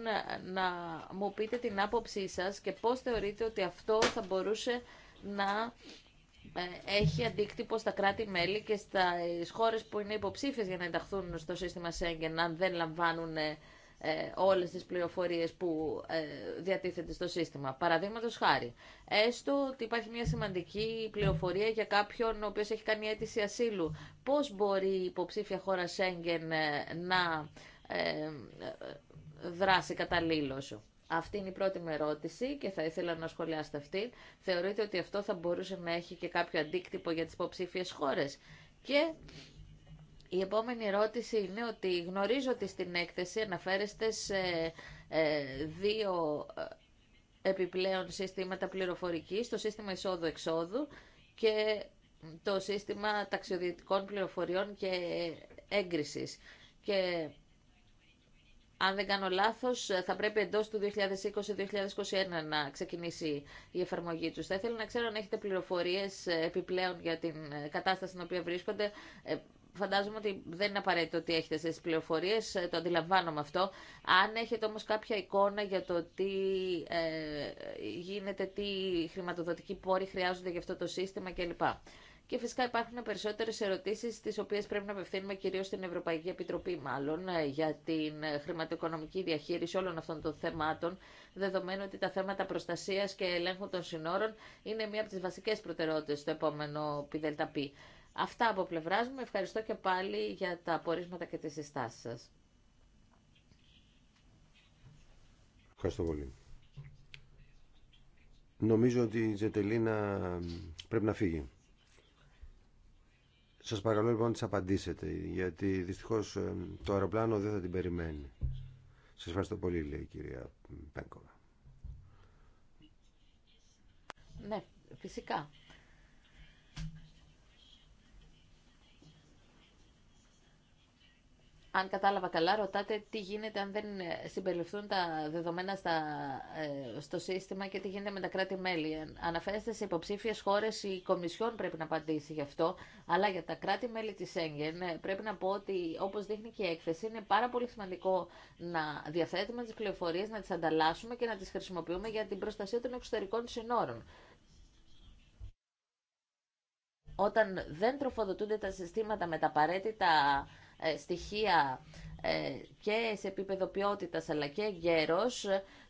να μου πείτε την άποψή σας και πώς θεωρείτε ότι αυτό θα μπορούσε να ε, έχει αντίκτυπο στα κράτη-μέλη και στις χώρες που είναι υποψήφιες για να ενταχθούν στο σύστημα Σέγγεν αν δεν λαμβάνουν ε, ε, όλες τις πληροφορίες που διατίθεται στο σύστημα. Παραδείγματο χάρη, έστω ότι υπάρχει μια σημαντική πληροφορία για κάποιον ο οποίος έχει κάνει αίτηση ασύλου. Πώς μπορεί η υποψήφια χώρα Σέγγεν να δράσει καταλήλως. Αυτή είναι η πρώτη μου ερώτηση και θα ήθελα να σχολιάσετε αυτή. Θεωρείτε ότι αυτό θα μπορούσε να έχει και κάποιο αντίκτυπο για τις υποψήφιες χώρες. Και η επόμενη ερώτηση είναι ότι γνωρίζω ότι στην έκθεση αναφέρεστε σε ε, δύο ε, επιπλέον συστήματα πληροφορικής, το σύστημα εισόδου-εξόδου και το σύστημα ταξιδιωτικών πληροφοριών και έγκρισης. Και αν δεν κάνω λάθος, θα πρέπει εντός του 2020-2021 να ξεκινήσει η εφαρμογή τους. Θα ήθελα να ξέρω αν έχετε πληροφορίες ε, επιπλέον για την ε, κατάσταση στην οποία βρίσκονται. Ε, φαντάζομαι ότι δεν είναι απαραίτητο ότι έχετε τις πληροφορίες, το αντιλαμβάνομαι αυτό. Αν έχετε όμως κάποια εικόνα για το τι γίνεται, τι χρηματοδοτικοί πόροι χρειάζονται για αυτό το σύστημα κλπ. Και φυσικά υπάρχουν περισσότερε ερωτήσει τι οποίε πρέπει να απευθύνουμε κυρίω στην Ευρωπαϊκή Επιτροπή μάλλον, ε, για την ε, χρηματοοικονομική διαχείριση όλων αυτών των θεμάτων, δεδομένου ότι τα θέματα προστασία και ελέγχου των συνόρων είναι μία από τι βασικέ προτεραιότητες στο επόμενο ΠΔΠ. Αυτά από πλευρά μου. Ευχαριστώ και πάλι για τα απορίσματα και τι συστάσει σα. Ευχαριστώ πολύ. Νομίζω ότι η Τζετελίνα ε, πρέπει να φύγει. Σας παρακαλώ λοιπόν να τις απαντήσετε, γιατί δυστυχώς ε, το αεροπλάνο δεν θα την περιμένει. Σας ευχαριστώ πολύ, λέει η κυρία Πένκολα Ναι, φυσικά. αν κατάλαβα καλά, ρωτάτε τι γίνεται αν δεν συμπεριληφθούν τα δεδομένα στα, ε, στο σύστημα και τι γίνεται με τα κράτη-μέλη. Αναφέρεστε σε υποψήφιες χώρες, η Κομισιόν πρέπει να απαντήσει γι' αυτό, αλλά για τα κράτη-μέλη της Σέγγεν ε, πρέπει να πω ότι, όπως δείχνει και η έκθεση, είναι πάρα πολύ σημαντικό να διαθέτουμε τις πληροφορίες, να τις ανταλλάσσουμε και να τις χρησιμοποιούμε για την προστασία των εξωτερικών συνόρων όταν δεν τροφοδοτούνται τα συστήματα με τα απαραίτητα ε, στοιχεία ε, και σε επίπεδο ποιότητας αλλά και γέρος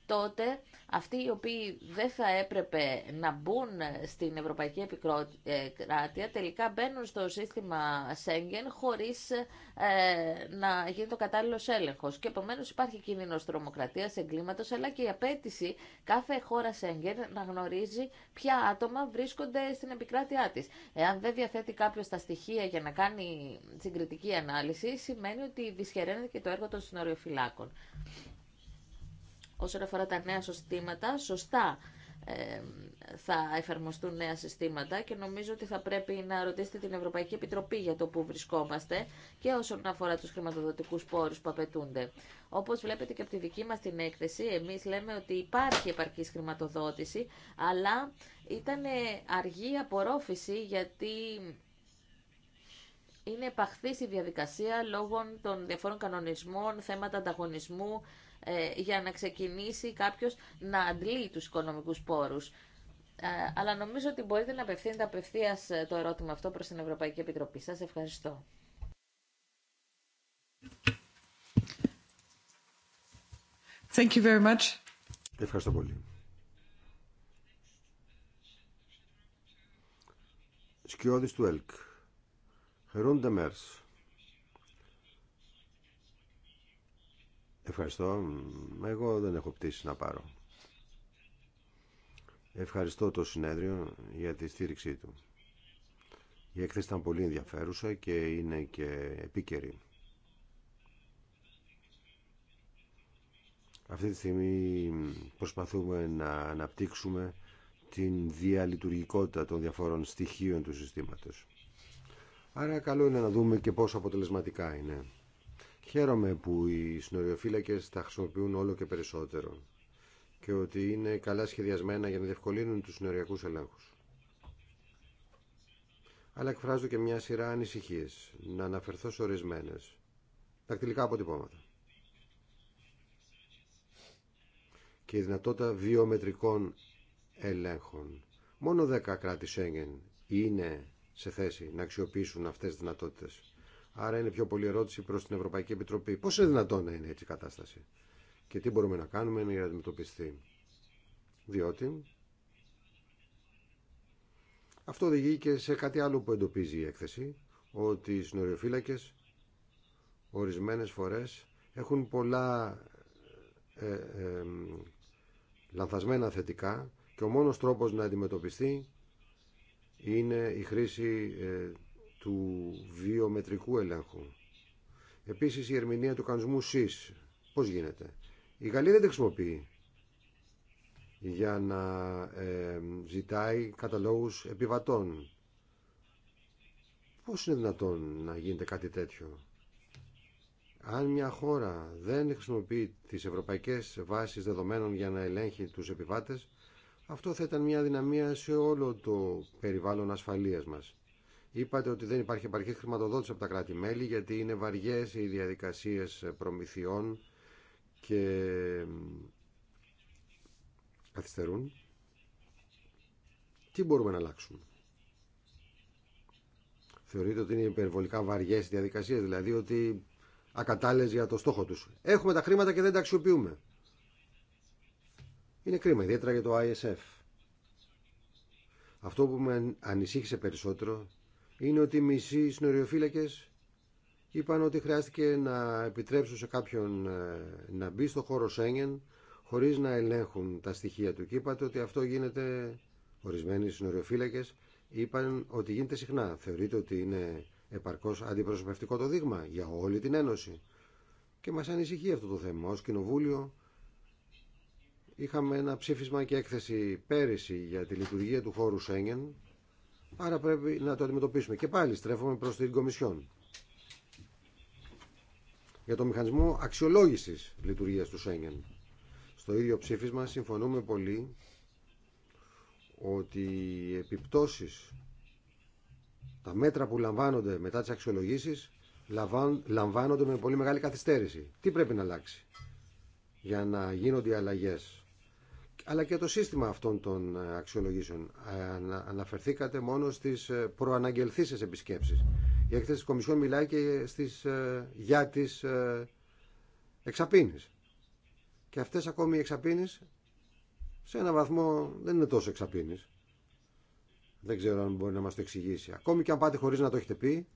τότε αυτοί οι οποίοι δεν θα έπρεπε να μπουν στην Ευρωπαϊκή Επικράτεια τελικά μπαίνουν στο σύστημα Σέγγεν χωρίς ε, να γίνει το κατάλληλο έλεγχο. Και επομένω υπάρχει κίνδυνο τρομοκρατία, εγκλήματο, αλλά και η απέτηση κάθε χώρα Σέγγεν να γνωρίζει ποια άτομα βρίσκονται στην επικράτειά τη. Εάν δεν διαθέτει κάποιο τα στοιχεία για να κάνει συγκριτική ανάλυση, σημαίνει ότι δυσχεραίνεται και το έργο των συνοριοφυλάκων όσον αφορά τα νέα συστήματα, σωστά θα εφαρμοστούν νέα συστήματα και νομίζω ότι θα πρέπει να ρωτήσετε την Ευρωπαϊκή Επιτροπή για το που βρισκόμαστε και όσον αφορά τους χρηματοδοτικούς πόρους που απαιτούνται. Όπως βλέπετε και από τη δική μας την έκθεση, εμείς λέμε ότι υπάρχει επαρκής χρηματοδότηση, αλλά ήταν ε, αργή απορρόφηση γιατί είναι επαχθής η διαδικασία λόγω των διαφόρων κανονισμών, θέματα ανταγωνισμού, ε, για να ξεκινήσει κάποιο να αντλεί τους οικονομικούς πόρους. Ε, αλλά νομίζω ότι μπορείτε να απευθύνετε απευθεία ε, το ερώτημα αυτό προς την Ευρωπαϊκή Επιτροπή. Σας ευχαριστώ. Thank you very much. Ευχαριστώ πολύ. Σκιώδης του ΕΛΚ. Μέρς. Ευχαριστώ. Εγώ δεν έχω πτήσει να πάρω. Ευχαριστώ το συνέδριο για τη στήριξή του. Η έκθεση ήταν πολύ ενδιαφέρουσα και είναι και επίκαιρη. Αυτή τη στιγμή προσπαθούμε να αναπτύξουμε την διαλειτουργικότητα των διαφόρων στοιχείων του συστήματος. Άρα καλό είναι να δούμε και πόσο αποτελεσματικά είναι. Χαίρομαι που οι συνοριοφύλακες τα χρησιμοποιούν όλο και περισσότερο και ότι είναι καλά σχεδιασμένα για να διευκολύνουν τους συνοριακούς ελέγχους. Αλλά εκφράζω και μια σειρά ανησυχίες, να αναφερθώ σε ορισμένες, δακτυλικά αποτυπώματα. Και η δυνατότητα βιομετρικών ελέγχων. Μόνο 10 κράτη Σέγγεν είναι σε θέση να αξιοποιήσουν αυτές τις δυνατότητες. Άρα είναι πιο πολύ ερώτηση προ την Ευρωπαϊκή Επιτροπή. Πώ είναι δυνατόν να είναι έτσι η κατάσταση και τι μπορούμε να κάνουμε για να αντιμετωπιστεί. Διότι αυτό οδηγεί και σε κάτι άλλο που εντοπίζει η έκθεση, ότι οι συνοριοφύλακε ορισμένες φορές έχουν πολλά ε, ε, ε, λανθασμένα θετικά και ο μόνος τρόπος να αντιμετωπιστεί είναι η χρήση ε, του βιομετρικού ελέγχου. Επίσης η ερμηνεία του κανονισμού ΣΥΣ. Πώς γίνεται. Η Γαλλία δεν τα χρησιμοποιεί για να ε, ζητάει καταλόγους επιβατών. Πώς είναι δυνατόν να γίνεται κάτι τέτοιο. Αν μια χώρα δεν χρησιμοποιεί τις ευρωπαϊκές βάσεις δεδομένων για να ελέγχει τους επιβάτες, αυτό θα ήταν μια δυναμία σε όλο το περιβάλλον ασφαλείας μας. Είπατε ότι δεν υπάρχει επαρκή χρηματοδότηση από τα κράτη-μέλη γιατί είναι βαριές οι διαδικασίες προμηθειών και καθυστερούν. Τι μπορούμε να αλλάξουμε. Θεωρείτε ότι είναι υπερβολικά βαριές οι διαδικασίες, δηλαδή ότι ακατάλληλες για το στόχο τους. Έχουμε τα χρήματα και δεν τα αξιοποιούμε. Είναι κρίμα, ιδιαίτερα για το ISF. Αυτό που με ανησύχησε περισσότερο είναι ότι μισοί συνοριοφύλακες είπαν ότι χρειάστηκε να επιτρέψουν σε κάποιον ε, να μπει στο χώρο Σέγγεν χωρί να ελέγχουν τα στοιχεία του. Και είπατε ότι αυτό γίνεται, ορισμένοι συνοριοφύλακε είπαν ότι γίνεται συχνά. Θεωρείτε ότι είναι επαρκώ αντιπροσωπευτικό το δείγμα για όλη την Ένωση. Και μα ανησυχεί αυτό το θέμα. Ω Κοινοβούλιο είχαμε ένα ψήφισμα και έκθεση πέρυσι για τη λειτουργία του χώρου Σέγγεν Άρα πρέπει να το αντιμετωπίσουμε. Και πάλι στρέφουμε προς την Κομισιόν. Για το μηχανισμό αξιολόγησης λειτουργίας του Σέγγεν. Στο ίδιο ψήφισμα συμφωνούμε πολύ ότι οι επιπτώσεις, τα μέτρα που λαμβάνονται μετά τις αξιολογήσεις, λαμβάνονται με πολύ μεγάλη καθυστέρηση. Τι πρέπει να αλλάξει για να γίνονται οι αλλαγές αλλά και το σύστημα αυτών των ε, αξιολογήσεων. Ε, αναφερθήκατε μόνο στις ε, προαναγγελθήσεις επισκέψεις. Η έκθεση της Κομισιόν μιλάει και στις, για τις εξαπίνεις. Και αυτές ακόμη οι εξαπίνεις σε ένα βαθμό δεν είναι τόσο εξαπίνεις. Δεν ξέρω αν μπορεί να μας το εξηγήσει. Ακόμη και αν πάτε χωρίς να το έχετε πει,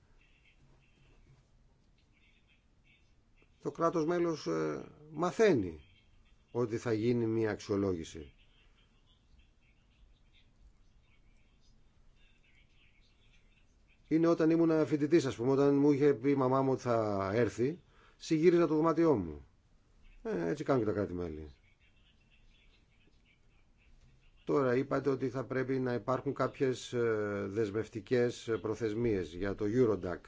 το κράτος μέλος μαθαίνει ότι θα γίνει μια αξιολόγηση. Είναι όταν ήμουν φοιτητή, α πούμε, όταν μου είχε πει η μαμά μου ότι θα έρθει, συγύριζα το δωμάτιό μου. Ε, έτσι κάνουν και τα κράτη-μέλη. Τώρα είπατε ότι θα πρέπει να υπάρχουν κάποιες ε, δεσμευτικές προθεσμίες για το Eurodac.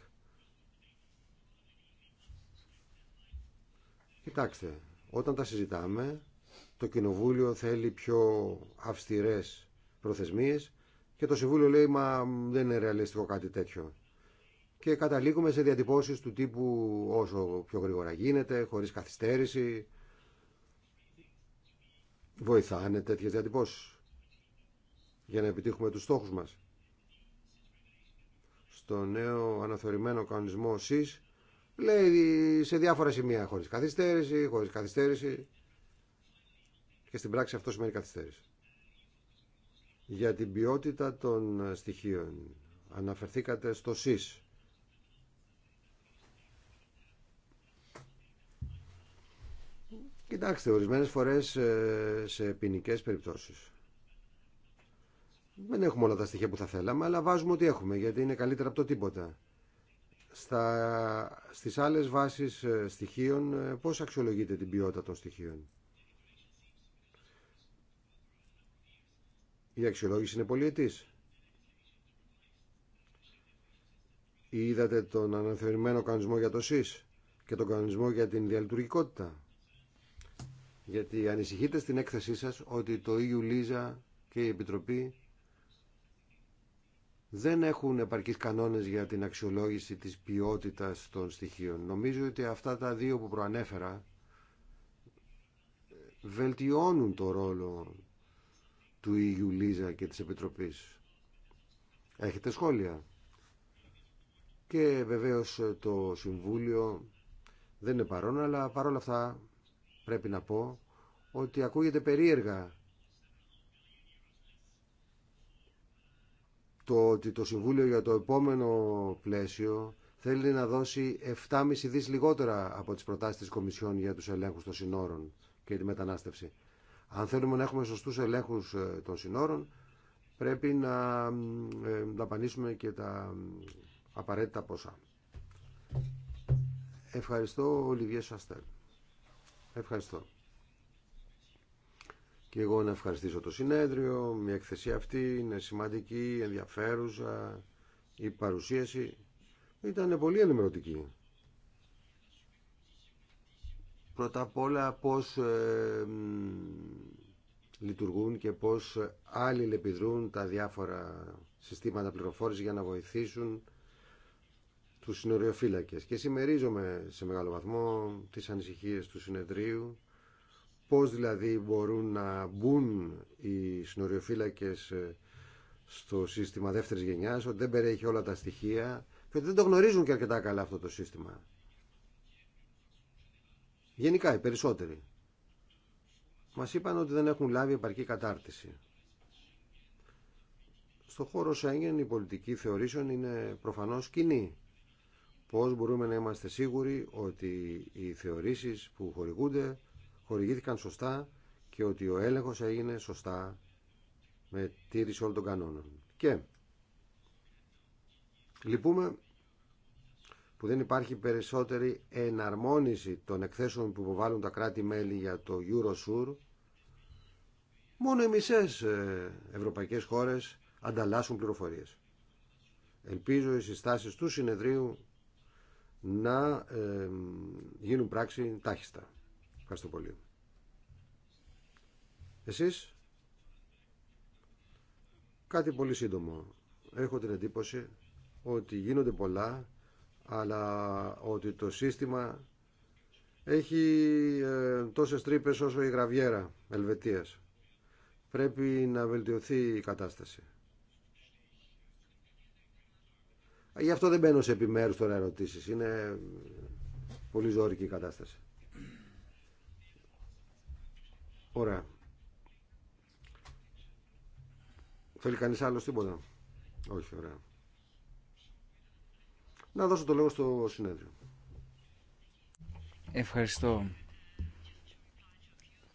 Κοιτάξτε, όταν τα συζητάμε, το Κοινοβούλιο θέλει πιο αυστηρές προθεσμίες και το Συμβούλιο λέει «Μα δεν είναι ρεαλιστικό κάτι τέτοιο». Και καταλήγουμε σε διατυπώσεις του τύπου όσο πιο γρήγορα γίνεται, χωρίς καθυστέρηση. Βοηθάνε τέτοιες διατυπώσεις για να επιτύχουμε τους στόχους μας. Στο νέο αναθεωρημένο κανονισμό ΣΥΣ λέει σε διάφορα σημεία χωρίς καθυστέρηση, χωρίς καθυστέρηση και στην πράξη αυτό σημαίνει καθυστέρηση. Για την ποιότητα των στοιχείων αναφερθήκατε στο ΣΥΣ. Κοιτάξτε, ορισμένες φορές ε, σε ποινικέ περιπτώσεις. Δεν έχουμε όλα τα στοιχεία που θα θέλαμε, αλλά βάζουμε ό,τι έχουμε, γιατί είναι καλύτερα από το τίποτα. Στα, στις άλλες βάσεις ε, στοιχείων ε, πώς αξιολογείτε την ποιότητα των στοιχείων. Η αξιολόγηση είναι πολιετής. Είδατε τον αναθεωρημένο κανονισμό για το ΣΥΣ και τον κανονισμό για την διαλειτουργικότητα. Γιατί ανησυχείτε στην έκθεσή σας ότι το EU Λίζα και η Επιτροπή δεν έχουν επαρκείς κανόνες για την αξιολόγηση της ποιότητας των στοιχείων. Νομίζω ότι αυτά τα δύο που προανέφερα βελτιώνουν το ρόλο του Λίζα και της Επιτροπής. Έχετε σχόλια. Και βεβαίως το Συμβούλιο δεν είναι παρόν, αλλά παρόλα αυτά πρέπει να πω ότι ακούγεται περίεργα το ότι το Συμβούλιο για το επόμενο πλαίσιο θέλει να δώσει 7,5 δις λιγότερα από τις προτάσεις της Κομισιόν για τους ελέγχους των συνόρων και τη μετανάστευση. Αν θέλουμε να έχουμε σωστούς ελέγχους ε, των συνόρων, πρέπει να ε, δαπανίσουμε και τα ε, απαραίτητα ποσά. Ευχαριστώ, Ολιβιέ Σαστέλ. Ευχαριστώ και εγώ να ευχαριστήσω το συνέδριο. Μια εκθεσία αυτή είναι σημαντική, ενδιαφέρουσα. Η παρουσίαση ήταν πολύ ενημερωτική. Πρώτα απ' όλα πώς ε, λειτουργούν και πώς άλλοι λεπιδρούν τα διάφορα συστήματα πληροφόρησης για να βοηθήσουν τους συνοριοφύλακες. Και συμμερίζομαι σε μεγάλο βαθμό τις ανησυχίες του συνεδρίου Πώς δηλαδή μπορούν να μπουν οι συνοριοφύλακες ε, στο σύστημα δεύτερης γενιάς, ότι δεν περιέχει όλα τα στοιχεία και ότι δεν το γνωρίζουν και αρκετά καλά αυτό το σύστημα. Γενικά οι περισσότεροι. Μας είπαν ότι δεν έχουν λάβει επαρκή κατάρτιση. Στο χώρο Σέγγεν η πολιτική θεωρήσεων είναι προφανώς κοινή. Πώς μπορούμε να είμαστε σίγουροι ότι οι θεωρήσεις που χορηγούνται χορηγήθηκαν σωστά και ότι ο έλεγχος έγινε σωστά με τήρηση όλων των κανόνων. Και λυπούμε που δεν υπάρχει περισσότερη εναρμόνιση των εκθέσεων που υποβάλλουν τα κράτη-μέλη για το Eurosur. Μόνο οι μισές ε, ευρωπαϊκές χώρες ανταλλάσσουν πληροφορίες. Ελπίζω οι συστάσεις του συνεδρίου να ε, γίνουν πράξη τάχιστα. Ευχαριστώ πολύ. Εσείς, κάτι πολύ σύντομο. Έχω την εντύπωση ότι γίνονται πολλά, αλλά ότι το σύστημα έχει ε, τόσες τρύπες όσο η γραβιέρα Ελβετίας. Πρέπει να βελτιωθεί η κατάσταση. Γι' αυτό δεν μπαίνω σε επιμέρους τώρα ερωτήσεις. Είναι πολύ ζώρικη η κατάσταση. Ωραία. Θέλει κανείς άλλος τίποτα. Όχι, ωραία. Να δώσω το λόγο στο συνέδριο. Ευχαριστώ.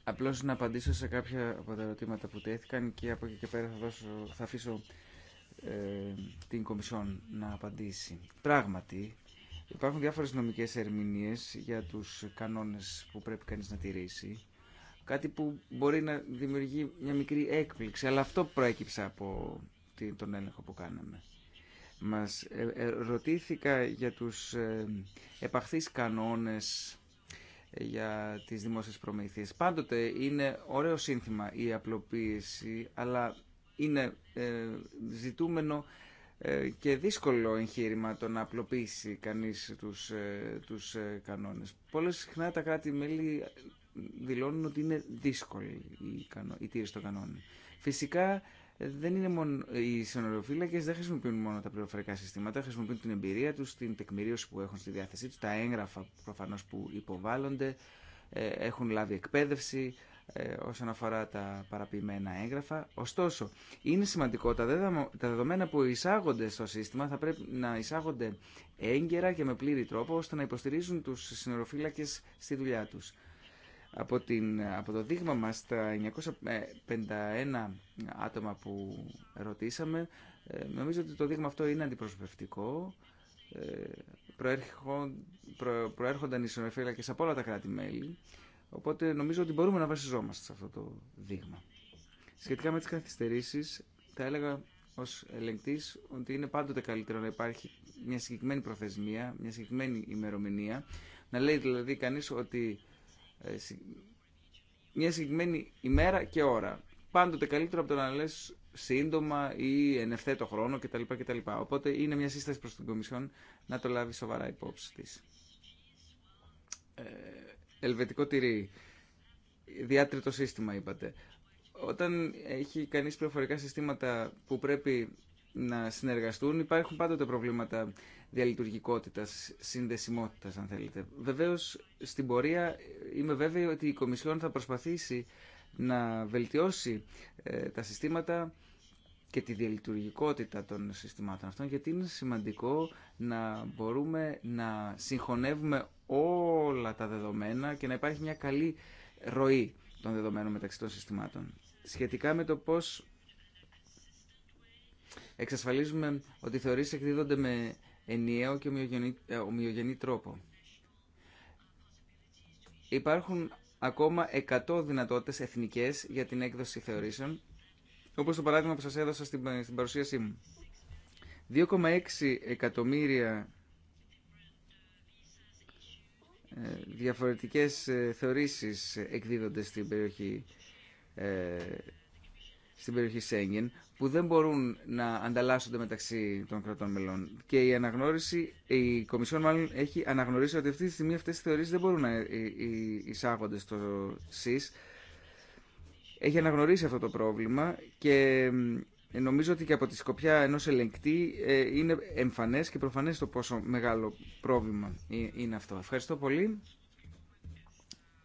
Απλώς να απαντήσω σε κάποια από τα ερωτήματα που τέθηκαν και από εκεί και πέρα θα, δώσω, θα αφήσω ε, την Κομισιόν να απαντήσει. Πράγματι, υπάρχουν διάφορες νομικές ερμηνείες για τους κανόνες που πρέπει κανείς να τηρήσει Κάτι που μπορεί να δημιουργεί μια μικρή έκπληξη, αλλά αυτό προέκυψε από τον έλεγχο που κάναμε. Μας ε, ε, ρωτήθηκα για τους ε, επαχθείς κανόνες για τις δημόσιες προμήθειες. Πάντοτε είναι ωραίο σύνθημα η απλοποίηση, αλλά είναι ζητούμενο και δύσκολο εγχείρημα το να απλοποιήσει κανείς τους, τους κανόνες. Πολλές συχνά τα κράτη-μέλη δηλώνουν ότι είναι δύσκολη η, κανο... η τήρηση των κανόνων. Φυσικά δεν είναι μόνο... οι συνοριοφύλακε, δεν χρησιμοποιούν μόνο τα πληροφορικά συστήματα, χρησιμοποιούν την εμπειρία του, την τεκμηρίωση που έχουν στη διάθεσή του, τα έγγραφα προφανώ που υποβάλλονται, ε, έχουν λάβει εκπαίδευση ε, όσον αφορά τα παραποιημένα έγγραφα. Ωστόσο, είναι σημαντικό τα δεδομένα που εισάγονται στο σύστημα θα πρέπει να εισάγονται έγκαιρα και με πλήρη τρόπο ώστε να υποστηρίζουν τους συνοροφύλακες στη δουλειά τους από, την, από το δείγμα μας τα 951 άτομα που ρωτήσαμε ε, νομίζω ότι το δείγμα αυτό είναι αντιπροσωπευτικό ε, προ, προέρχονταν οι και από όλα τα κράτη-μέλη οπότε νομίζω ότι μπορούμε να βασιζόμαστε σε αυτό το δείγμα. Σχετικά με τις καθυστερήσεις θα έλεγα ως ελεγκτής ότι είναι πάντοτε καλύτερο να υπάρχει μια συγκεκριμένη προθεσμία, μια συγκεκριμένη ημερομηνία να λέει δηλαδή κανείς ότι ε, μια συγκεκριμένη ημέρα και ώρα. Πάντοτε καλύτερο από το να λες σύντομα ή εν ευθέτω χρόνο κτλ. κτλ. Οπότε είναι μια σύσταση προς την Κομισιόν να το λάβει σοβαρά υπόψη τη. Ε, ελβετικό τυρί. Διάτριτο σύστημα είπατε. Όταν έχει κανείς πληροφορικά συστήματα που πρέπει να συνεργαστούν. Υπάρχουν πάντοτε προβλήματα διαλειτουργικότητας, συνδεσιμότητα, αν θέλετε. Βεβαίως στην πορεία είμαι βέβαιη ότι η Κομισιόν θα προσπαθήσει να βελτιώσει ε, τα συστήματα και τη διαλειτουργικότητα των συστημάτων αυτών γιατί είναι σημαντικό να μπορούμε να συγχωνεύουμε όλα τα δεδομένα και να υπάρχει μια καλή ροή των δεδομένων μεταξύ των συστημάτων. Σχετικά με το πώς εξασφαλίζουμε ότι οι θεωρήσεις εκδίδονται με ενιαίο και ομοιογενή, ε, τρόπο. Υπάρχουν ακόμα 100 δυνατότητε εθνικές για την έκδοση θεωρήσεων, όπως το παράδειγμα που σας έδωσα στην, ε, στην παρουσίασή μου. 2,6 εκατομμύρια ε, διαφορετικές θεωρήσεις εκδίδονται στην περιοχή στην περιοχή Σέγγεν που δεν μπορούν να ανταλλάσσονται μεταξύ των κρατών μελών. Και η αναγνώριση, η Κομισιόν μάλλον έχει αναγνωρίσει ότι αυτή τη στιγμή αυτές οι θεωρίες δεν μπορούν να ε, ε, εισάγονται στο ΣΥΣ. Έχει αναγνωρίσει αυτό το πρόβλημα και ε, νομίζω ότι και από τη σκοπιά ενός ελεγκτή είναι εμφανές και προφανές το πόσο μεγάλο πρόβλημα είναι αυτό. Ευχαριστώ πολύ.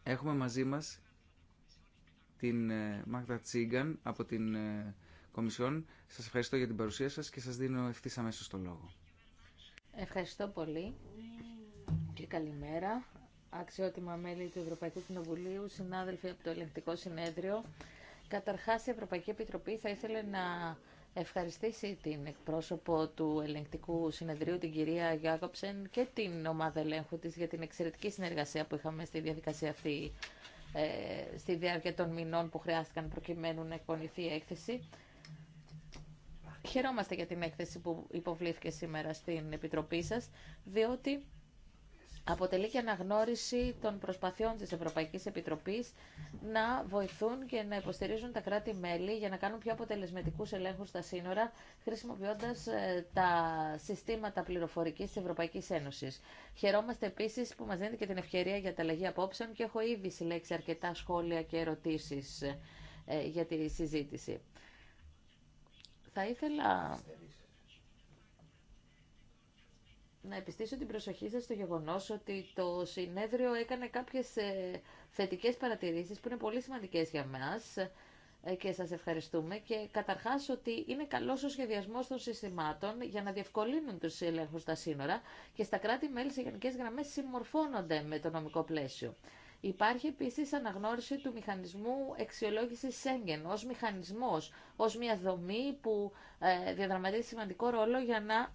Έχουμε μαζί μας την ε, Μάγδα Τσίγκαν από την ε, Κομισιόν. Σας ευχαριστώ για την παρουσία σας και σας δίνω ευθύς αμέσως το λόγο. Ευχαριστώ πολύ και καλημέρα. Αξιότιμα μέλη του Ευρωπαϊκού Κοινοβουλίου, συνάδελφοι από το Ελεγκτικό Συνέδριο. Καταρχάς, η Ευρωπαϊκή Επιτροπή θα ήθελε να ευχαριστήσει την εκπρόσωπο του ελεγκτικού συνεδρίου, την κυρία Γιάκοψεν και την ομάδα ελέγχου της για την εξαιρετική συνεργασία που είχαμε στη διαδικασία αυτή ε, στη διάρκεια των μηνών που χρειάστηκαν προκειμένου να εκπονηθεί η έκθεση. Χαιρόμαστε για την έκθεση που υποβλήθηκε σήμερα στην Επιτροπή σας, διότι αποτελεί και αναγνώριση των προσπαθειών της Ευρωπαϊκής Επιτροπής να βοηθούν και να υποστηρίζουν τα κράτη-μέλη για να κάνουν πιο αποτελεσματικούς ελέγχους στα σύνορα, χρησιμοποιώντας ε, τα συστήματα πληροφορικής της Ευρωπαϊκής Ένωσης. Χαιρόμαστε επίσης που μας δίνετε και την ευκαιρία για αλλαγή απόψεων και έχω ήδη συλλέξει αρκετά σχόλια και ερωτήσεις ε, για τη συζήτηση. Θα ήθελα να επιστήσω την προσοχή σας στο γεγονός ότι το συνέδριο έκανε κάποιες ε, θετικές παρατηρήσεις που είναι πολύ σημαντικές για μας ε, και σας ευχαριστούμε και καταρχάς ότι είναι καλός ο σχεδιασμός των συστημάτων για να διευκολύνουν τους έλεγχους στα σύνορα και στα κράτη-μέλη σε γενικές γραμμές συμμορφώνονται με το νομικό πλαίσιο. Υπάρχει επίση αναγνώριση του μηχανισμού εξιολόγησης Σέγγεν ω μηχανισμό, ω μια δομή που ε, διαδραματίζει σημαντικό ρόλο για να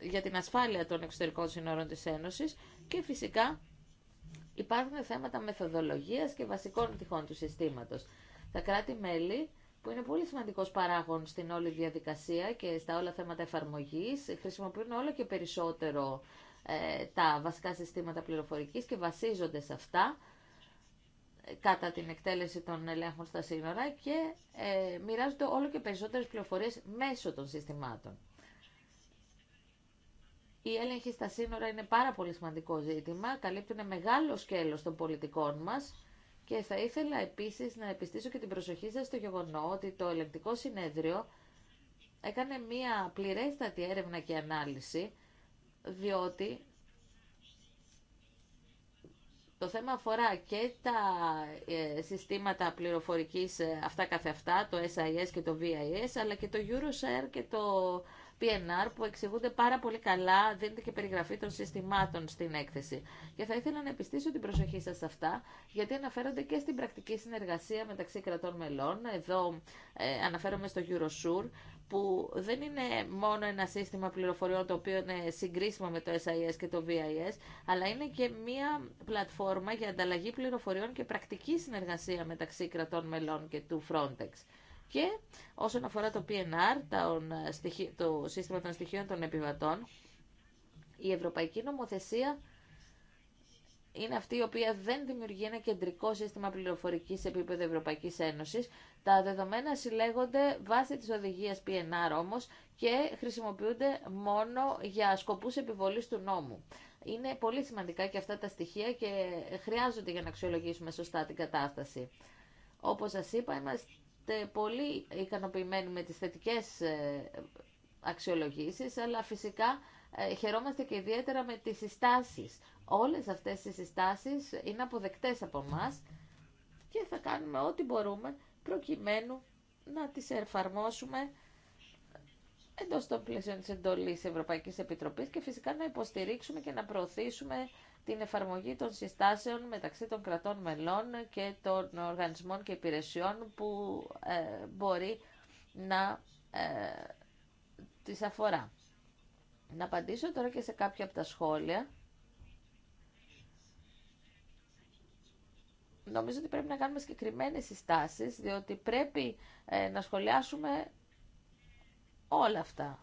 για την ασφάλεια των εξωτερικών συνόρων της Ένωσης και φυσικά υπάρχουν θέματα μεθοδολογίας και βασικών τυχών του συστήματος. Τα κράτη-μέλη που είναι πολύ σημαντικός παράγον στην όλη διαδικασία και στα όλα θέματα εφαρμογής χρησιμοποιούν όλο και περισσότερο ε, τα βασικά συστήματα πληροφορικής και βασίζονται σε αυτά ε, κατά την εκτέλεση των ελέγχων στα σύνορα και ε, μοιράζονται όλο και περισσότερες πληροφορίες μέσω των συστημάτων. Η έλεγχη στα σύνορα είναι πάρα πολύ σημαντικό ζήτημα, καλύπτουν μεγάλο σκέλος των πολιτικών μας και θα ήθελα επίσης να επιστήσω και την προσοχή σας στο γεγονό ότι το ελεγκτικό συνέδριο έκανε μία πληρέστατη έρευνα και ανάλυση, διότι το θέμα αφορά και τα ε, συστήματα πληροφορικής ε, αυτά καθεαυτά, το SIS και το VIS, αλλά και το EuroShare και το PNR που εξηγούνται πάρα πολύ καλά, δίνεται και περιγραφή των συστημάτων στην έκθεση. Και θα ήθελα να επιστήσω την προσοχή σας σε αυτά, γιατί αναφέρονται και στην πρακτική συνεργασία μεταξύ κρατών μελών. Εδώ ε, αναφέρομαι στο Eurosur, που δεν είναι μόνο ένα σύστημα πληροφοριών το οποίο είναι συγκρίσιμο με το SIS και το VIS, αλλά είναι και μία πλατφόρμα για ανταλλαγή πληροφοριών και πρακτική συνεργασία μεταξύ κρατών μελών και του Frontex. Και όσον αφορά το PNR, το σύστημα των στοιχείων των επιβατών, η ευρωπαϊκή νομοθεσία είναι αυτή η οποία δεν δημιουργεί ένα κεντρικό σύστημα πληροφορική σε επίπεδο Ευρωπαϊκή Ένωση. Τα δεδομένα συλλέγονται βάσει τη οδηγία PNR όμω και χρησιμοποιούνται μόνο για σκοπού επιβολή του νόμου. Είναι πολύ σημαντικά και αυτά τα στοιχεία και χρειάζονται για να αξιολογήσουμε σωστά την κατάσταση. Όπως σας είπα, είμαστε πολύ ικανοποιημένοι με τις θετικές ε, αξιολογήσεις, αλλά φυσικά ε, χαιρόμαστε και ιδιαίτερα με τις συστάσεις. Όλες αυτές οι συστάσεις είναι αποδεκτές από μας και θα κάνουμε ό,τι μπορούμε προκειμένου να τις εφαρμόσουμε εντός των πλαισίων της εντολή Ευρωπαϊκής Επιτροπής και φυσικά να υποστηρίξουμε και να προωθήσουμε την εφαρμογή των συστάσεων μεταξύ των κρατών μελών και των οργανισμών και υπηρεσιών που ε, μπορεί να ε, τις αφορά. Να απαντήσω τώρα και σε κάποια από τα σχόλια. Νομίζω ότι πρέπει να κάνουμε συγκεκριμένες συστάσεις, διότι πρέπει ε, να σχολιάσουμε όλα αυτά.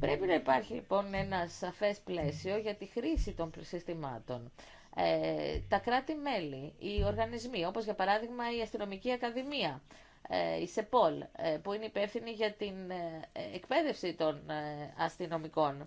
Πρέπει να υπάρχει λοιπόν ένα σαφές πλαίσιο για τη χρήση των συστημάτων. Ε, τα κράτη-μέλη, οι οργανισμοί, όπως για παράδειγμα η Αστυνομική Ακαδημία, ε, η ΣΕΠΟΛ, ε, που είναι υπεύθυνη για την εκπαίδευση των αστυνομικών,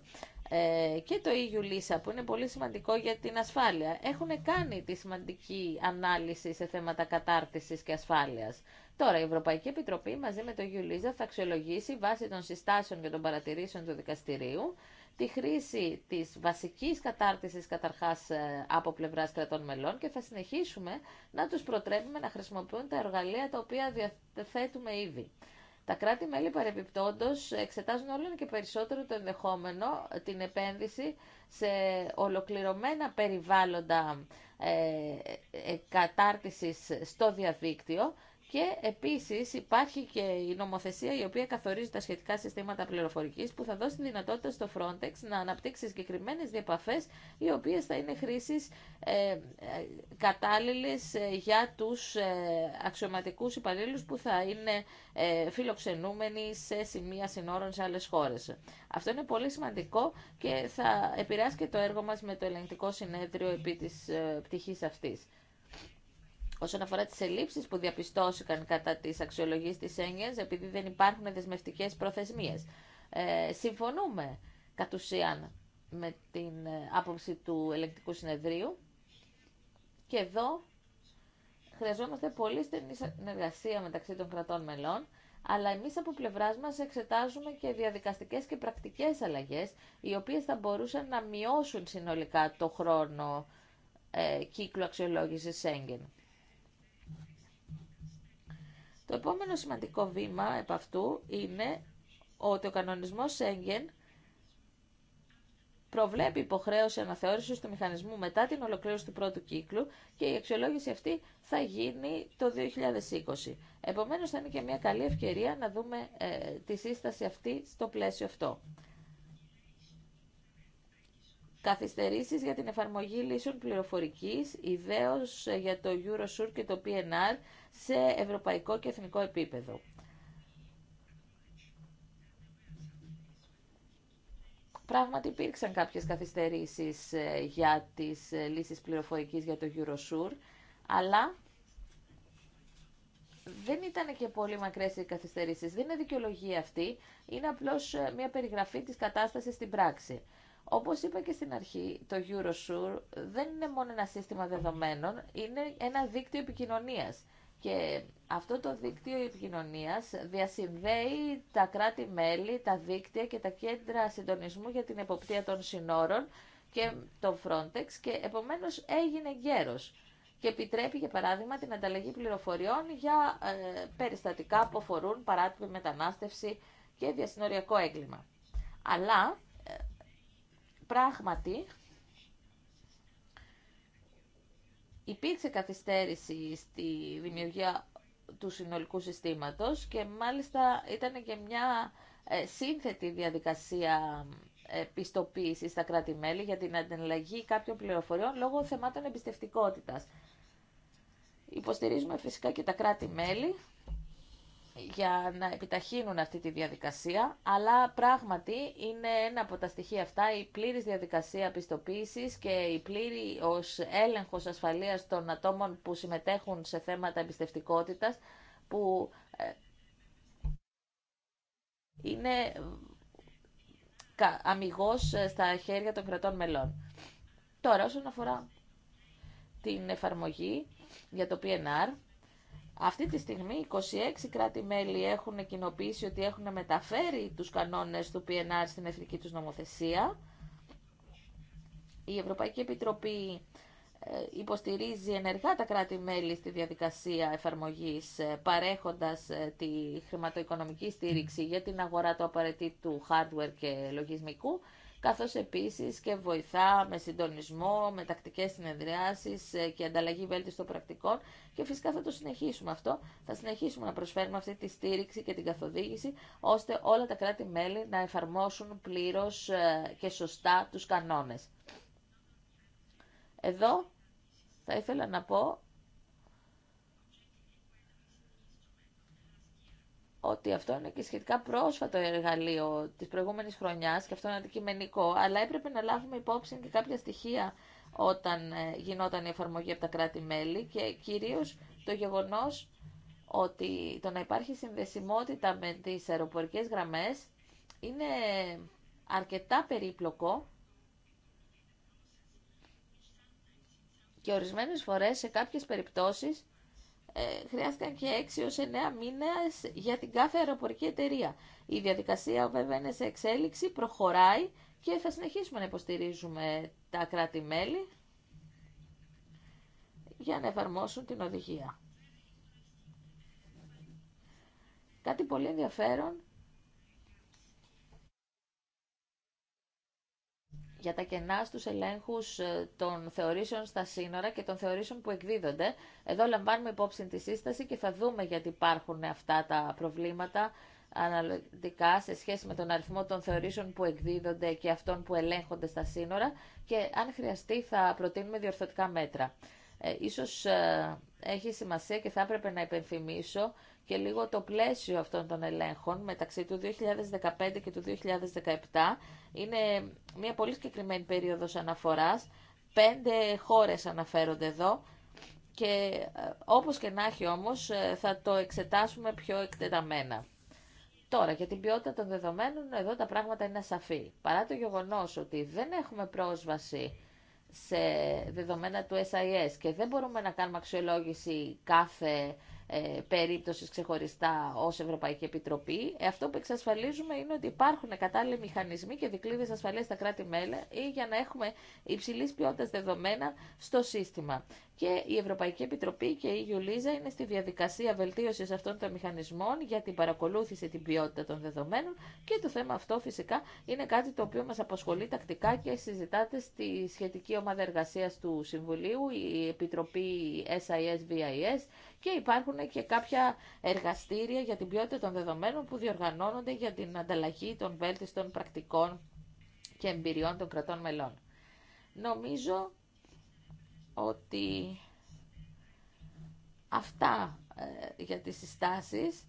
και το EU LISA, που είναι πολύ σημαντικό για την ασφάλεια, έχουν κάνει τη σημαντική ανάλυση σε θέματα κατάρτισης και ασφάλειας. Τώρα η Ευρωπαϊκή Επιτροπή μαζί με το Γιουλίζα θα αξιολογήσει βάσει των συστάσεων και των παρατηρήσεων του δικαστηρίου τη χρήση τη βασική κατάρτιση καταρχά ε, από πλευρά κρατών μελών και θα συνεχίσουμε να του προτρέπουμε να χρησιμοποιούν τα εργαλεία τα οποία διαθέτουμε ήδη. Τα κράτη-μέλη παρεμπιπτόντω εξετάζουν όλο και περισσότερο το ενδεχόμενο ε, την επένδυση σε ολοκληρωμένα περιβάλλοντα ε, ε κατάρτισης στο διαδίκτυο και επίσης υπάρχει και η νομοθεσία η οποία καθορίζει τα σχετικά συστήματα πληροφορικής που θα δώσει τη δυνατότητα στο Frontex να αναπτύξει συγκεκριμένες διαπαφέ, οι οποίες θα είναι χρήσει ε, κατάλληλες ε, για τους ε, αξιωματικούς που θα είναι ε, φιλοξενούμενοι σε σημεία συνόρων σε άλλε χώρες. Αυτό είναι πολύ σημαντικό και θα επηρεάσει και το έργο μα με το ελεγκτικό συνέδριο επί της ε, πτυχή αυτή. Όσον αφορά τι ελλείψει που διαπιστώθηκαν κατά τις αξιολογίες τη έννοια, επειδή δεν υπάρχουν δεσμευτικέ προθεσμίε. Ε, συμφωνούμε κατ' ουσίαν με την ε, άποψη του ελεγκτικού συνεδρίου και εδώ χρειαζόμαστε πολύ στενή συνεργασία μεταξύ των κρατών μελών, αλλά εμείς από πλευράς μας εξετάζουμε και διαδικαστικές και πρακτικές αλλαγές, οι οποίες θα μπορούσαν να μειώσουν συνολικά το χρόνο ε, κύκλου αξιολόγησης Σέγγεν. Το επόμενο σημαντικό βήμα επ' αυτού είναι ότι ο κανονισμός Σέγγεν προβλέπει υποχρέωση αναθεώρησης του μηχανισμού μετά την ολοκλήρωση του πρώτου κύκλου και η αξιολόγηση αυτή θα γίνει το 2020. Επομένως θα είναι και μια καλή ευκαιρία να δούμε ε, τη σύσταση αυτή στο πλαίσιο αυτό καθυστερήσεις για την εφαρμογή λύσεων πληροφορικής, ιδέως ε, για το Eurosur και το PNR σε ευρωπαϊκό και εθνικό επίπεδο. Πράγματι υπήρξαν κάποιες καθυστερήσεις ε, για τις ε, λύσεις πληροφορικής για το Eurosur, αλλά δεν ήταν και πολύ μακρές οι καθυστερήσει. Δεν είναι δικαιολογία αυτή. Είναι απλώ μια περιγραφή της κατάσταση στην πράξη. Όπως είπα και στην αρχή, το Eurosure δεν είναι μόνο ένα σύστημα δεδομένων, είναι ένα δίκτυο επικοινωνίας. Και αυτό το δίκτυο επικοινωνίας διασυνδέει τα κράτη-μέλη, τα δίκτυα και τα κέντρα συντονισμού για την εποπτεία των συνόρων και το Frontex και επομένως έγινε γέρος και επιτρέπει για παράδειγμα την ανταλλαγή πληροφοριών για ε, περιστατικά που αφορούν παράτυπη μετανάστευση και διασυνοριακό έγκλημα. Αλλά πράγματι υπήρξε καθυστέρηση στη δημιουργία του συνολικού συστήματος και μάλιστα ήταν και μια ε, σύνθετη διαδικασία ε, πιστοποίησης στα κράτη-μέλη για την ανταλλαγή κάποιων πληροφοριών λόγω θεμάτων εμπιστευτικότητας. Υποστηρίζουμε φυσικά και τα κράτη-μέλη για να επιταχύνουν αυτή τη διαδικασία, αλλά πράγματι είναι ένα από τα στοιχεία αυτά η πλήρης διαδικασία πιστοποίησης και η πλήρη ως έλεγχος ασφαλείας των ατόμων που συμμετέχουν σε θέματα εμπιστευτικότητας, που ε, είναι αμυγός ε, στα χέρια των κρατών μελών. Τώρα, όσον αφορά την εφαρμογή για το PNR, αυτή τη στιγμή 26 κράτη-μέλη έχουν κοινοποιήσει ότι έχουν μεταφέρει τους κανόνες του PNR στην εθνική τους νομοθεσία. Η Ευρωπαϊκή Επιτροπή ε, υποστηρίζει ενεργά τα κράτη-μέλη στη διαδικασία εφαρμογής ε, παρέχοντας ε, τη χρηματοοικονομική στήριξη για την αγορά του απαραίτητου hardware και λογισμικού καθώς επίσης και βοηθά με συντονισμό, με τακτικές συνεδριάσεις ε, και ανταλλαγή βέλτιστων πρακτικών και φυσικά θα το συνεχίσουμε αυτό, θα συνεχίσουμε να προσφέρουμε αυτή τη στήριξη και την καθοδήγηση ώστε όλα τα κράτη-μέλη να εφαρμόσουν πλήρως ε, και σωστά τους κανόνες. Εδώ θα ήθελα να πω ότι αυτό είναι και σχετικά πρόσφατο εργαλείο της προηγούμενης χρονιάς και αυτό είναι αντικειμενικό, αλλά έπρεπε να λάβουμε υπόψη και κάποια στοιχεία όταν ε, γινόταν η εφαρμογή από τα κράτη-μέλη και κυρίως το γεγονός ότι το να υπάρχει συνδεσιμότητα με τις αεροπορικές γραμμές είναι αρκετά περίπλοκο και ορισμένες φορές σε κάποιες περιπτώσεις ε, χρειάστηκαν και 6 έως 9 μήνες για την κάθε αεροπορική εταιρεία. Η διαδικασία βέβαια είναι σε εξέλιξη, προχωράει και θα συνεχίσουμε να υποστηρίζουμε τα κράτη-μέλη για να εφαρμόσουν την οδηγία. Κάτι πολύ ενδιαφέρον για τα κενά στους ελέγχους ε, των θεωρήσεων στα σύνορα και των θεωρήσεων που εκδίδονται. Εδώ λαμβάνουμε υπόψη τη σύσταση και θα δούμε γιατί υπάρχουν αυτά τα προβλήματα αναλυτικά σε σχέση με τον αριθμό των θεωρήσεων που εκδίδονται και αυτών που ελέγχονται στα σύνορα και αν χρειαστεί θα προτείνουμε διορθωτικά μέτρα. Ε, ίσως ε, έχει σημασία και θα έπρεπε να υπενθυμίσω και λίγο το πλαίσιο αυτών των ελέγχων μεταξύ του 2015 και του 2017 είναι μια πολύ συγκεκριμένη περίοδος αναφοράς. Πέντε χώρες αναφέρονται εδώ και ε, όπως και να έχει όμως ε, θα το εξετάσουμε πιο εκτεταμένα. Τώρα, για την ποιότητα των δεδομένων, εδώ τα πράγματα είναι σαφή. Παρά το γεγονός ότι δεν έχουμε πρόσβαση σε δεδομένα του SIS και δεν μπορούμε να κάνουμε αξιολόγηση κάθε ε, περίπτωσης ξεχωριστά ως Ευρωπαϊκή Επιτροπή. Ε, αυτό που εξασφαλίζουμε είναι ότι υπάρχουν κατάλληλοι μηχανισμοί και δικλείδες ασφαλείας στα κράτη-μέλη ή για να έχουμε υψηλής ποιότητας δεδομένα στο σύστημα και η Ευρωπαϊκή Επιτροπή και η Γιουλίζα είναι στη διαδικασία βελτίωσης αυτών των μηχανισμών για την παρακολούθηση την ποιότητα των δεδομένων και το θέμα αυτό φυσικά είναι κάτι το οποίο μας απασχολεί τακτικά και συζητάται στη σχετική ομάδα εργασίας του Συμβουλίου, η Επιτροπή SIS-VIS και υπάρχουν και κάποια εργαστήρια για την ποιότητα των δεδομένων που διοργανώνονται για την ανταλλαγή των βέλτιστων πρακτικών και εμπειριών των κρατών μελών. Νομίζω ότι αυτά ε, για τις συστάσεις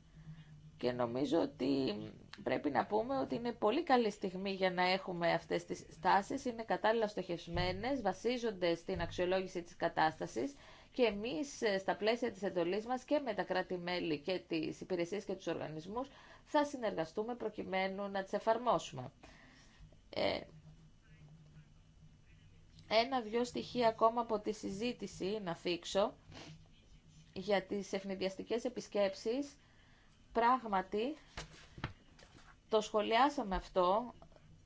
και νομίζω ότι πρέπει να πούμε ότι είναι πολύ καλή στιγμή για να έχουμε αυτές τις στάσεις, είναι κατάλληλα στοχευμένες, βασίζονται στην αξιολόγηση της κατάστασης και εμείς ε, στα πλαίσια της εντολής μας και με τα κράτη-μέλη και τις υπηρεσίες και τους οργανισμούς θα συνεργαστούμε προκειμένου να τις εφαρμόσουμε. Ε, ένα-δυο στοιχεία ακόμα από τη συζήτηση να φίξω για τις ευνηδιαστικές επισκέψεις. Πράγματι, το σχολιάσαμε αυτό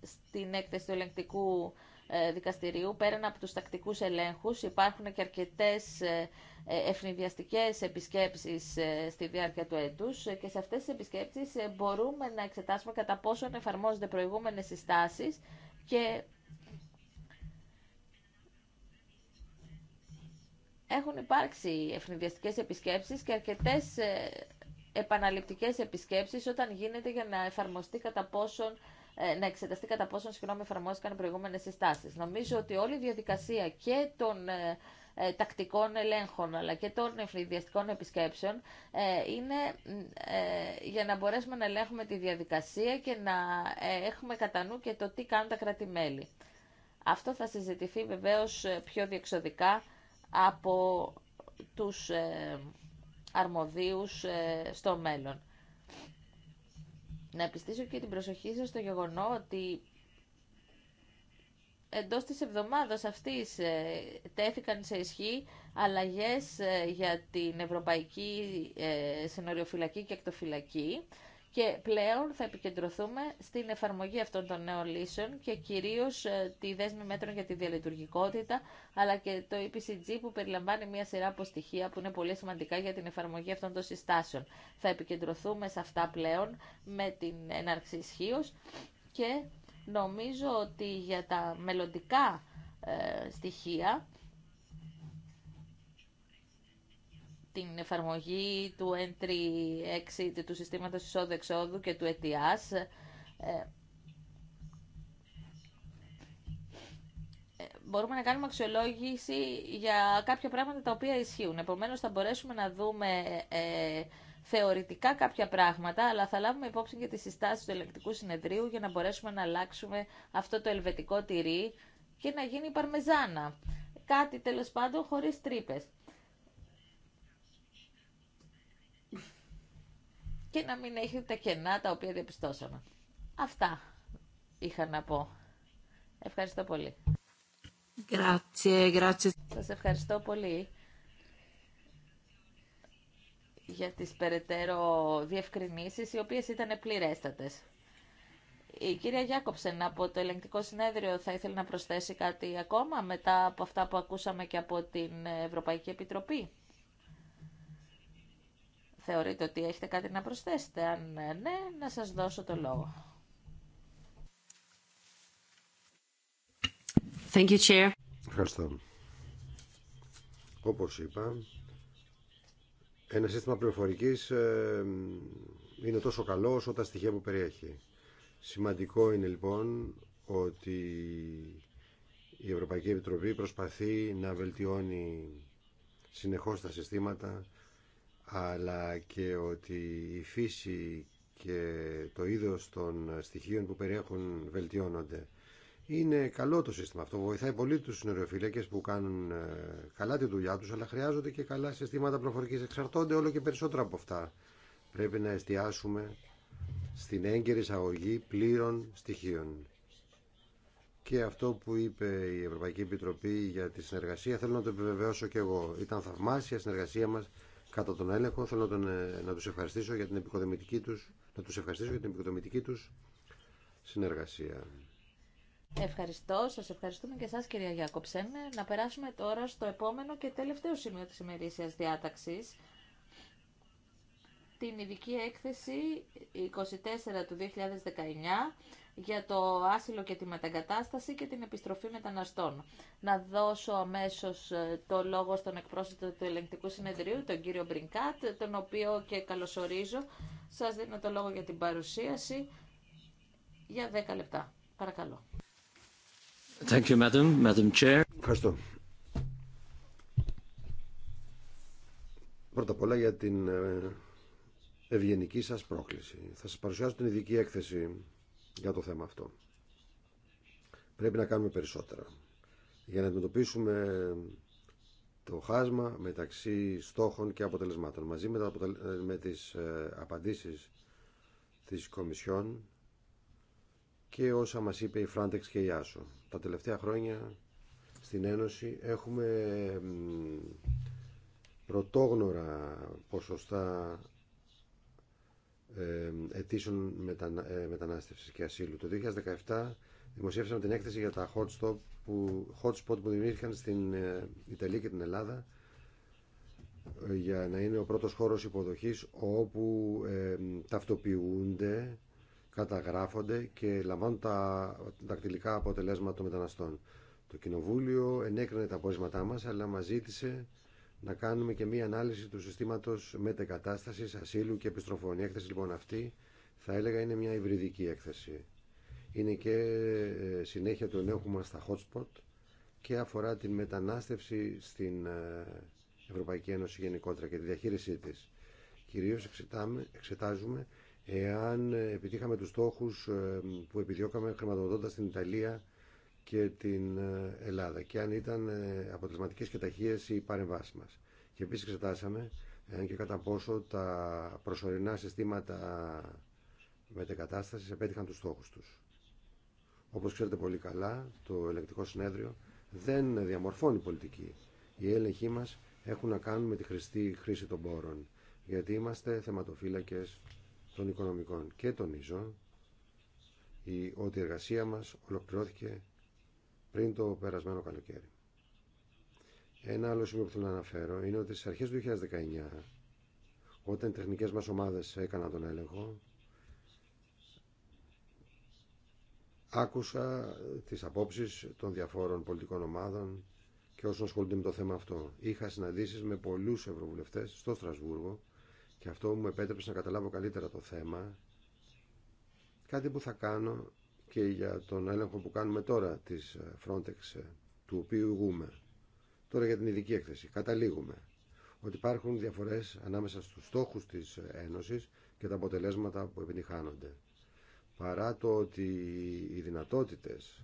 στην έκθεση του ελεγκτικού ε, δικαστηρίου, πέραν από τους τακτικούς ελέγχους, υπάρχουν και αρκετές ε, ε, ευνηδιαστικές επισκέψεις στη διάρκεια του έτους και σε αυτές τις επισκέψεις μπορούμε να εξετάσουμε κατά πόσο εφαρμόζονται προηγούμενες συστάσεις και Έχουν υπάρξει ευνηδιαστικές επισκέψεις και αρκετές ε, επαναληπτικές επισκέψεις όταν γίνεται για να εφαρμοστεί κατά πόσον ε, να εξεταστεί κατά πόσον συγγνώμη εφαρμόστηκαν οι προηγούμενες συστάσεις. Νομίζω ότι όλη η διαδικασία και των ε, ε τακτικών ελέγχων αλλά και των ευνηδιαστικών επισκέψεων είναι για να μπορέσουμε να ελέγχουμε τη διαδικασία και να έχουμε κατά νου και το τι κάνουν τα κράτη-μέλη. Αυτό θα συζητηθεί βεβαίως πιο διεξοδικά από τους ε, αρμοδίους ε, στο μέλλον. Να επιστήσω και την προσοχή σας στο γεγονό ότι εντός της εβδομάδας αυτής ε, τέθηκαν σε ισχύ αλλαγές για την Ευρωπαϊκή Συνοριοφυλακή και Εκτοφυλακή και πλέον θα επικεντρωθούμε στην εφαρμογή αυτών των νέων λύσεων και κυρίως ε, τη δέσμη μέτρων για τη διαλειτουργικότητα, αλλά και το EPCG που περιλαμβάνει μια σειρά από στοιχεία που είναι πολύ σημαντικά για την εφαρμογή αυτών των συστάσεων. Θα επικεντρωθούμε σε αυτά πλέον με την έναρξη ισχύω και νομίζω ότι για τα μελλοντικά ε, στοιχεία την εφαρμογή του Entry Exit, του συστήματος εισόδου-εξόδου και του ETIAS. Ε, ε, μπορούμε να κάνουμε αξιολόγηση για κάποια πράγματα τα οποία ισχύουν. Επομένως θα μπορέσουμε να δούμε ε, θεωρητικά κάποια πράγματα, αλλά θα λάβουμε υπόψη και τις συστάσεις του ελεκτικού συνεδρίου για να μπορέσουμε να αλλάξουμε αυτό το ελβετικό τυρί και να γίνει παρμεζάνα. Κάτι τέλος πάντων χωρίς τρύπες. και να μην έχει τα κενά τα οποία διαπιστώσαμε. Αυτά είχα να πω. Ευχαριστώ πολύ. Grazie, grazie. Σας ευχαριστώ πολύ για τις περαιτέρω διευκρινήσεις, οι οποίες ήταν πληρέστατες. Η κυρία Γιάκοψεν από το Ελεγκτικό Συνέδριο θα ήθελε να προσθέσει κάτι ακόμα μετά από αυτά που ακούσαμε και από την Ευρωπαϊκή Επιτροπή θεωρείτε ότι έχετε κάτι να προσθέσετε. Αν ναι, ναι, να σας δώσω το λόγο. Thank you, Chair. Ευχαριστώ. Όπως είπα, ένα σύστημα πληροφορικής ε, είναι τόσο καλό όσο τα στοιχεία που περιέχει. Σημαντικό είναι λοιπόν ότι η Ευρωπαϊκή Επιτροπή προσπαθεί να βελτιώνει συνεχώς τα συστήματα αλλά και ότι η φύση και το είδος των στοιχείων που περιέχουν βελτιώνονται. Είναι καλό το σύστημα αυτό. Βοηθάει πολύ τους νεροφυλακές που κάνουν ε, καλά τη δουλειά τους, αλλά χρειάζονται και καλά συστήματα προφορικής. Εξαρτώνται όλο και περισσότερο από αυτά. Πρέπει να εστιάσουμε στην έγκαιρη εισαγωγή πλήρων στοιχείων. Και αυτό που είπε η Ευρωπαϊκή Επιτροπή για τη συνεργασία θέλω να το επιβεβαιώσω και εγώ. Ήταν θαυμάσια συνεργασία μας κατά τον έλεγχο. Θέλω τον, ε, να τους ευχαριστήσω για την επικοδομητική τους, να τους ευχαριστήσω για την επικοδομητική τους συνεργασία. Ευχαριστώ. Σας ευχαριστούμε και εσάς κυρία Γιάκοψεν. Να περάσουμε τώρα στο επόμενο και τελευταίο σημείο της ημερήσιας διάταξης. Την ειδική έκθεση 24 του 2019 για το άσυλο και τη μεταγκατάσταση και την επιστροφή μεταναστών. Να δώσω αμέσως ε, το λόγο στον εκπρόσωπο του Ελεγκτικού Συνεδρίου, τον κύριο Μπρινκάτ, τον οποίο και καλωσορίζω. Σας δίνω το λόγο για την παρουσίαση για 10 λεπτά. Παρακαλώ. Thank you, Madam, Madam Chair. Ευχαριστώ. Πρώτα απ' όλα για την ε, ευγενική σας πρόκληση. Θα σας παρουσιάσω την ειδική έκθεση για το θέμα αυτό. Πρέπει να κάνουμε περισσότερα για να αντιμετωπίσουμε το χάσμα μεταξύ στόχων και αποτελεσμάτων. Μαζί με, τα ε, με τις ε, απαντήσεις της Κομισιόν και όσα μας είπε η Φράντεξ και η Άσο. Τα τελευταία χρόνια στην Ένωση έχουμε πρωτόγνωρα ποσοστά ε, αιτήσεων ε, μετανάστευσης και ασύλου. Το 2017 δημοσίευσαμε την έκθεση για τα hot spot που, hot που δημιουργήθηκαν στην ε, Ιταλία και την Ελλάδα για να είναι ο πρώτος χώρος υποδοχής όπου ταυτοποιούνται, καταγράφονται και λαμβάνουν τα δακτυλικά αποτελέσματα των μεταναστών. Το Κοινοβούλιο ενέκρινε τα πόρισματά μας αλλά μας ζήτησε να κάνουμε και μία ανάλυση του συστήματος μετεκατάστασης, ασύλου και επιστροφών. Η έκθεση λοιπόν αυτή θα έλεγα είναι μια υβριδική έκθεση. Είναι και ε, συνέχεια του συστηματος μετεκατάσταση ασυλου και επιστροφων η εκθεση λοιπον αυτη θα ελεγα ειναι μια υβριδικη εκθεση ειναι και συνεχεια του ενεχου μα στα hotspot και αφορά την μετανάστευση στην ε, Ευρωπαϊκή Ένωση γενικότερα και τη διαχείρισή της. Κυρίως εξετάζουμε εάν ε, επιτύχαμε τους στόχου που επιδιώκαμε χρηματοδοτώντα την Ιταλία και την ε, Ελλάδα και αν ήταν ε, αποτελεσματικέ και ταχείε οι παρεμβάσει μα. Και επίση εξετάσαμε ε, και κατά πόσο τα προσωρινά συστήματα μετεκατάσταση επέτυχαν του στόχου του. Όπω ξέρετε πολύ καλά, το ελεκτικό συνέδριο δεν διαμορφώνει πολιτική. Οι έλεγχοί μα έχουν να κάνουν με τη χρηστή χρήση των πόρων. Γιατί είμαστε θεματοφύλακε των οικονομικών. Και τονίζω ότι η εργασία μας ολοκληρώθηκε πριν το περασμένο καλοκαίρι. Ένα άλλο σημείο που θέλω να αναφέρω είναι ότι στι αρχέ του 2019, όταν οι τεχνικέ μα ομάδε έκαναν τον έλεγχο, άκουσα τις απόψεις των διαφόρων πολιτικών ομάδων και όσων ασχολούνται με το θέμα αυτό. Είχα συναντήσεις με πολλούς ευρωβουλευτές στο Στρασβούργο και αυτό μου επέτρεψε να καταλάβω καλύτερα το θέμα. Κάτι που θα κάνω και για τον έλεγχο που κάνουμε τώρα της ε, Frontex, ε, του οποίου ηγούμε. Τώρα για την ειδική έκθεση. Καταλήγουμε ότι υπάρχουν διαφορές ανάμεσα στους στόχους της ε, Ένωσης και τα αποτελέσματα που επιτυχάνονται. Παρά το ότι οι δυνατότητες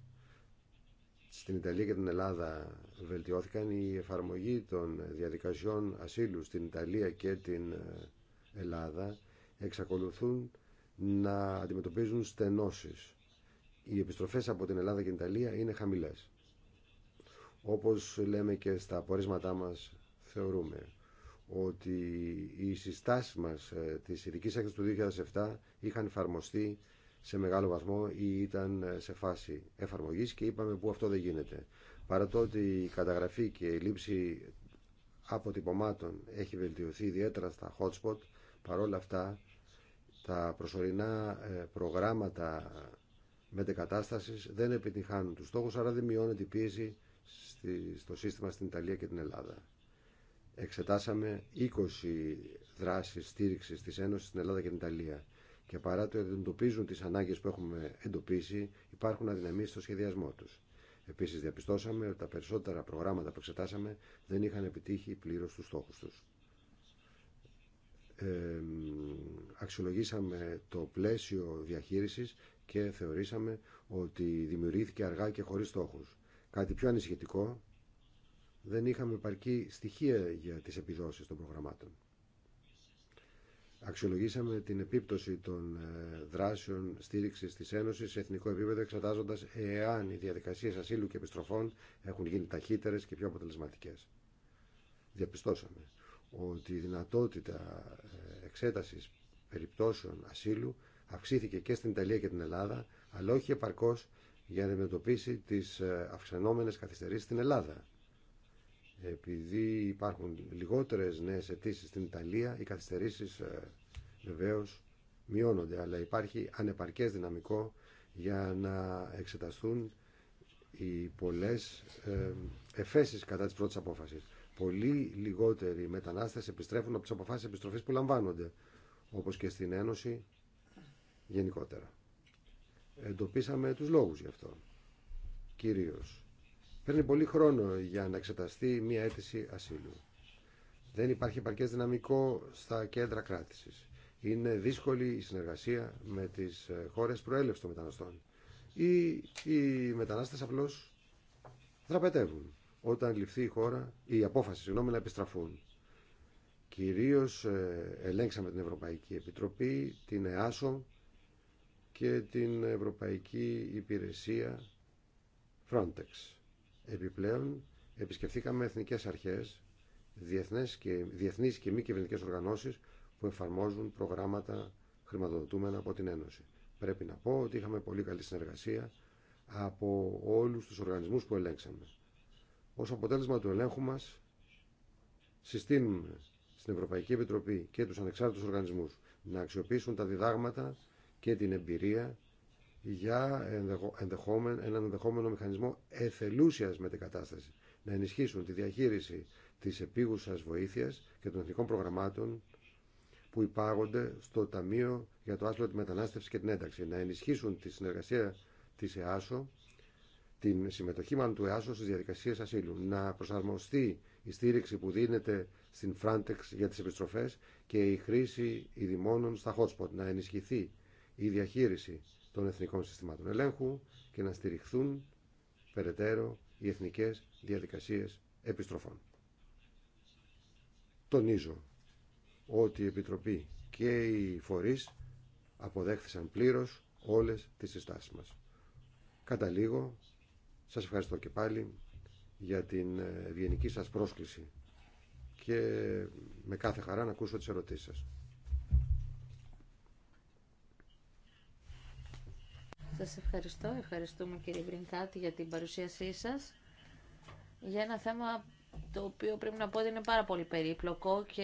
στην Ιταλία και την Ελλάδα βελτιώθηκαν, η εφαρμογή των διαδικασιών ασύλου στην Ιταλία και την Ελλάδα εξακολουθούν να αντιμετωπίζουν στενώσεις οι επιστροφές από την Ελλάδα και την Ιταλία είναι χαμηλές. Όπως λέμε και στα απορίσματά μας θεωρούμε ότι οι συστάσεις μας ε, της ειδική έκθεσης του 2007 είχαν εφαρμοστεί σε μεγάλο βαθμό ή ήταν ε, σε φάση εφαρμογής και είπαμε που αυτό δεν γίνεται. Παρά το ότι η καταγραφή και η λήψη αποτυπωμάτων έχει βελτιωθεί ιδιαίτερα στα hotspot, παρόλα αυτά τα προσωρινά ε, προγράμματα Μετεκατάσταση δεν επιτυχάνουν του στόχου, άρα δεν μειώνεται η πίεση στο σύστημα στην Ιταλία και την Ελλάδα. Εξετάσαμε 20 δράσει στήριξη τη Ένωση στην Ελλάδα και την Ιταλία και παρά το ότι εντοπίζουν τις ανάγκες που έχουμε εντοπίσει, υπάρχουν αδυναμίες στο σχεδιασμό του. Επίση διαπιστώσαμε ότι τα περισσότερα προγράμματα που εξετάσαμε δεν είχαν επιτύχει πλήρω τους στόχου του. Ε, αξιολογήσαμε το πλαίσιο διαχείρισης και θεωρήσαμε ότι δημιουργήθηκε αργά και χωρίς στόχους. Κάτι πιο ανησυχητικό, δεν είχαμε επαρκή στοιχεία για τις επιδόσεις των προγραμμάτων. Αξιολογήσαμε την επίπτωση των ε, δράσεων στήριξης της Ένωσης σε εθνικό επίπεδο εξετάζοντας εάν οι διαδικασίες ασύλου και επιστροφών έχουν γίνει ταχύτερες και πιο αποτελεσματικές. Διαπιστώσαμε ότι η δυνατότητα ε, εξέτασης περιπτώσεων ασύλου αυξήθηκε και στην Ιταλία και την Ελλάδα, αλλά όχι επαρκώ για να αντιμετωπίσει τι ε, αυξανόμενε καθυστερήσει στην Ελλάδα. Επειδή υπάρχουν λιγότερε νέε αιτήσει στην Ιταλία, οι καθυστερήσει ε, βεβαίω μειώνονται, αλλά υπάρχει ανεπαρκές δυναμικό για να εξεταστούν οι πολλές ε, εφέσεις κατά τη πρώτη απόφαση. Πολύ λιγότεροι μετανάστες επιστρέφουν από τις αποφάσεις επιστροφής που λαμβάνονται, όπως και στην Ένωση γενικότερα. Εντοπίσαμε τους λόγους γι' αυτό. Κυρίως, παίρνει πολύ χρόνο για να εξεταστεί μια αίτηση ασύλου. Δεν υπάρχει επαρκές δυναμικό στα κέντρα κράτησης. Είναι δύσκολη η συνεργασία με τις ε, χώρες προέλευσης των μεταναστών. Ή οι μετανάστες απλώς δραπετεύουν όταν ληφθεί η χώρα, η απόφαση συγγνώμη, να επιστραφούν. Κυρίως ε, ελέγξαμε την Ευρωπαϊκή Επιτροπή, την ΕΑΣΟ και την Ευρωπαϊκή Υπηρεσία Frontex. Επιπλέον, επισκεφθήκαμε εθνικές αρχές, διεθνές και, διεθνείς και μη κυβερνητικές οργανώσεις που εφαρμόζουν προγράμματα χρηματοδοτούμενα από την Ένωση. Πρέπει να πω ότι είχαμε πολύ καλή συνεργασία από όλους τους οργανισμούς που ελέγξαμε. Ως αποτέλεσμα του ελέγχου μας, συστήνουμε στην Ευρωπαϊκή Επιτροπή και τους ανεξάρτητους οργανισμούς να αξιοποιήσουν τα διδάγματα και την εμπειρία για ενδεχόμενο, έναν ενδεχόμενο μηχανισμό εθελούσιας μετεκατάσταση Να ενισχύσουν τη διαχείριση της επίγουσας βοήθειας και των εθνικών προγραμμάτων που υπάγονται στο Ταμείο για το Άσλο, τη Μετανάστευση και την Ένταξη. Να ενισχύσουν τη συνεργασία της ΕΑΣΟ, την συμμετοχή μάλλον του ΕΑΣΟ στις διαδικασίες ασύλου. Να προσαρμοστεί η στήριξη που δίνεται στην Φράντεξ για τις επιστροφές και η χρήση ειδημόνων στα hotspot. Να ενισχυθεί η διαχείριση των εθνικών συστημάτων ελέγχου και να στηριχθούν περαιτέρω οι εθνικές διαδικασίες επιστροφών. Τονίζω ότι η Επιτροπή και οι φορείς αποδέχθησαν πλήρως όλες τις συστάσεις μας. Κατά λίγο, σας ευχαριστώ και πάλι για την ε, ευγενική σας πρόσκληση και με κάθε χαρά να ακούσω τις ερωτήσεις σας. Σας ευχαριστώ. Ευχαριστούμε κύριε Βρυνκάτη για την παρουσίασή σας. Για ένα θέμα το οποίο πρέπει να πω ότι είναι πάρα πολύ περίπλοκο και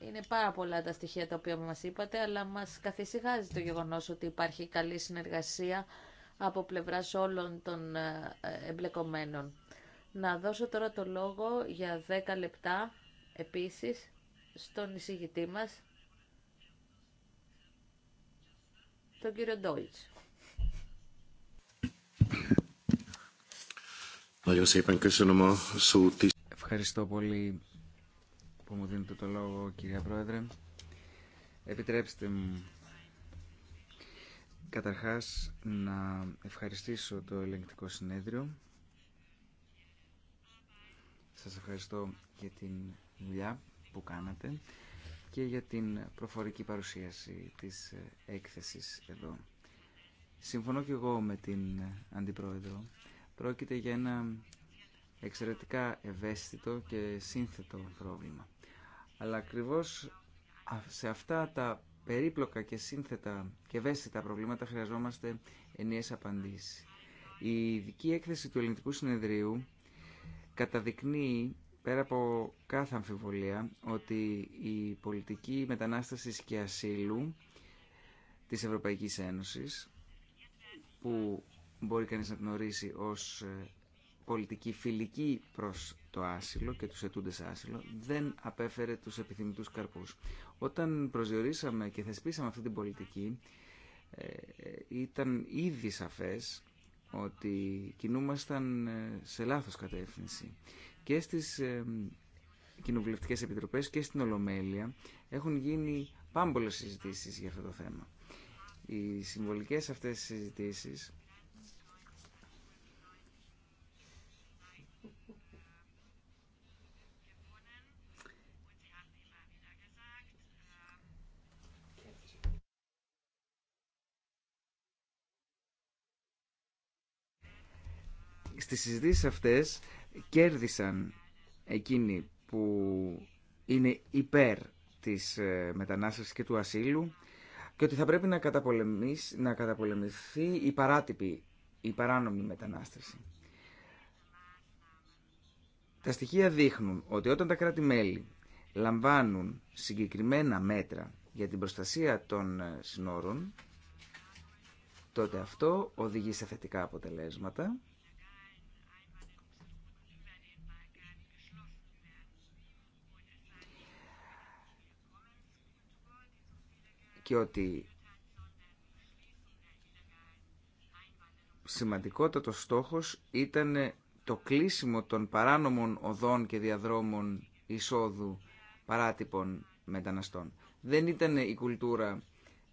είναι πάρα πολλά τα στοιχεία τα οποία μας είπατε, αλλά μας καθησυχάζει το γεγονός ότι υπάρχει καλή συνεργασία από πλευράς όλων των ε, εμπλεκομένων. Να δώσω τώρα το λόγο για 10 λεπτά επίσης στον εισηγητή μας, τον κύριο Ντόιτς. Ευχαριστώ πολύ που μου δίνετε το λόγο κυρία Πρόεδρε. Επιτρέψτε μου καταρχάς να ευχαριστήσω το ελεγκτικό συνέδριο. Σας ευχαριστώ για την δουλειά που κάνατε και για την προφορική παρουσίαση της ε, έκθεσης εδώ. Συμφωνώ και εγώ με την ε, Αντιπρόεδρο. Πρόκειται για ένα εξαιρετικά ευαίσθητο και σύνθετο πρόβλημα. Αλλά ακριβώ σε αυτά τα περίπλοκα και σύνθετα και ευαίσθητα προβλήματα χρειαζόμαστε ενιαίες απαντήσεις. Η ειδική έκθεση του Ελληνικού Συνεδρίου καταδεικνύει πέρα από κάθε αμφιβολία ότι η πολιτική μετανάστασης και ασύλου της Ευρωπαϊκής Ένωσης που μπορεί κανείς να γνωρίσει ως ε, πολιτική φιλική προς το άσυλο και τους ετούντες άσυλο δεν απέφερε τους επιθυμητούς καρπούς. Όταν προσδιορίσαμε και θεσπίσαμε αυτή την πολιτική ε, ήταν ήδη σαφές ότι κινούμασταν ε, σε λάθος κατεύθυνση και στις ε, κοινοβουλευτικές επιτροπές και στην Ολομέλεια έχουν γίνει πάμπολες συζητήσεις για αυτό το θέμα. Οι συμβολικές αυτές συζητήσεις στις συζητήσεις αυτές κέρδισαν εκείνοι που είναι υπέρ της ε, μετανάστευσης και του ασύλου και ότι θα πρέπει να, καταπολεμήσει, να καταπολεμηθεί η παράτυπη, η παράνομη μετανάστευση. Τα στοιχεία δείχνουν ότι όταν τα κράτη-μέλη λαμβάνουν συγκεκριμένα μέτρα για την προστασία των ε, συνόρων, τότε αυτό οδηγεί σε θετικά αποτελέσματα και ότι σημαντικότατος στόχος ήταν το κλείσιμο των παράνομων οδών και διαδρόμων εισόδου παράτυπων μεταναστών. Δεν ήταν η κουλτούρα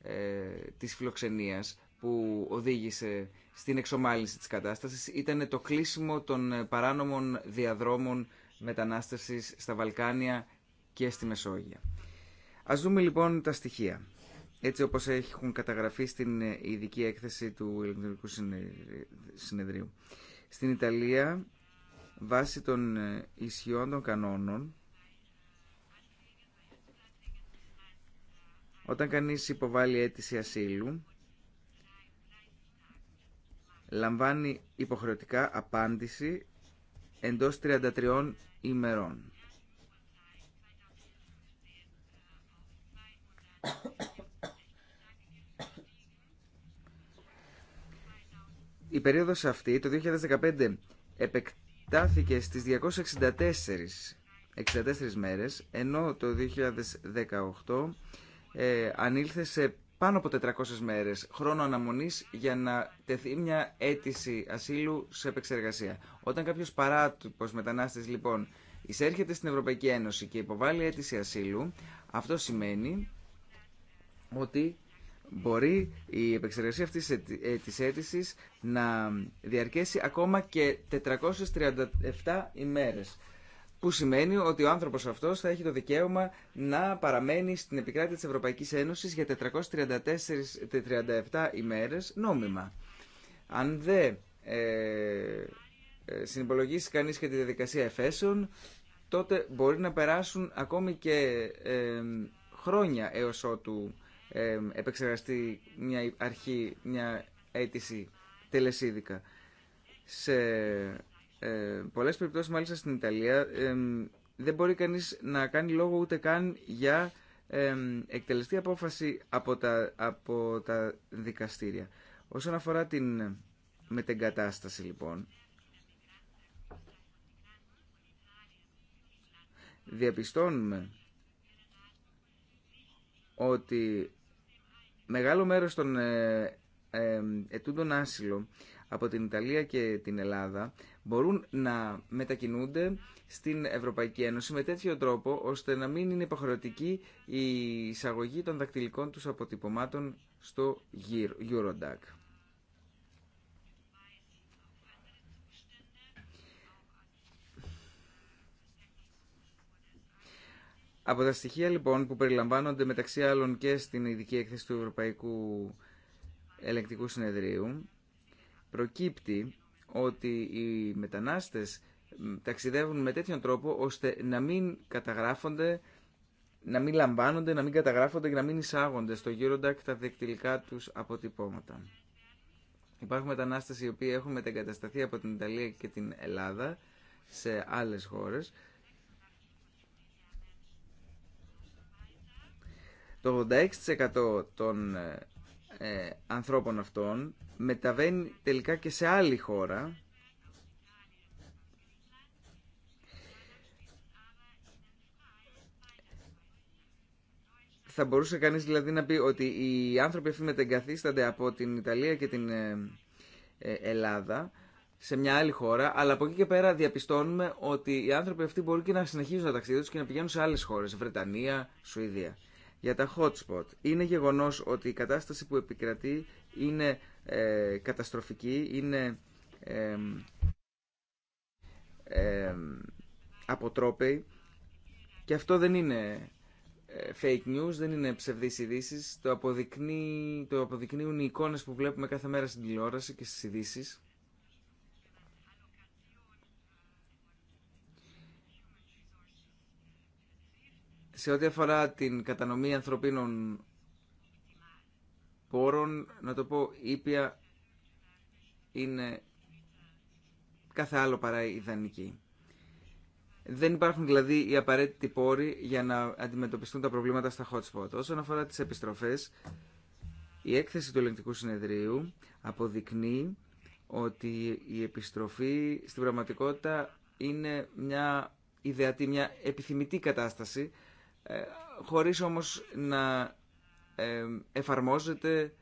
ε, της φιλοξενίας που οδήγησε στην εξομάλυνση της κατάστασης, ήταν το κλείσιμο των παράνομων διαδρόμων μετανάστευσης στα Βαλκάνια και στη Μεσόγεια. Ας δούμε λοιπόν τα στοιχεία έτσι όπως έχουν καταγραφεί στην ειδική έκθεση του Ελληνικού Συνεδρίου. Στην Ιταλία, βάσει των ε, ισχυών των κανόνων, όταν κανείς υποβάλλει αίτηση ασύλου, λαμβάνει υποχρεωτικά απάντηση εντός 33 ημερών. η περίοδος αυτή το 2015 επεκτάθηκε στις 264 64 μέρες, ενώ το 2018 ε, ανήλθε σε πάνω από 400 μέρες χρόνο αναμονής για να τεθεί μια αίτηση ασύλου σε επεξεργασία. Όταν κάποιος παράτυπος μετανάστης λοιπόν εισέρχεται στην Ευρωπαϊκή Ένωση και υποβάλλει αίτηση ασύλου, αυτό σημαίνει ότι μπορεί η επεξεργασία αυτής της ε, αίτηση να διαρκέσει ακόμα και 437 ημέρες. Που σημαίνει ότι ο άνθρωπος αυτός θα έχει το δικαίωμα να παραμένει στην επικράτεια της Ευρωπαϊκής Ένωσης για 437 ημέρες νόμιμα. Αν δεν ε, ε, συνυπολογίσει κανείς και τη διαδικασία εφέσεων, τότε μπορεί να περάσουν ακόμη και ε, χρόνια έως ότου επεξεργαστεί μια αρχή, μια αίτηση τελεσίδικα. Σε ε, πολλές περιπτώσεις, μάλιστα στην Ιταλία, ε, δεν μπορεί κανείς να κάνει λόγο ούτε καν για εκτελεστή απόφαση από τα, από τα δικαστήρια. Όσον αφορά την μετεγκατάσταση, λοιπόν, διαπιστώνουμε ότι Μεγάλο μέρος των ε, ε, ετούντων άσυλο από την Ιταλία και την Ελλάδα μπορούν να μετακινούνται στην Ευρωπαϊκή Ένωση με τέτοιο τρόπο ώστε να μην είναι υποχρεωτική η εισαγωγή των δακτυλικών τους αποτυπωμάτων στο Eurodac. Από τα στοιχεία λοιπόν που περιλαμβάνονται μεταξύ άλλων και στην ειδική έκθεση του Ευρωπαϊκού Ελεκτικού Συνεδρίου προκύπτει ότι οι μετανάστες ταξιδεύουν με τέτοιον τρόπο ώστε να μην καταγράφονται, να μην λαμβάνονται, να μην καταγράφονται και να μην εισάγονται στο Eurodac τα δεκτυλικά τους αποτυπώματα. Υπάρχουν μετανάστες οι οποίοι έχουν μετεγκατασταθεί από την Ιταλία και την Ελλάδα σε άλλες χώρες Το 86% των ε, ε, ανθρώπων αυτών μεταβαίνει τελικά και σε άλλη χώρα Θα μπορούσε κανείς δηλαδή να πει ότι οι άνθρωποι αυτοί μετεγκαθίστανται από την Ιταλία και την ε, ε, Ελλάδα σε μια άλλη χώρα, αλλά από εκεί και πέρα διαπιστώνουμε ότι οι άνθρωποι αυτοί μπορούν και να συνεχίζουν τα ταξίδια τους και να πηγαίνουν σε άλλες χώρες, Βρετανία, Σουηδία. Για τα hot spot, είναι γεγονός ότι η κατάσταση που επικρατεί είναι ε, καταστροφική, είναι ε, αποτρόπαιη και αυτό δεν είναι ε, fake news, δεν είναι ψευδείς ειδήσει. Το, το αποδεικνύουν οι εικόνες που βλέπουμε κάθε μέρα στην τηλεόραση και στις ειδήσει. σε ό,τι αφορά την κατανομή ανθρωπίνων πόρων, να το πω ήπια είναι κάθε άλλο παρά ιδανική. Δεν υπάρχουν δηλαδή οι απαραίτητοι πόροι για να αντιμετωπιστούν τα προβλήματα στα hotspot. Όσον αφορά τις επιστροφές, η έκθεση του ελεγκτικού συνεδρίου αποδεικνύει ότι η επιστροφή στην πραγματικότητα είναι μια ιδεατή, μια επιθυμητή κατάσταση ε, χωρίς όμως να ε, εφαρμόζεται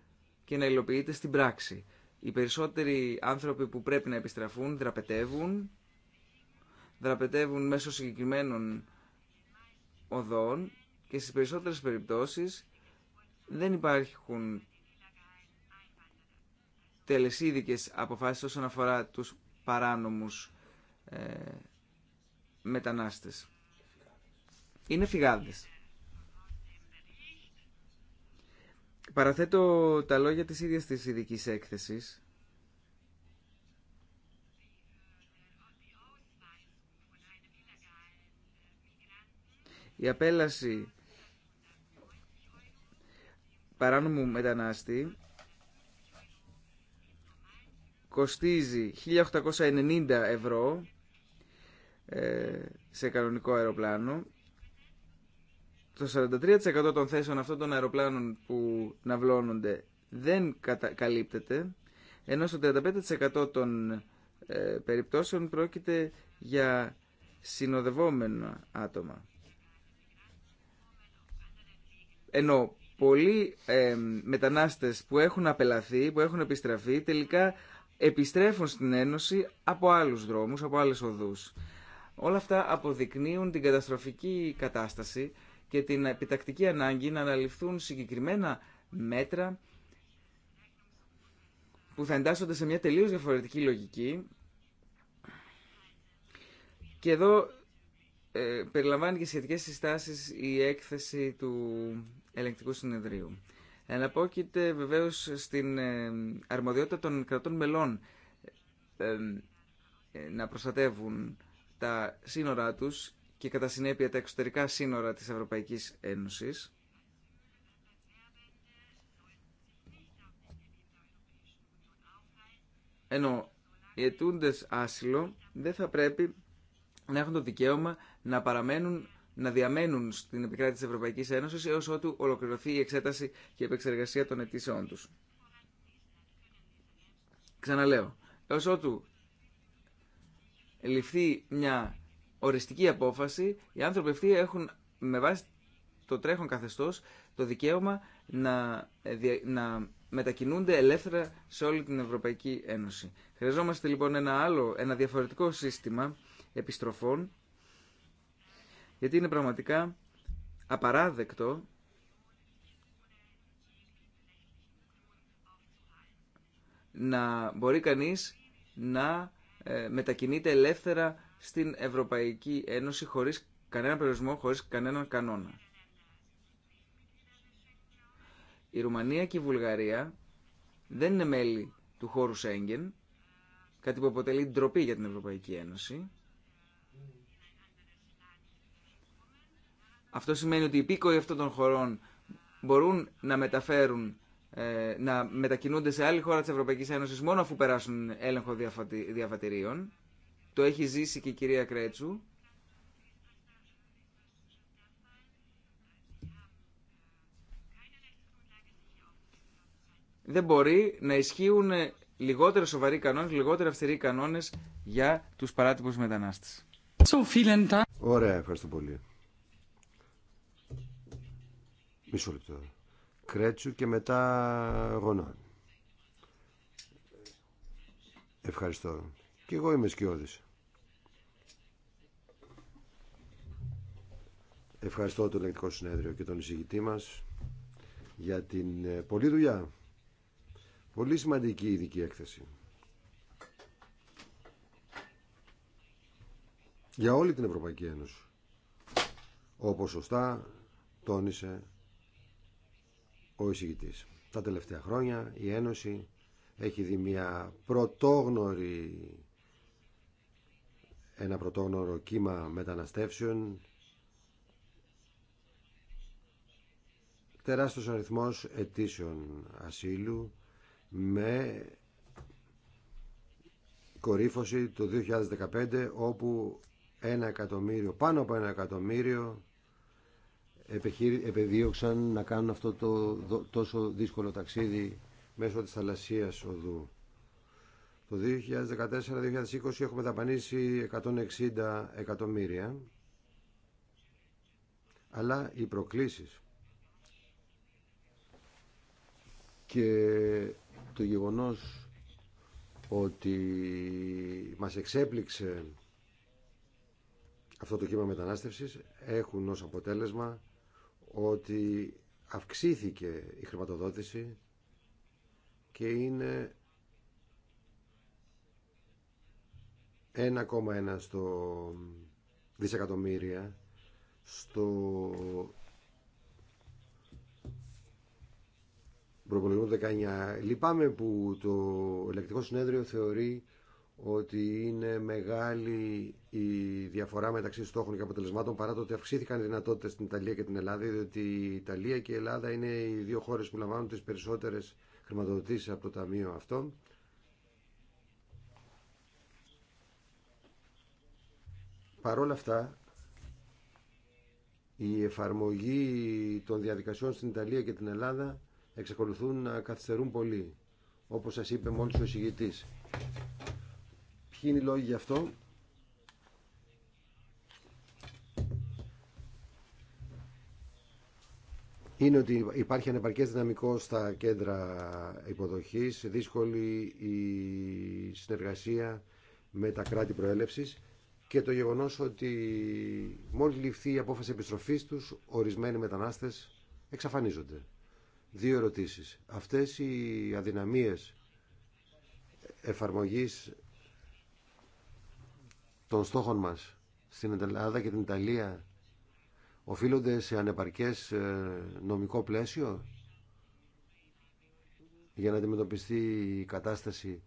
και να υλοποιείται στην πράξη. Οι περισσότεροι άνθρωποι που πρέπει να επιστραφούν δραπετεύουν, δραπετεύουν μέσω συγκεκριμένων οδών και στις περισσότερες περιπτώσεις δεν υπάρχουν τελεσίδικες αποφάσεις όσον αφορά τους παράνομους ε, μετανάστες είναι φυγάδε. Παραθέτω τα λόγια της ίδιας της ειδική έκθεσης. Η απέλαση παράνομου μετανάστη κοστίζει 1890 ευρώ ε, σε κανονικό αεροπλάνο το 43% των θέσεων αυτών των αεροπλάνων που ναυλώνονται δεν καλύπτεται, ενώ στο 35% των ε, περιπτώσεων πρόκειται για συνοδευόμενα άτομα. Ενώ πολλοί ε, μετανάστες που έχουν απελαθεί, που έχουν επιστραφεί, τελικά επιστρέφουν στην Ένωση από άλλους δρόμους, από άλλες οδούς. Όλα αυτά αποδεικνύουν την καταστροφική κατάσταση και την επιτακτική ανάγκη να αναλυφθούν συγκεκριμένα μέτρα που θα εντάσσονται σε μια τελείως διαφορετική λογική. Και εδώ ε, περιλαμβάνει και σχετικές συστάσεις η έκθεση του ελεγκτικού συνεδρίου. Εναπόκειται βεβαίως στην ε, αρμοδιότητα των κρατών μελών ε, να προστατεύουν τα σύνορά τους και κατά συνέπεια τα εξωτερικά σύνορα της Ευρωπαϊκής Ένωσης. Ενώ οι αιτούντες άσυλο δεν θα πρέπει να έχουν το δικαίωμα να παραμένουν να διαμένουν στην επικράτηση της Ευρωπαϊκής Ένωσης έως ότου ολοκληρωθεί η εξέταση και η επεξεργασία των αιτήσεών τους. Ξαναλέω, έως ότου ληφθεί μια οριστική απόφαση, οι άνθρωποι αυτοί έχουν με βάση το τρέχον καθεστώς το δικαίωμα να, ε, να μετακινούνται ελεύθερα σε όλη την Ευρωπαϊκή Ένωση. Χρειαζόμαστε λοιπόν ένα άλλο, ένα διαφορετικό σύστημα επιστροφών, γιατί είναι πραγματικά απαράδεκτο να μπορεί κανείς να ε, μετακινείται ελεύθερα στην Ευρωπαϊκή Ένωση χωρίς κανένα περιορισμό, χωρίς κανέναν κανόνα. Η Ρουμανία και η Βουλγαρία δεν είναι μέλη του χώρου Σέγγεν, κάτι που αποτελεί ντροπή για την Ευρωπαϊκή Ένωση. Αυτό σημαίνει ότι οι υπήκοοι αυτών των χωρών μπορούν να μεταφέρουν ε, να μετακινούνται σε άλλη χώρα της Ευρωπαϊκής Ένωσης μόνο αφού περάσουν έλεγχο διαβατηρίων το έχει ζήσει και η κυρία Κρέτσου. Δεν μπορεί να ισχύουν λιγότερο σοβαροί κανόνες, λιγότερο αυστηροί κανόνες για τους παράτυπους μετανάστες. Ωραία, ευχαριστώ πολύ. Μισό λεπτό. Κρέτσου και μετά γονά. Ευχαριστώ. Και εγώ είμαι σκιώδης. Ευχαριστώ το Ελεκτικό Συνέδριο και τον εισηγητή μας για την ε, πολλή δουλειά. Πολύ σημαντική ειδική έκθεση. Για όλη την Ευρωπαϊκή Ένωση. Όπως σωστά τόνισε ο εισηγητής. Τα τελευταία χρόνια η Ένωση έχει δει μια πρωτόγνωρη ένα πρωτόγνωρο κύμα μεταναστεύσεων τεράστιος αριθμός αιτήσεων ασύλου με κορύφωση το 2015 όπου ένα εκατομμύριο, πάνω από ένα εκατομμύριο επεδίωξαν να κάνουν αυτό το τόσο δύσκολο ταξίδι μέσω της θαλασσίας οδού. Το 2014-2020 έχουμε δαπανίσει 160 εκατομμύρια αλλά οι προκλήσεις και το γεγονός ότι μας εξέπληξε αυτό το κύμα μετανάστευσης έχουν ως αποτέλεσμα ότι αυξήθηκε η χρηματοδότηση και είναι 1,1 στο δισεκατομμύρια στο προπολογισμό 19. Λυπάμαι που το ελεκτικό συνέδριο θεωρεί ότι είναι μεγάλη η διαφορά μεταξύ στόχων και αποτελεσμάτων παρά το ότι αυξήθηκαν οι δυνατότητε στην Ιταλία και την Ελλάδα, διότι η Ιταλία και η Ελλάδα είναι οι δύο χώρε που λαμβάνουν τι περισσότερε χρηματοδοτήσει από το Ταμείο αυτό. Παρ' όλα αυτά, η εφαρμογή των διαδικασιών στην Ιταλία και την Ελλάδα εξακολουθούν να καθυστερούν πολύ, όπως σας είπε μόλις ο εισηγητής. Ποιοι είναι οι λόγοι γι' αυτό. Είναι ότι υπάρχει ανεπαρκές δυναμικό στα κέντρα υποδοχής, δύσκολη η συνεργασία με τα κράτη προέλευσης και το γεγονός ότι μόλις ληφθεί η απόφαση επιστροφής τους, ορισμένοι μετανάστες εξαφανίζονται. Δύο ερωτήσεις. Αυτές οι αδυναμίες εφαρμογής των στόχων μας στην Ελλάδα και την Ιταλία οφείλονται σε ανεπαρκές ε, νομικό πλαίσιο για να αντιμετωπιστεί η κατάσταση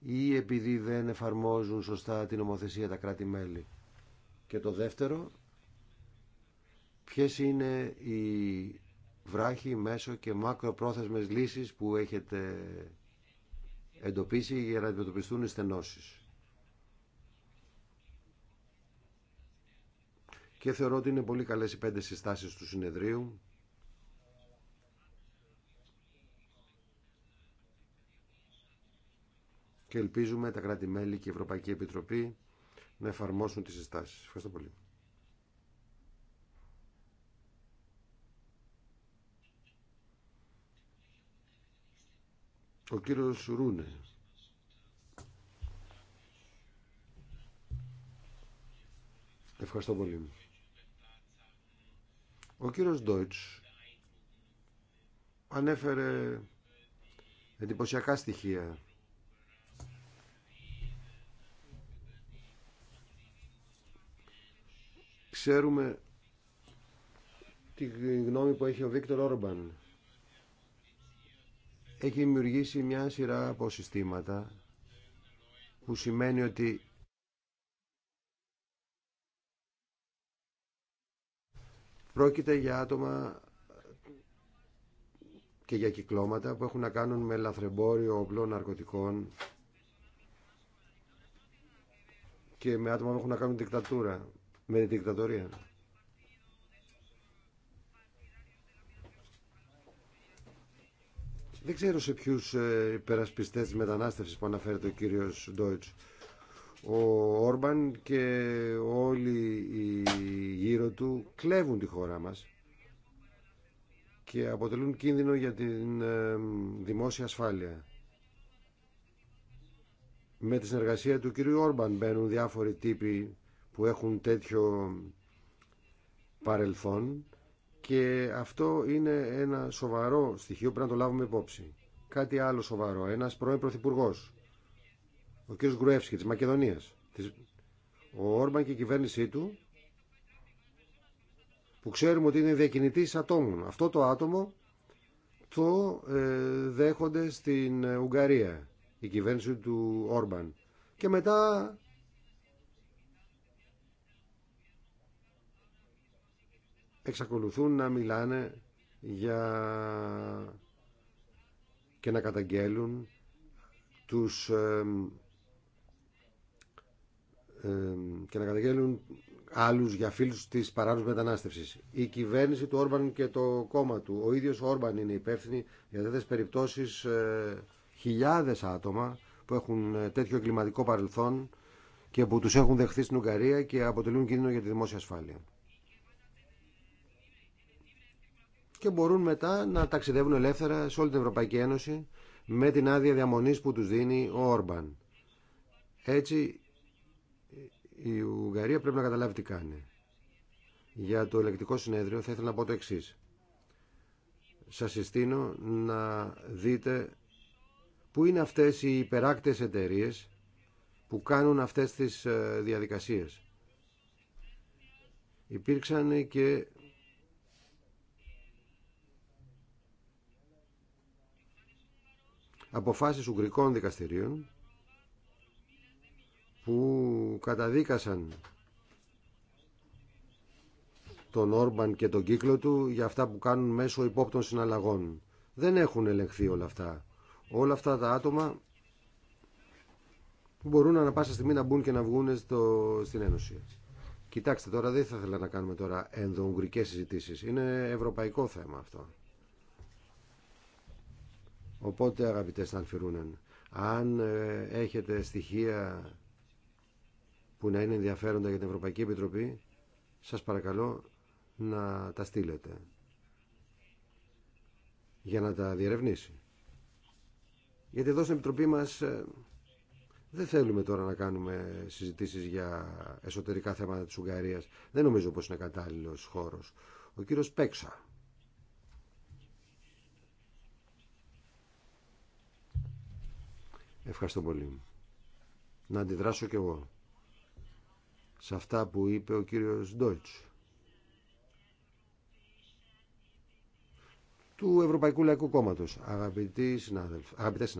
ή επειδή δεν εφαρμόζουν σωστά την νομοθεσία τα κράτη-μέλη. Και το δεύτερο, ποιες είναι οι βράχη, μέσο και μακροπρόθεσμες λύσεις που έχετε εντοπίσει για να αντιμετωπιστούν οι στενώσεις. Και θεωρώ ότι είναι πολύ καλές οι πέντε συστάσεις του συνεδρίου. Και ελπίζουμε τα κράτη-μέλη και η Ευρωπαϊκή Επιτροπή να εφαρμόσουν τις συστάσεις. Ευχαριστώ πολύ. Ο κύριος Ρούνε. Ευχαριστώ πολύ. Ο κύριος Ντόιτς ανέφερε εντυπωσιακά στοιχεία ξέρουμε τη γνώμη που έχει ο Βίκτορ Όρμπαν έχει δημιουργήσει μια σειρά από συστήματα που σημαίνει ότι πρόκειται για άτομα και για κυκλώματα που έχουν να κάνουν με λαθρεμπόριο οπλών ναρκωτικών και με άτομα που έχουν να κάνουν δικτατούρα, με δικτατορία. Δεν ξέρω σε ποιου ε, υπερασπιστέ τη μετανάστευση που αναφέρεται ο κύριο Ντόιτς. Ο Όρμπαν και όλοι οι γύρω του κλέβουν τη χώρα μας και αποτελούν κίνδυνο για την ε, δημόσια ασφάλεια. Με τη συνεργασία του κύριου Όρμπαν μπαίνουν διάφοροι τύποι που έχουν τέτοιο παρελθόν και αυτό είναι ένα σοβαρό στοιχείο πρέπει να το λάβουμε υπόψη. Κάτι άλλο σοβαρό. Ένα πρώην πρωθυπουργό, ο κ. Γκρουεύσκη τη Μακεδονία. Ο Όρμπαν και η κυβέρνησή του, που ξέρουμε ότι είναι διακινητή ατόμων. Αυτό το άτομο το ε, δέχονται στην Ουγγαρία, η κυβέρνηση του Όρμπαν. Και μετά εξακολουθούν να μιλάνε για... και να καταγγέλουν τους και να καταγγέλουν άλλους για φίλους της παράνομης μετανάστευσης. Η κυβέρνηση του Όρμπαν και το κόμμα του, ο ίδιος ο Όρμπαν είναι υπεύθυνοι για τέτοιες περιπτώσεις ε, χιλιάδες άτομα που έχουν ε, τέτοιο εγκληματικό παρελθόν και που τους έχουν δεχθεί στην Ουγγαρία και αποτελούν κίνδυνο για τη δημόσια ασφάλεια. και μπορούν μετά να ταξιδεύουν ελεύθερα σε όλη την Ευρωπαϊκή Ένωση με την άδεια διαμονής που τους δίνει ο Όρμπαν. Έτσι η Ουγγαρία πρέπει να καταλάβει τι κάνει. Για το ελεκτικό συνέδριο θα ήθελα να πω το εξής. Σας συστήνω να δείτε πού είναι αυτές οι υπεράκτες εταιρείε που κάνουν αυτές τις ε, διαδικασίες. Υπήρξαν και αποφάσεις ουγγρικών δικαστηρίων που καταδίκασαν τον Όρμπαν και τον κύκλο του για αυτά που κάνουν μέσω υπόπτων συναλλαγών. Δεν έχουν ελεγχθεί όλα αυτά. Όλα αυτά τα άτομα που μπορούν ανα πάσα στιγμή να μπουν και να βγουν στο, στην Ένωση. Κοιτάξτε τώρα, δεν θα ήθελα να κάνουμε τώρα ενδοουγγρικές συζητήσεις. Είναι ευρωπαϊκό θέμα αυτό. Οπότε αγαπητέ Στανφυρούνεν, αν ε, έχετε στοιχεία που να είναι ενδιαφέροντα για την Ευρωπαϊκή Επιτροπή, σας παρακαλώ να τα στείλετε για να τα διερευνήσει. Γιατί εδώ στην Επιτροπή μας ε, δεν θέλουμε τώρα να κάνουμε συζητήσεις για εσωτερικά θέματα της Ουγγαρίας. Δεν νομίζω πως είναι κατάλληλος χώρος. Ο κύριος Πέξα. Ευχαριστώ πολύ. Να αντιδράσω κι εγώ σε αυτά που είπε ο κύριος Ντόιτς του Ευρωπαϊκού Λαϊκού Κόμματος αγαπητοί συνάδελφοι, αγαπητές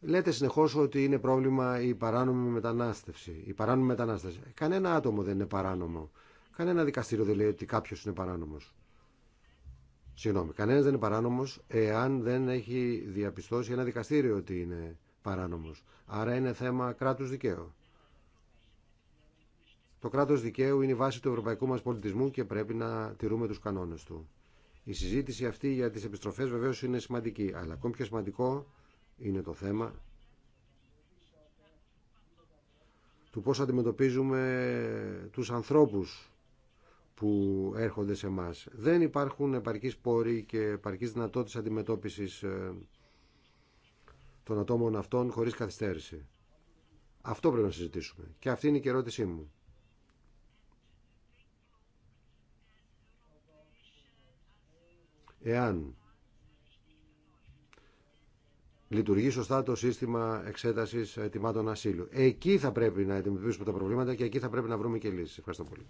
λέτε συνεχώς ότι είναι πρόβλημα η παράνομη μετανάστευση η παράνομη μετανάστευση κανένα άτομο δεν είναι παράνομο κανένα δικαστήριο δεν λέει ότι κάποιος είναι παράνομος Συγγνώμη, κανένα δεν είναι παράνομο εάν δεν έχει διαπιστώσει ένα δικαστήριο ότι είναι παράνομο. Άρα είναι θέμα κράτου δικαίου. Το κράτο δικαίου είναι η βάση του ευρωπαϊκού μα πολιτισμού και πρέπει να τηρούμε του κανόνε του. Η συζήτηση αυτή για τι επιστροφέ βεβαίω είναι σημαντική, αλλά ακόμη πιο σημαντικό είναι το θέμα του πώς αντιμετωπίζουμε τους ανθρώπους που έρχονται σε μας Δεν υπάρχουν επαρκείς πόροι και επαρκείς δυνατότητες αντιμετώπισης ε, των ατόμων αυτών χωρίς καθυστέρηση. Αυτό πρέπει να συζητήσουμε. Και αυτή είναι η ερώτησή μου. Εάν λειτουργεί σωστά το σύστημα εξέτασης ετοιμάτων ασύλου. Εκεί θα πρέπει να αντιμετωπίσουμε τα προβλήματα και εκεί θα πρέπει να βρούμε και λύσεις. Ευχαριστώ πολύ.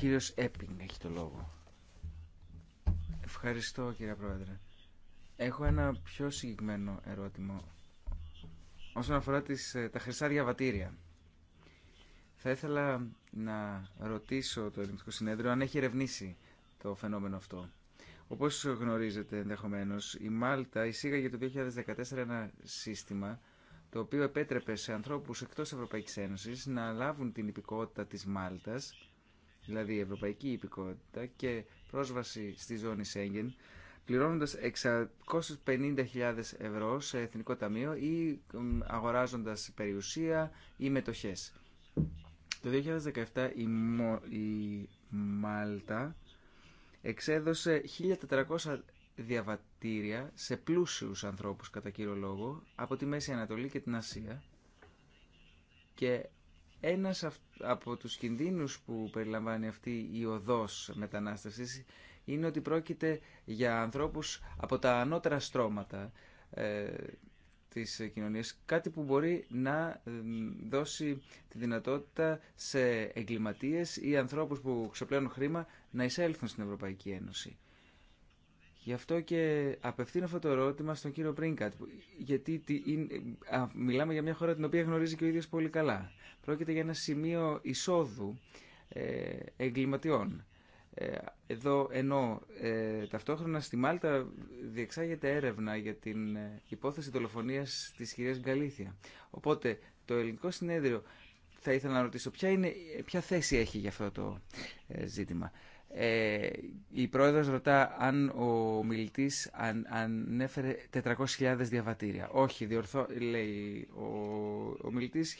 Κύριος Έπινγκ έχει το λόγο. Ευχαριστώ κύριε Πρόεδρε. Έχω ένα πιο συγκεκριμένο ερώτημα όσον αφορά τις, ε, τα χρυσά διαβατήρια. Θα ήθελα να ρωτήσω το Ελληνικό Συνέδριο αν έχει ερευνήσει το φαινόμενο αυτό. Όπως γνωρίζετε ενδεχομένω, η Μάλτα εισήγαγε το 2014 ένα σύστημα το οποίο επέτρεπε σε ανθρώπους εκτός Ευρωπαϊκής Ένωσης να λάβουν την υπηκότητα της Μάλτας δηλαδή η ευρωπαϊκή υπηκότητα και πρόσβαση στη ζώνη Σέγγεν, πληρώνοντας 650.000 ευρώ σε εθνικό ταμείο ή αγοράζοντας περιουσία ή μετοχές. Το 2017 η, η Μάλτα εξέδωσε 1.400 διαβατήρια σε πλούσιους ανθρώπους κατά κύριο λόγο από τη Μέση Ανατολή και την Ασία και ένας από τους κινδύνους που περιλαμβάνει αυτή η οδός μετανάστευσης είναι ότι πρόκειται για ανθρώπους από τα ανώτερα στρώματα ε, της κοινωνίας, κάτι που μπορεί να ε, δώσει τη δυνατότητα σε εγκληματίες ή ανθρώπους που ξεπλένουν χρήμα να εισέλθουν στην Ευρωπαϊκή Ένωση. Γι' αυτό και απευθύνω αυτό το ερώτημα στον κύριο Πρίνκατ. Γιατί μιλάμε για μια χώρα την οποία γνωρίζει και ο ίδιος πολύ καλά. Πρόκειται για ένα σημείο εισόδου ε, εγκληματιών. Ε, εδώ ενώ ε, ταυτόχρονα στη Μάλτα διεξάγεται έρευνα για την υπόθεση δολοφονίας της κυρίας Γκαλήθια. Οπότε το ελληνικό συνέδριο θα ήθελα να ρωτήσω ποια, ποια θέση έχει για αυτό το ζήτημα. Ε, η πρόεδρος ρωτά αν ο μιλητής αν, ανέφερε 400.000 διαβατήρια. Όχι, διορθώ, λέει ο, ο μιλητής,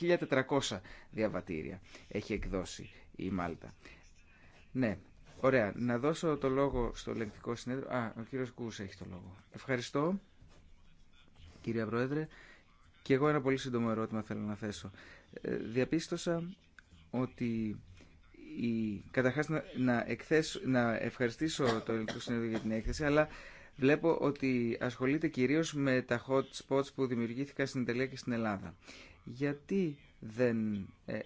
1.400 διαβατήρια έχει εκδώσει η Μάλτα. Ναι, ωραία. Να δώσω το λόγο στο ελεγκτικό συνέδριο. Α, ο κύριος Κούς έχει το λόγο. Ευχαριστώ, κυρία Πρόεδρε. Και εγώ ένα πολύ σύντομο ερώτημα θέλω να θέσω. Ε, διαπίστωσα ότι η, καταρχάς να, εκθέσω, να ευχαριστήσω το Ελληνικό Συνέδριο για την έκθεση, αλλά βλέπω ότι ασχολείται κυρίως με τα hot spots που δημιουργήθηκαν στην Ιταλία και στην Ελλάδα. Γιατί δεν ε,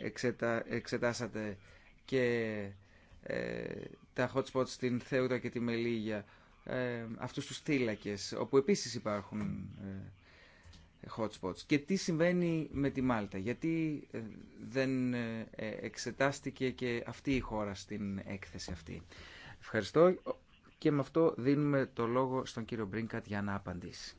εξετάσατε και ε, τα hot spots στην Θέουτα και τη Μελίγια, ε, αυτούς τους θύλακες, όπου επίσης υπάρχουν ε, hotspots. Και τι συμβαίνει με τη Μάλτα, γιατί ε, δεν ε, ε, εξετάστηκε και αυτή η χώρα στην έκθεση αυτή. Ευχαριστώ και με αυτό δίνουμε το λόγο στον κύριο Μπρίνκατ για να απαντήσει.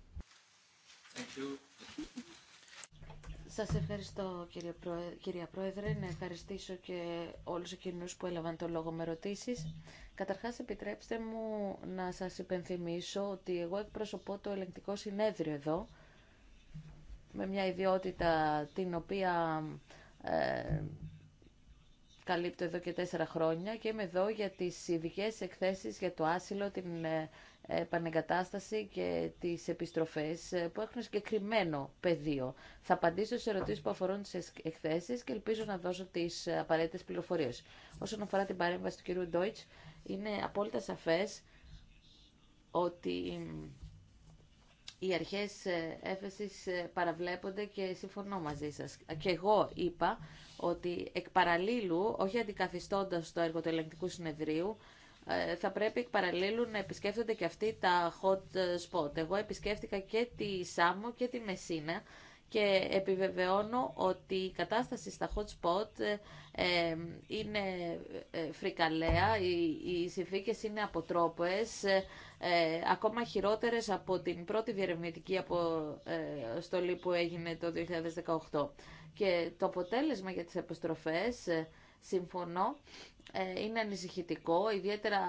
Σας ευχαριστώ κύριε Πρόεδρε, κυρία Πρόεδρε, να ευχαριστήσω και όλους εκείνους που έλαβαν το λόγο με ερωτήσεις. Καταρχάς επιτρέψτε μου να σας υπενθυμίσω ότι εγώ εκπροσωπώ το ελεγκτικό συνέδριο εδώ, με μια ιδιότητα την οποία ε, καλύπτω εδώ και τέσσερα χρόνια και είμαι εδώ για τις ειδικέ εκθέσεις για το άσυλο, την ε, επανεγκατάσταση και τις επιστροφές ε, που έχουν συγκεκριμένο πεδίο. Θα απαντήσω σε ερωτήσεις που αφορούν τις εκθέσεις και ελπίζω να δώσω τις ε, απαραίτητες πληροφορίες. Όσον αφορά την παρέμβαση του κ. Ντόιτς, είναι απόλυτα σαφές ότι οι αρχές ε, έφεσης ε, παραβλέπονται και συμφωνώ μαζί σας. Και εγώ είπα ότι εκ παραλήλου, όχι αντικαθιστώντας το έργο του ελεγκτικού συνεδρίου, ε, θα πρέπει εκ παραλήλου να επισκέφτονται και αυτοί τα hot spot. Εγώ επισκέφτηκα και τη Σάμο και τη Μεσίνα και επιβεβαιώνω ότι η κατάσταση στα hot spot ε, είναι ε, φρικαλέα, οι, οι είναι αποτρόπες, ε, ακόμα χειρότερες από την πρώτη διερευνητική στολή που έγινε το 2018. Και το αποτέλεσμα για τις επιστροφές, συμφωνώ, είναι ανησυχητικό, ιδιαίτερα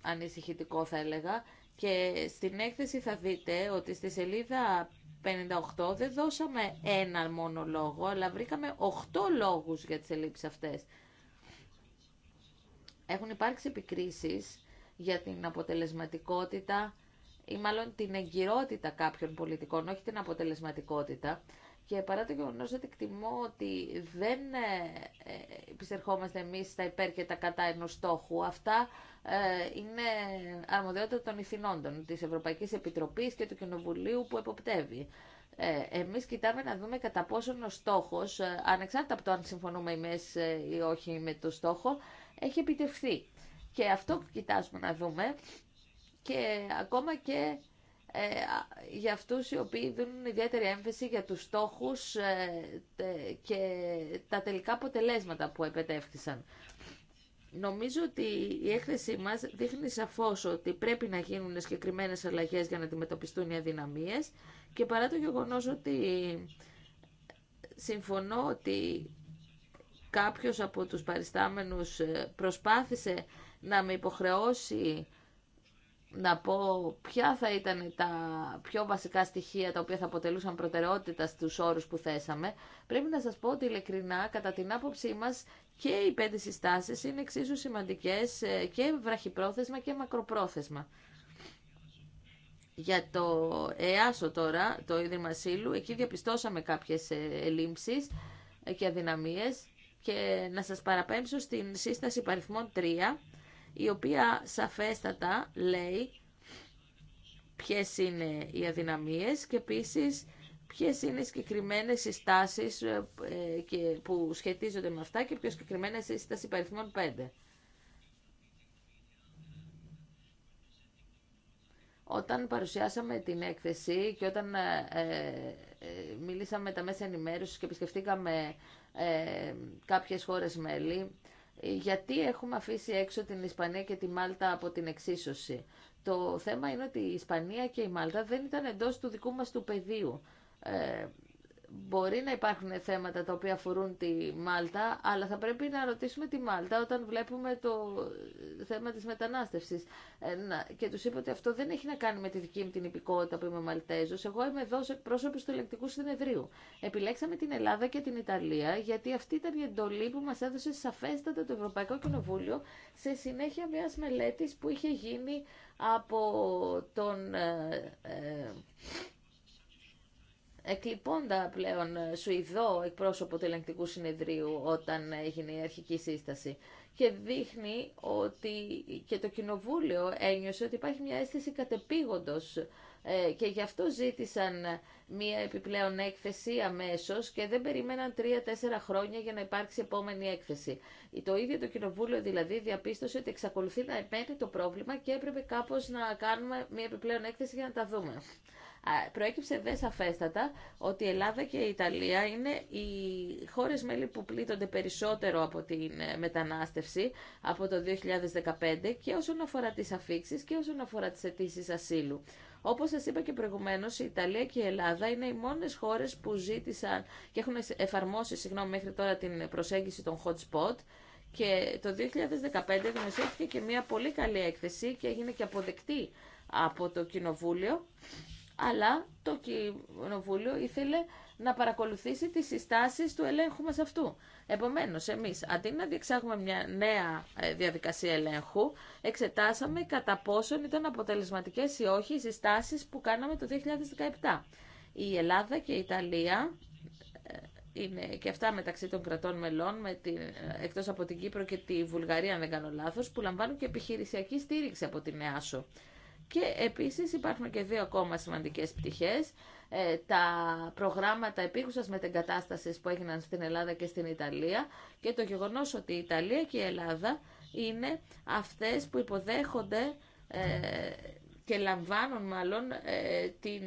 ανησυχητικό θα έλεγα, και στην έκθεση θα δείτε ότι στη σελίδα 58 δεν δώσαμε ένα μόνο λόγο, αλλά βρήκαμε 8 λόγους για τις ελλείψεις αυτές. Έχουν υπάρξει επικρίσεις για την αποτελεσματικότητα ή μάλλον την εγκυρότητα κάποιων πολιτικών, όχι την αποτελεσματικότητα. Και παρά το γεγονό ότι εκτιμώ ότι δεν ε, ε, επισερχόμαστε εμεί στα υπέρ και τα κατά ενό στόχου, αυτά ε, είναι αρμοδιότητα των ηθινόντων, τη Ευρωπαϊκή Επιτροπή και του Κοινοβουλίου που εποπτεύει. Ε, εμείς κοιτάμε να δούμε κατά πόσον ο στόχος, ανεξάρτητα από το αν συμφωνούμε εμείς ή όχι με το στόχο, έχει επιτευχθεί. Και αυτό που κοιτάζουμε να δούμε και ακόμα και ε, για αυτούς οι οποίοι δίνουν ιδιαίτερη έμφαση για τους στόχους ε, και τα τελικά αποτελέσματα που επετεύχθησαν. Νομίζω ότι η έκθεσή μας δείχνει σαφώς ότι πρέπει να γίνουν συγκεκριμένε αλλαγές για να αντιμετωπιστούν οι αδυναμίες και παρά το γεγονός ότι συμφωνώ ότι κάποιος από τους παριστάμενους ε, προσπάθησε να με υποχρεώσει να πω ποια θα ήταν τα πιο βασικά στοιχεία τα οποία θα αποτελούσαν προτεραιότητα στους όρους που θέσαμε, πρέπει να σας πω ότι ειλικρινά, κατά την άποψή μας, και οι πέντε συστάσεις είναι εξίσου σημαντικές ε, και βραχυπρόθεσμα και μακροπρόθεσμα. Για το ΕΑΣΟ τώρα, το Ίδρυμα Σύλλου, εκεί διαπιστώσαμε κάποιες ε, ελλείψεις ε, και αδυναμίες και να σας παραπέμψω στην σύσταση παριθμών 3, η οποία σαφέστατα λέει ποιες είναι οι αδυναμίες και επίσης ποιες είναι οι συγκεκριμένες συστάσεις ε, που σχετίζονται με αυτά και πιο συγκεκριμένα σύσταση παριθμών 5. Όταν παρουσιάσαμε την έκθεση και όταν ε, ε, μιλήσαμε με τα μέσα ενημέρωσης και επισκεφτήκαμε ε, κάποιες χώρες μέλη, γιατί έχουμε αφήσει έξω την Ισπανία και τη Μάλτα από την εξίσωση. Το θέμα είναι ότι η Ισπανία και η Μάλτα δεν ήταν εντός του δικού μας του πεδίου. Ε, μπορεί να υπάρχουν θέματα τα οποία αφορούν τη Μάλτα, αλλά θα πρέπει να ρωτήσουμε τη Μάλτα όταν βλέπουμε το θέμα της μετανάστευσης. Ε, και τους είπα ότι αυτό δεν έχει να κάνει με τη δική μου την υπηκότητα που είμαι Μαλτέζος. Εγώ είμαι εδώ πρόσωπος του ελεκτικού συνεδρίου. Επιλέξαμε την Ελλάδα και την Ιταλία, γιατί αυτή ήταν η εντολή που μας έδωσε σαφέστατα το Ευρωπαϊκό Κοινοβούλιο σε συνέχεια μιας μελέτης που είχε γίνει από τον... Ε, ε, εκλειπώντα πλέον ε, Σουηδό εκπρόσωπο του ελεγκτικού συνεδρίου όταν έγινε η αρχική σύσταση και δείχνει ότι και το Κοινοβούλιο ένιωσε ότι υπάρχει μια αίσθηση κατεπήγοντος ε, και γι' αυτό ζήτησαν μία επιπλέον έκθεση αμέσως και δεν περιμέναν τρία-τέσσερα χρόνια για να υπάρξει επόμενη έκθεση. Το ίδιο το Κοινοβούλιο δηλαδή διαπίστωσε ότι εξακολουθεί να επέμει το πρόβλημα και έπρεπε κάπως να κάνουμε μία επιπλέον έκθεση για να τα δούμε. Προέκυψε δε σαφέστατα ότι η Ελλάδα και η Ιταλία είναι οι χώρες μέλη που πλήττονται περισσότερο από την ε, μετανάστευση από το 2015 και όσον αφορά τις αφήξεις και όσον αφορά τις αιτήσει ασύλου. Όπω σα είπα και προηγουμένω, η Ιταλία και η Ελλάδα είναι οι μόνε χώρε που ζήτησαν και έχουν εφαρμόσει συγγνώμη, μέχρι τώρα την προσέγγιση των hot spot και το 2015 γνωσήθηκε και μια πολύ καλή έκθεση και έγινε και αποδεκτή από το Κοινοβούλιο αλλά το Κοινοβούλιο ήθελε να παρακολουθήσει τις συστάσεις του ελέγχου μας αυτού. Επομένως, εμείς, αντί να διεξάγουμε μια νέα ε, διαδικασία ελέγχου, εξετάσαμε κατά πόσον ήταν αποτελεσματικές ή όχι οι συστάσεις που κάναμε το 2017. Η Ελλάδα και η Ιταλία ε, είναι και αυτά μεταξύ των κρατών μελών, με την, ε, εκτός από την Κύπρο και τη Βουλγαρία, αν δεν κάνω λάθος, που λαμβάνουν και επιχειρησιακή στήριξη από την ΕΑΣΟ. Και επίσης υπάρχουν και δύο ακόμα σημαντικές πτυχές. Ε, τα προγράμματα επίκουσας μετεγκατάστασης που έγιναν στην Ελλάδα και στην Ιταλία και το γεγονός ότι η Ιταλία και η Ελλάδα είναι αυτές που υποδέχονται ε, και λαμβάνουν μάλλον ε, την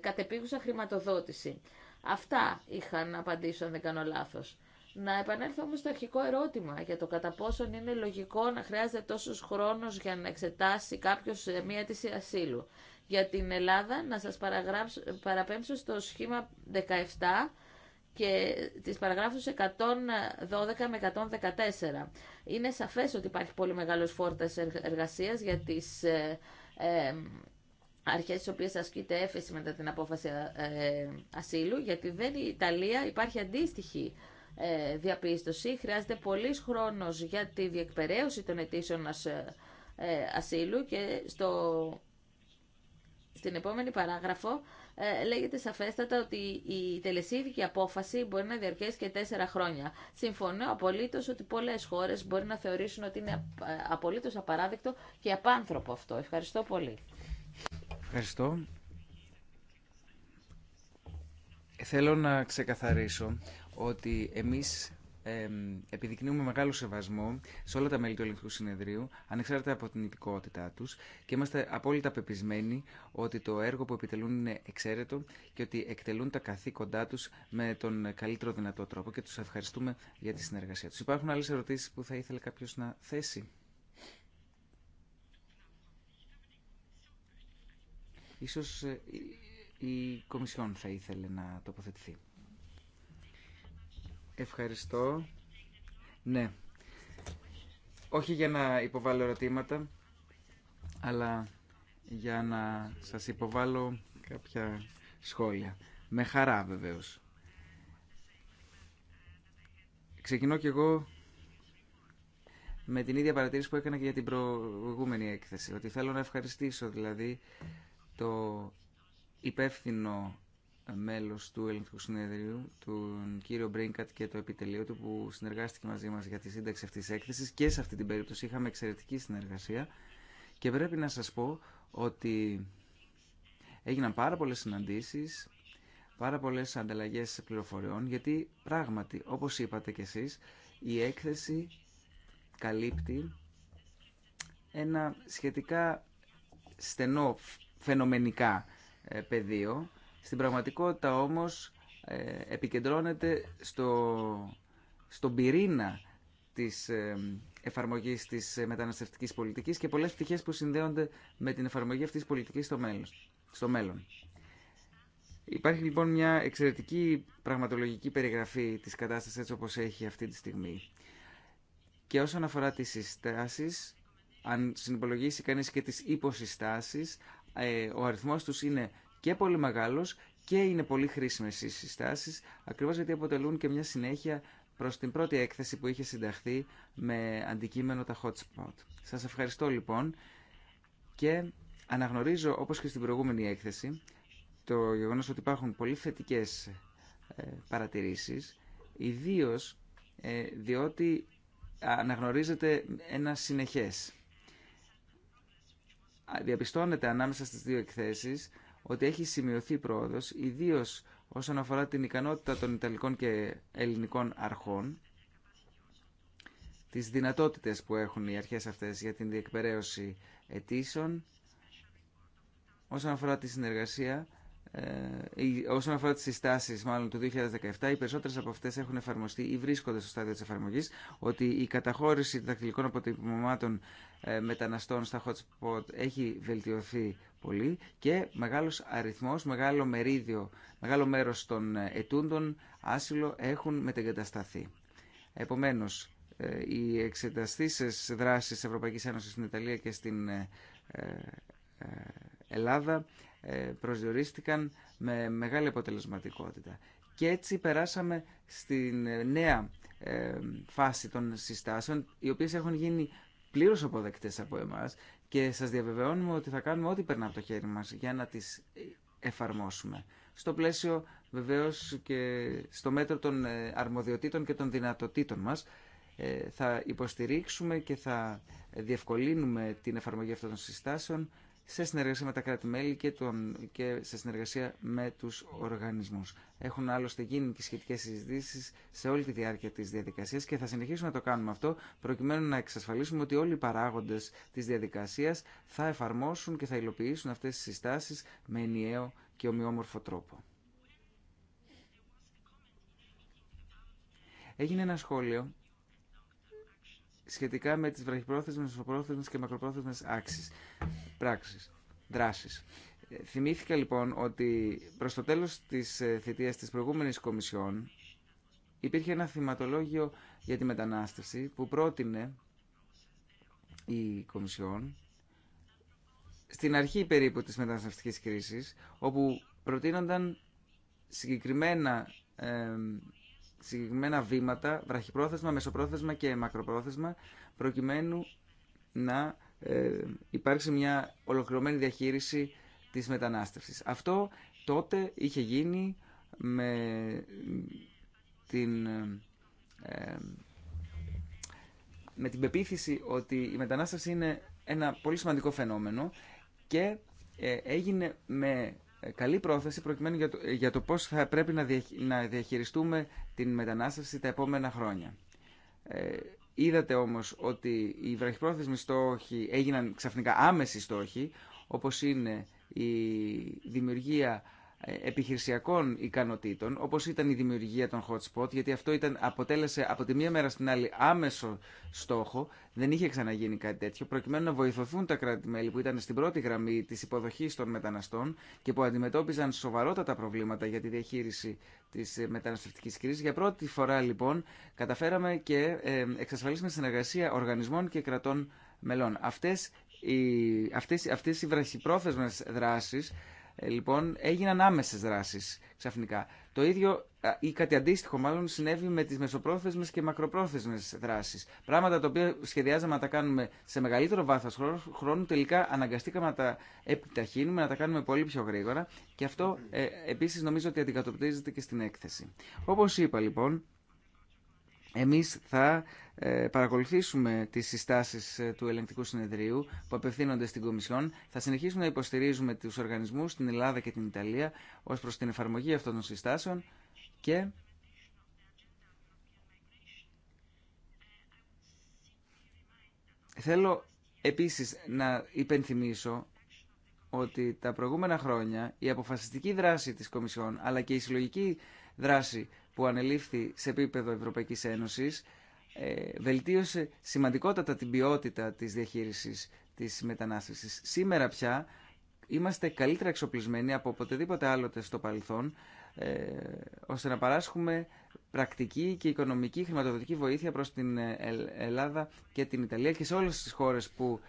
κατεπίγουσα χρηματοδότηση. Αυτά είχαν να απαντήσω αν δεν κάνω λάθος. Να επανέλθω όμως στο αρχικό ερώτημα για το κατά πόσον είναι λογικό να χρειάζεται τόσος χρόνος για να εξετάσει κάποιος ε, μία αίτηση ασύλου. Για την Ελλάδα να σας παραπέμψω στο σχήμα 17 και τις παραγράφους 112 με 114. Είναι σαφές ότι υπάρχει πολύ μεγάλος φόρτας εργασίας για τις ε, ε, αρχές τις οποίες ασκείται έφεση μετά την απόφαση ε, ε, ασύλου, γιατί δεν η Ιταλία υπάρχει αντίστοιχη ε, διαπίστωση. Χρειάζεται πολλής χρόνος για τη διεκπαιρέωση των αιτήσεων ε, ε, ασύλου και στο στην επόμενη παράγραφο λέγεται σαφέστατα ότι η τελεσίδικη απόφαση μπορεί να διαρκέσει και τέσσερα χρόνια. Συμφωνώ απολύτω ότι πολλέ χώρε μπορεί να θεωρήσουν ότι είναι απολύτω απαράδεκτο και απάνθρωπο αυτό. Ευχαριστώ πολύ. Ευχαριστώ. Θέλω να ξεκαθαρίσω ότι εμείς επιδεικνύουμε μεγάλο σεβασμό σε όλα τα μέλη του Ελληνικού Συνεδρίου, ανεξάρτητα από την υπηκότητά τους και είμαστε απόλυτα πεπισμένοι ότι το έργο που επιτελούν είναι εξαίρετο και ότι εκτελούν τα καθήκοντά τους με τον καλύτερο δυνατό τρόπο και τους ευχαριστούμε για τη συνεργασία τους. Υπάρχουν άλλες ερωτήσεις που θα ήθελε κάποιος να θέσει. Ίσως ε, η Κομισιόν θα ήθελε να τοποθετηθεί. Ευχαριστώ. Ναι. Όχι για να υποβάλω ερωτήματα, αλλά για να σας υποβάλω κάποια σχόλια. Με χαρά βεβαίως. Ξεκινώ κι εγώ με την ίδια παρατήρηση που έκανα και για την προηγούμενη έκθεση. Ότι θέλω να ευχαριστήσω δηλαδή το υπεύθυνο μέλος του Ελληνικού Συνέδριου, τον κύριο Μπρίνκατ και το επιτελείο του που συνεργάστηκε μαζί μας για τη σύνταξη αυτής της έκθεσης και σε αυτή την περίπτωση είχαμε εξαιρετική συνεργασία και πρέπει να σας πω ότι έγιναν πάρα πολλές συναντήσεις, πάρα πολλές ανταλλαγές πληροφοριών γιατί πράγματι, όπως είπατε κι εσείς, η έκθεση καλύπτει ένα σχετικά στενό φαινομενικά ε, πεδίο στην πραγματικότητα όμως ε, επικεντρώνεται στο, στον πυρήνα της ε, εφαρμογής της μεταναστευτικής πολιτικής και πολλές πτυχές που συνδέονται με την εφαρμογή αυτής της πολιτικής στο μέλλον. Στο μέλλον. Υπάρχει λοιπόν μια εξαιρετική πραγματολογική περιγραφή της κατάστασης έτσι όπως έχει αυτή τη στιγμή. Και όσον αφορά τις συστάσεις, αν συνυπολογίσει κανείς και τις υποσυστάσεις, ε, ο αριθμός τους είναι και πολύ μεγάλο και είναι πολύ χρήσιμε οι συστάσεις, ακριβώς γιατί αποτελούν και μια συνέχεια προς την πρώτη έκθεση που είχε συνταχθεί με αντικείμενο τα hotspot. Σας ευχαριστώ λοιπόν και αναγνωρίζω όπως και στην προηγούμενη έκθεση το γεγονός ότι υπάρχουν πολύ θετικές ε, παρατηρήσεις, ιδίως ε, διότι αναγνωρίζεται ένα συνεχές. Διαπιστώνεται ανάμεσα στις δύο εκθέσεις ότι έχει σημειωθεί πρόοδος, ιδίω όσον αφορά την ικανότητα των Ιταλικών και Ελληνικών αρχών, τις δυνατότητες που έχουν οι αρχές αυτές για την διεκπαιρέωση αιτήσεων, όσον αφορά τη συνεργασία ε, όσον αφορά τι συστάσει μάλλον του 2017, οι περισσότερε από αυτέ έχουν εφαρμοστεί ή βρίσκονται στο στάδιο τη εφαρμογή. Ότι η καταχώρηση δακτυλικών αποτυπωμάτων ε, μεταναστών στα hotspot έχει βελτιωθεί πολύ και μεγάλος αριθμός, μεγάλο μερίδιο, μεγάλο μέρος των ε, ετούντων άσυλο έχουν μετεγκατασταθεί. Επομένως, οι εξεταστήσει δράσεις της Ευρωπαϊκής Ένωσης στην Ιταλία και στην Ελλάδα ε, προσδιορίστηκαν με μεγάλη αποτελεσματικότητα. Και έτσι περάσαμε στην ε, νέα ε, φάση των συστάσεων, οι οποίες έχουν γίνει πλήρως αποδεκτές από εμάς και σας διαβεβαιώνουμε ότι θα κάνουμε ό,τι περνά από το χέρι μας για να τις εφαρμόσουμε. Στο πλαίσιο βεβαίως και στο μέτρο των αρμοδιοτήτων και των δυνατοτήτων μας θα υποστηρίξουμε και θα διευκολύνουμε την εφαρμογή αυτών των συστάσεων σε συνεργασία με τα κράτη-μέλη και, και σε συνεργασία με τους οργανισμούς. Έχουν άλλωστε γίνει και σχετικές συζητήσει σε όλη τη διάρκεια της διαδικασίας και θα συνεχίσουμε να το κάνουμε αυτό προκειμένου να εξασφαλίσουμε ότι όλοι οι παράγοντες της διαδικασίας θα εφαρμόσουν και θα υλοποιήσουν αυτές τις συστάσεις με ενιαίο και ομοιόμορφο τρόπο. Έγινε ένα σχόλιο σχετικά με τις βραχυπρόθεσμες, μεσοπρόθεσμες και μακροπρόθεσμες άξεις, πράξεις, δράσεις. Ε, θυμήθηκα λοιπόν ότι προς το τέλος της ε, θητείας της προηγούμενης Κομισιόν υπήρχε ένα θυματολόγιο για τη μετανάστευση που πρότεινε η Κομισιόν στην αρχή περίπου της μεταναστευτικής κρίσης όπου προτείνονταν συγκεκριμένα συγκεκριμένα βήματα, βραχυπρόθεσμα, μεσοπρόθεσμα και μακροπρόθεσμα, προκειμένου να ε, υπάρξει μια ολοκληρωμένη διαχείριση της μετανάστευσης. Αυτό τότε είχε γίνει με την, ε, με την πεποίθηση ότι η μετανάστευση είναι ένα πολύ σημαντικό φαινόμενο και ε, έγινε με ε, καλή πρόθεση προκειμένου για το, ε, για πώς θα πρέπει να, διαχειριστούμε την μετανάστευση τα επόμενα χρόνια. Ε, είδατε όμως ότι οι βραχυπρόθεσμοι στόχοι έγιναν ξαφνικά άμεση στόχοι, όπως είναι η δημιουργία επιχειρησιακών ικανοτήτων, όπως ήταν η δημιουργία των hotspot, γιατί αυτό ήταν, αποτέλεσε από τη μία μέρα στην άλλη άμεσο στόχο, δεν είχε ξαναγίνει κάτι τέτοιο, προκειμένου να βοηθωθούν τα κράτη-μέλη που ήταν στην πρώτη γραμμή της υποδοχής των μεταναστών και που αντιμετώπιζαν σοβαρότατα προβλήματα για τη διαχείριση της ε, μεταναστευτικής κρίσης. Για πρώτη φορά λοιπόν καταφέραμε και ε, εξασφαλίσουμε συνεργασία οργανισμών και κρατών μελών. Αυτές οι, αυτές, αυτές οι βραχυπρόθεσμες δράσεις ε, λοιπόν, έγιναν άμεσες δράσεις ξαφνικά. Το ίδιο ή κάτι αντίστοιχο μάλλον συνέβη με τις μεσοπρόθεσμες και μακροπρόθεσμες δράσεις. Πράγματα τα οποία σχεδιάζαμε να τα κάνουμε σε μεγαλύτερο βάθος χρόνου, τελικά αναγκαστήκαμε να τα επιταχύνουμε, να τα κάνουμε πολύ πιο γρήγορα και αυτό ε, επίσης νομίζω ότι αντικατοπτρίζεται και στην έκθεση. Όπως είπα λοιπόν, εμείς θα ε, παρακολουθήσουμε τις συστάσεις ε, του ελεγκτικού συνεδρίου που απευθύνονται στην Κομισιόν. Θα συνεχίσουμε να υποστηρίζουμε τους οργανισμούς στην Ελλάδα και την Ιταλία ως προς την εφαρμογή αυτών των συστάσεων και θέλω επίσης να υπενθυμίσω ότι τα προηγούμενα χρόνια η αποφασιστική δράση της Κομισιόν αλλά και η συλλογική δράση που ανελήφθη σε επίπεδο Ευρωπαϊκής Ένωσης ε, βελτίωσε σημαντικότατα την ποιότητα της διαχείρισης της μετανάστευσης. Σήμερα πια είμαστε καλύτερα εξοπλισμένοι από οποτεδήποτε άλλοτε στο παρελθόν ε, ώστε να παράσχουμε πρακτική και οικονομική χρηματοδοτική βοήθεια προς την ε, Ελλάδα και την Ιταλία και σε όλες τις χώρες που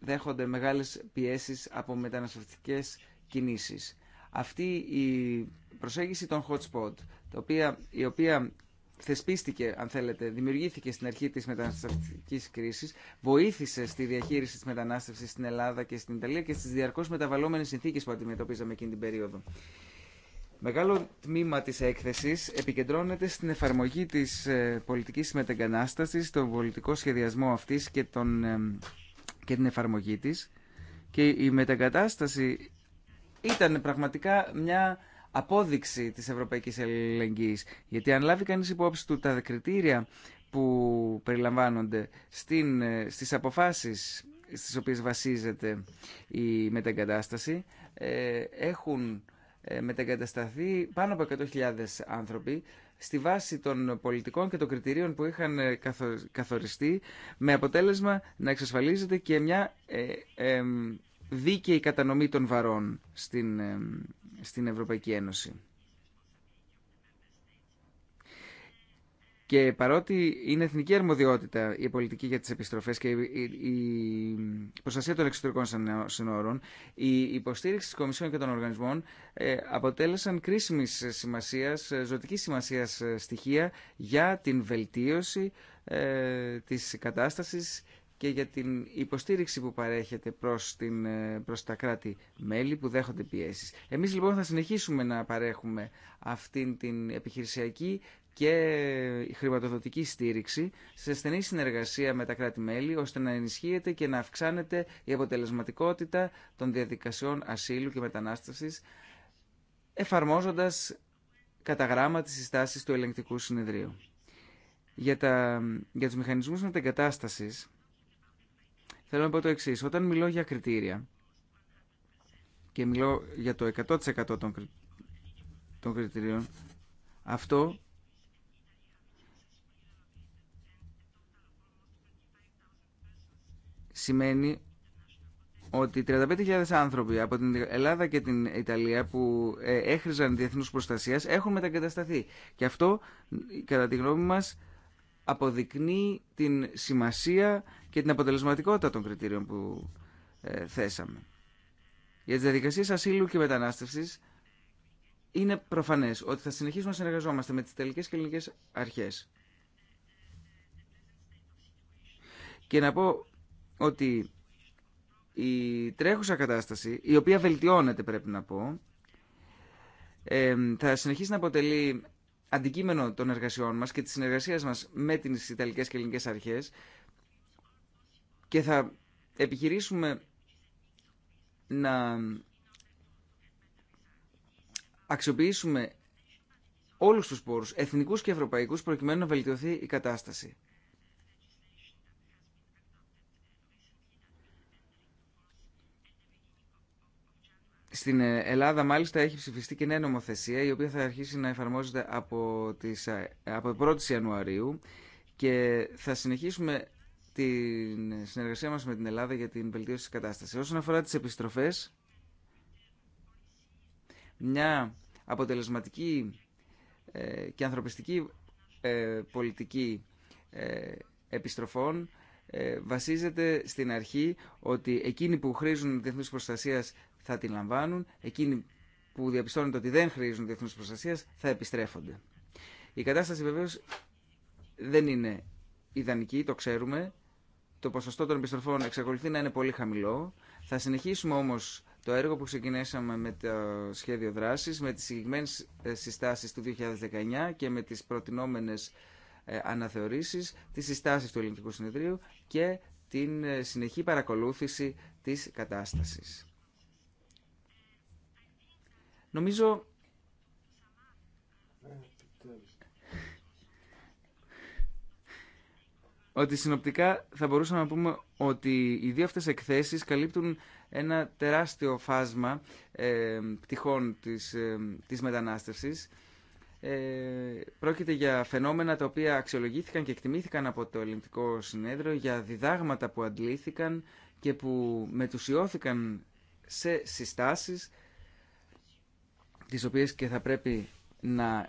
δέχονται μεγάλες πιέσεις από μεταναστευτικές κινήσεις. Αυτή η προσέγγιση των hot spot η οποία, η οποία θεσπίστηκε, αν θέλετε, δημιουργήθηκε στην αρχή της μεταναστευτικής κρίσης, βοήθησε στη διαχείριση της μετανάστευσης στην Ελλάδα και στην Ιταλία και στις διαρκώς μεταβαλλόμενες συνθήκες που αντιμετωπίζαμε εκείνη την περίοδο. Μεγάλο τμήμα της έκθεσης επικεντρώνεται στην εφαρμογή της ε, πολιτικής μετεγκανάστασης, τον πολιτικό σχεδιασμό αυτής και, τον, ε, και την εφαρμογή της. Και η μετεγκατάσταση ήταν πραγματικά μια απόδειξη της ευρωπαϊκής Ελληνική, Γιατί αν λάβει κανεί υπόψη του τα κριτήρια που περιλαμβάνονται στην, ε, στις αποφάσεις στις οποίες βασίζεται η μεταγκατάσταση ε, έχουν ε, μεταγκατασταθεί πάνω από 100.000 άνθρωποι στη βάση των πολιτικών και των κριτηρίων που είχαν καθοριστεί με αποτέλεσμα να εξασφαλίζεται και μια δίκαιη κατανομή των βαρών στην στην Ευρωπαϊκή Ένωση. Και παρότι είναι εθνική αρμοδιότητα η πολιτική για τις επιστροφές και η προστασία των εξωτερικών συνόρων, η υποστήριξη της Κομισιόν και των οργανισμών ε, αποτέλεσαν κρίσιμης σημασίας, ε, ζωτικής σημασίας ε, στοιχεία για την βελτίωση της κατάστασης και για την υποστήριξη που παρέχεται προς, την, ε, προς τα κράτη-μέλη που δέχονται πιέσεις. Εμείς λοιπόν θα συνεχίσουμε να παρέχουμε αυτή την επιχειρησιακή και χρηματοδοτική στήριξη σε στενή συνεργασία με τα κράτη-μέλη ώστε να ενισχύεται και να αυξάνεται η αποτελεσματικότητα των διαδικασιών ασύλου και μετανάστευσης εφαρμόζοντας κατά γράμμα τις συστάσεις του ελεγκτικού συνεδρίου. Για, τα, για τους μηχανισμούς Θέλω να πω το εξή. Όταν μιλώ για κριτήρια και μιλώ για το 100% των, των κριτηρίων, αυτό σημαίνει ότι 35.000 άνθρωποι από την Ελλάδα και την Ιταλία που ε, έχριζαν διεθνούς προστασίας έχουν μεταγκατασταθεί. Και αυτό, κατά τη γνώμη μας, αποδεικνύει την σημασία και την αποτελεσματικότητα των κριτήριων που ε, θέσαμε. Για τι διαδικασίε ασύλου και μετανάστευση είναι προφανέ ότι θα συνεχίσουμε να συνεργαζόμαστε με τις τελικές και ελληνικέ αρχές. Και να πω ότι η τρέχουσα κατάσταση, η οποία βελτιώνεται πρέπει να πω, ε, θα συνεχίσει να αποτελεί αντικείμενο των εργασιών μας και της συνεργασίας μας με τις Ιταλικές και Ελληνικές Αρχές και θα επιχειρήσουμε να αξιοποιήσουμε όλους τους πόρους, εθνικούς και ευρωπαϊκούς, προκειμένου να βελτιωθεί η κατάσταση. Στην ε, Ελλάδα μάλιστα έχει ψηφιστεί και νέα νομοθεσία η οποία θα αρχίσει να εφαρμόζεται από, τις, ε, από 1η Ιανουαρίου και θα συνεχίσουμε τη συνεργασία μας με την Ελλάδα για την βελτίωση της κατάστασης. Όσον αφορά τις επιστροφές, μια αποτελεσματική ε, και ανθρωπιστική πολιτική επιστροφών ε, βασίζεται στην αρχή ότι εκείνοι που χρήζουν διεθνούς προστασίας θα την λαμβάνουν, εκείνοι που διαπιστώνεται ότι δεν χρήζουν διεθνούς προστασίας θα επιστρέφονται. Η κατάσταση βεβαίως δεν είναι ιδανική, το ξέρουμε. Το ποσοστό των επιστροφών εξακολουθεί να είναι πολύ χαμηλό. Θα συνεχίσουμε όμως το έργο που ξεκινήσαμε με το σχέδιο δράσης, με τις συγκεκριμένες συστάσεις του 2019 και με τις προτινόμενες ε, αναθεωρήσεις, τις συστάσεις του Ελληνικού Συνεδρίου και την ε, συνεχή παρακολούθηση της κατάστασης. Νομίζω ότι συνοπτικά θα μπορούσαμε να πούμε ότι οι δύο αυτές εκθέσεις καλύπτουν ένα τεράστιο φάσμα ε, πτυχών της, ε, της μετανάστευσης ε, πρόκειται για φαινόμενα τα οποία αξιολογήθηκαν και εκτιμήθηκαν από το Ελληνικό Συνέδριο, για διδάγματα που αντλήθηκαν και που μετουσιώθηκαν σε συστάσεις, τις οποίες και θα πρέπει να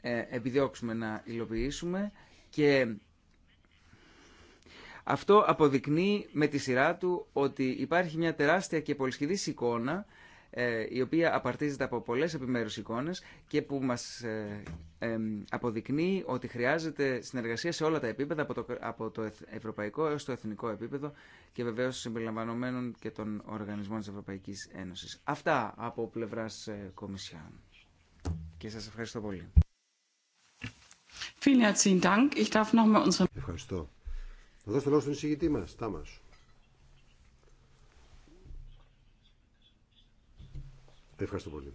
ε, επιδιώξουμε να υλοποιήσουμε και αυτό αποδεικνύει με τη σειρά του ότι υπάρχει μια τεράστια και πολυσχηδής εικόνα ε, η οποία απαρτίζεται από πολλές επιμέρους εικόνες και που μας ε, ε, αποδεικνύει ότι χρειάζεται συνεργασία σε όλα τα επίπεδα, από το, από το ευρωπαϊκό έως το εθνικό επίπεδο και βεβαίως συμπεριλαμβανομένων και των οργανισμών της Ευρωπαϊκής Ένωσης. Αυτά από πλευράς Κομισιάν. Και σας ευχαριστώ πολύ. Ευχαριστώ. Να δώσω το λόγο στον εισηγητή μας, Ευχαριστώ πολύ.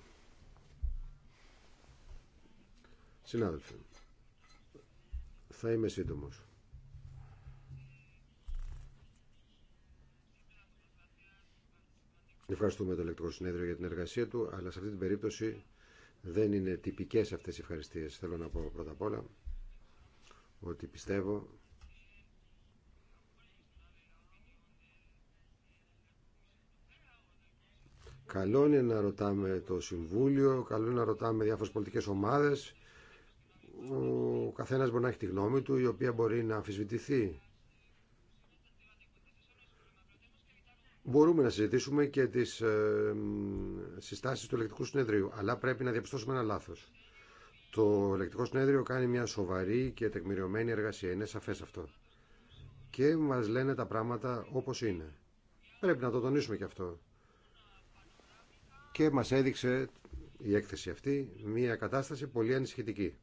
Συνάδελφοι, θα είμαι σύντομος. Ευχαριστούμε το ηλεκτρικό συνέδριο για την εργασία του, αλλά σε αυτή την περίπτωση δεν είναι τυπικές αυτές οι ευχαριστίες. Θέλω να πω πρώτα απ' όλα ότι πιστεύω Καλό είναι να ρωτάμε το Συμβούλιο, καλό είναι να ρωτάμε διάφορες πολιτικές ομάδες. Ο καθένας μπορεί να έχει τη γνώμη του, η οποία μπορεί να αμφισβητηθεί. Μπορούμε να συζητήσουμε και τις ε, συστάσεις του Ελεκτικού Συνεδρίου, αλλά πρέπει να διαπιστώσουμε ένα λάθος. Το Ελεκτικό Συνέδριο κάνει μια σοβαρή και τεκμηριωμένη εργασία. Είναι σαφές αυτό. Και μας λένε τα πράγματα όπως είναι. Πρέπει να το τονίσουμε και αυτό και μας έδειξε η έκθεση αυτή μια κατάσταση πολύ ανησυχητική.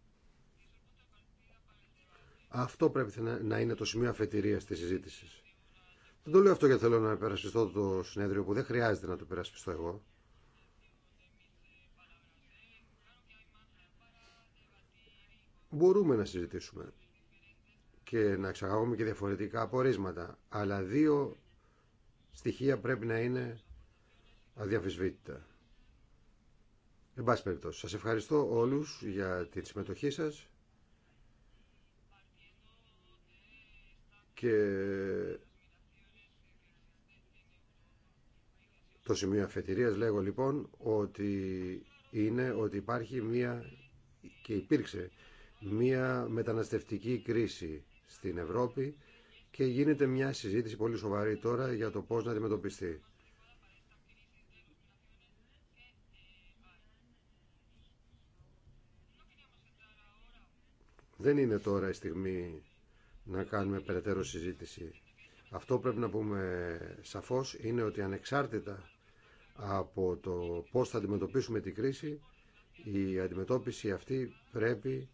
Αυτό πρέπει να είναι το σημείο αφετηρίας της συζήτηση. Δεν το λέω αυτό γιατί θέλω να περασπιστώ το συνέδριο που δεν χρειάζεται να το περασπιστώ εγώ. Μπορούμε να συζητήσουμε και να εξαγάγουμε και διαφορετικά απορίσματα, αλλά δύο στοιχεία πρέπει να είναι αδιαφυσβήτητα. Εν σας ευχαριστώ όλους για τη συμμετοχή σας και το σημείο αφετηρίας λέγω λοιπόν ότι είναι ότι υπάρχει μία και υπήρξε μία μεταναστευτική κρίση στην Ευρώπη και γίνεται μια συζήτηση πολύ σοβαρή τώρα για το πώς να αντιμετωπιστεί. Δεν είναι τώρα η στιγμή να κάνουμε περαιτέρω συζήτηση. Αυτό πρέπει να πούμε σαφώς είναι ότι ανεξάρτητα από το πώς θα αντιμετωπίσουμε την κρίση, η αντιμετώπιση αυτή πρέπει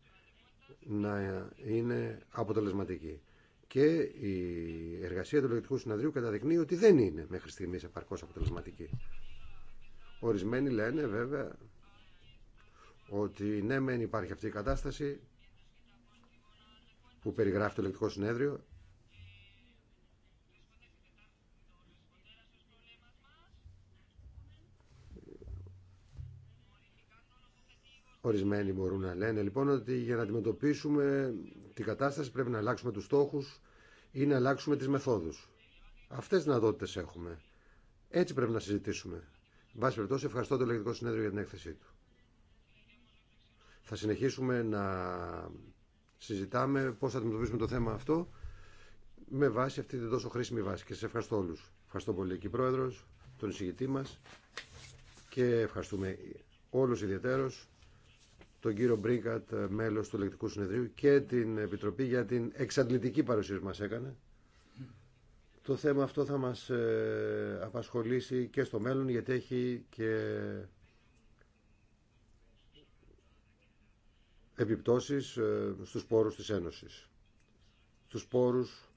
να είναι αποτελεσματική. Και η εργασία του Λογικού Συναδρίου καταδεικνύει ότι δεν είναι μέχρι στιγμής επαρκώς αποτελεσματική. Ορισμένοι λένε βέβαια ότι ναι μεν υπάρχει αυτή η κατάσταση που περιγράφει το ελεκτικό συνέδριο Ορισμένοι μπορούν να λένε λοιπόν ότι για να αντιμετωπίσουμε την κατάσταση πρέπει να αλλάξουμε τους στόχους ή να αλλάξουμε τις μεθόδους. Αυτές τις δυνατότητες έχουμε. Έτσι πρέπει να συζητήσουμε. Εν πάση περιπτώσει ευχαριστώ το Ελεκτικό Συνέδριο για την έκθεσή του. Θα συνεχίσουμε να συζητάμε πώς θα αντιμετωπίσουμε το θέμα αυτό με βάση αυτή την τόσο χρήσιμη βάση. Και σε ευχαριστώ όλου. Ευχαριστώ πολύ και πρόεδρο, τον εισηγητή μα και ευχαριστούμε όλου ιδιαίτερος τον κύριο Μπρίκατ, μέλος του Ελεκτικού Συνεδρίου και την Επιτροπή για την εξαντλητική παρουσία μας έκανε. Το θέμα αυτό θα μας ε, απασχολήσει και στο μέλλον γιατί έχει και επιπτώσεις ε, στους πόρους της Ένωσης, στους πόρους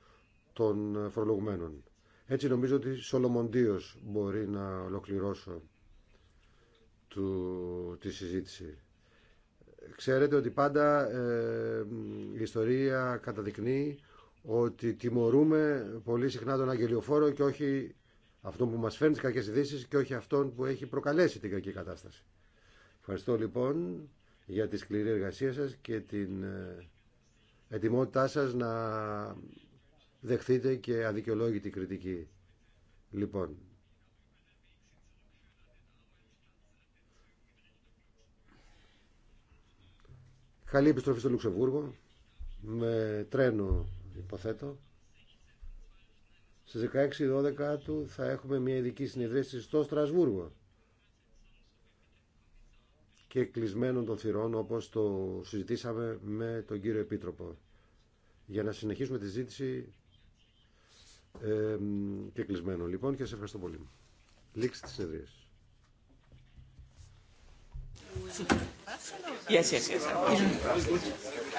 των φορολογουμένων. Έτσι νομίζω ότι σολομοντίως μπορεί να ολοκληρώσω του, τη συζήτηση. Ξέρετε ότι πάντα ε, η ιστορία καταδεικνύει ότι τιμωρούμε πολύ συχνά τον αγγελιοφόρο και όχι αυτόν που μας φέρνει τις κακές ειδήσει και όχι αυτόν που έχει προκαλέσει την κακή κατάσταση. Ευχαριστώ λοιπόν για τη σκληρή εργασία σας και την ε, ετοιμότητά σας να δεχθείτε και αδικαιολόγητη κριτική. Λοιπόν, καλή επιστροφή στο Λουξεμβούργο, με τρένο υποθέτω. Στις 16-12 του θα έχουμε μια ειδική συνεδρίαση στο Στρασβούργο και κλεισμένων των θυρών όπως το συζητήσαμε με τον κύριο Επίτροπο. Για να συνεχίσουμε τη ζήτηση και κλεισμένων λοιπόν και σε ευχαριστώ πολύ. Λήξη της συνεδρίας. Yes, yes, yes.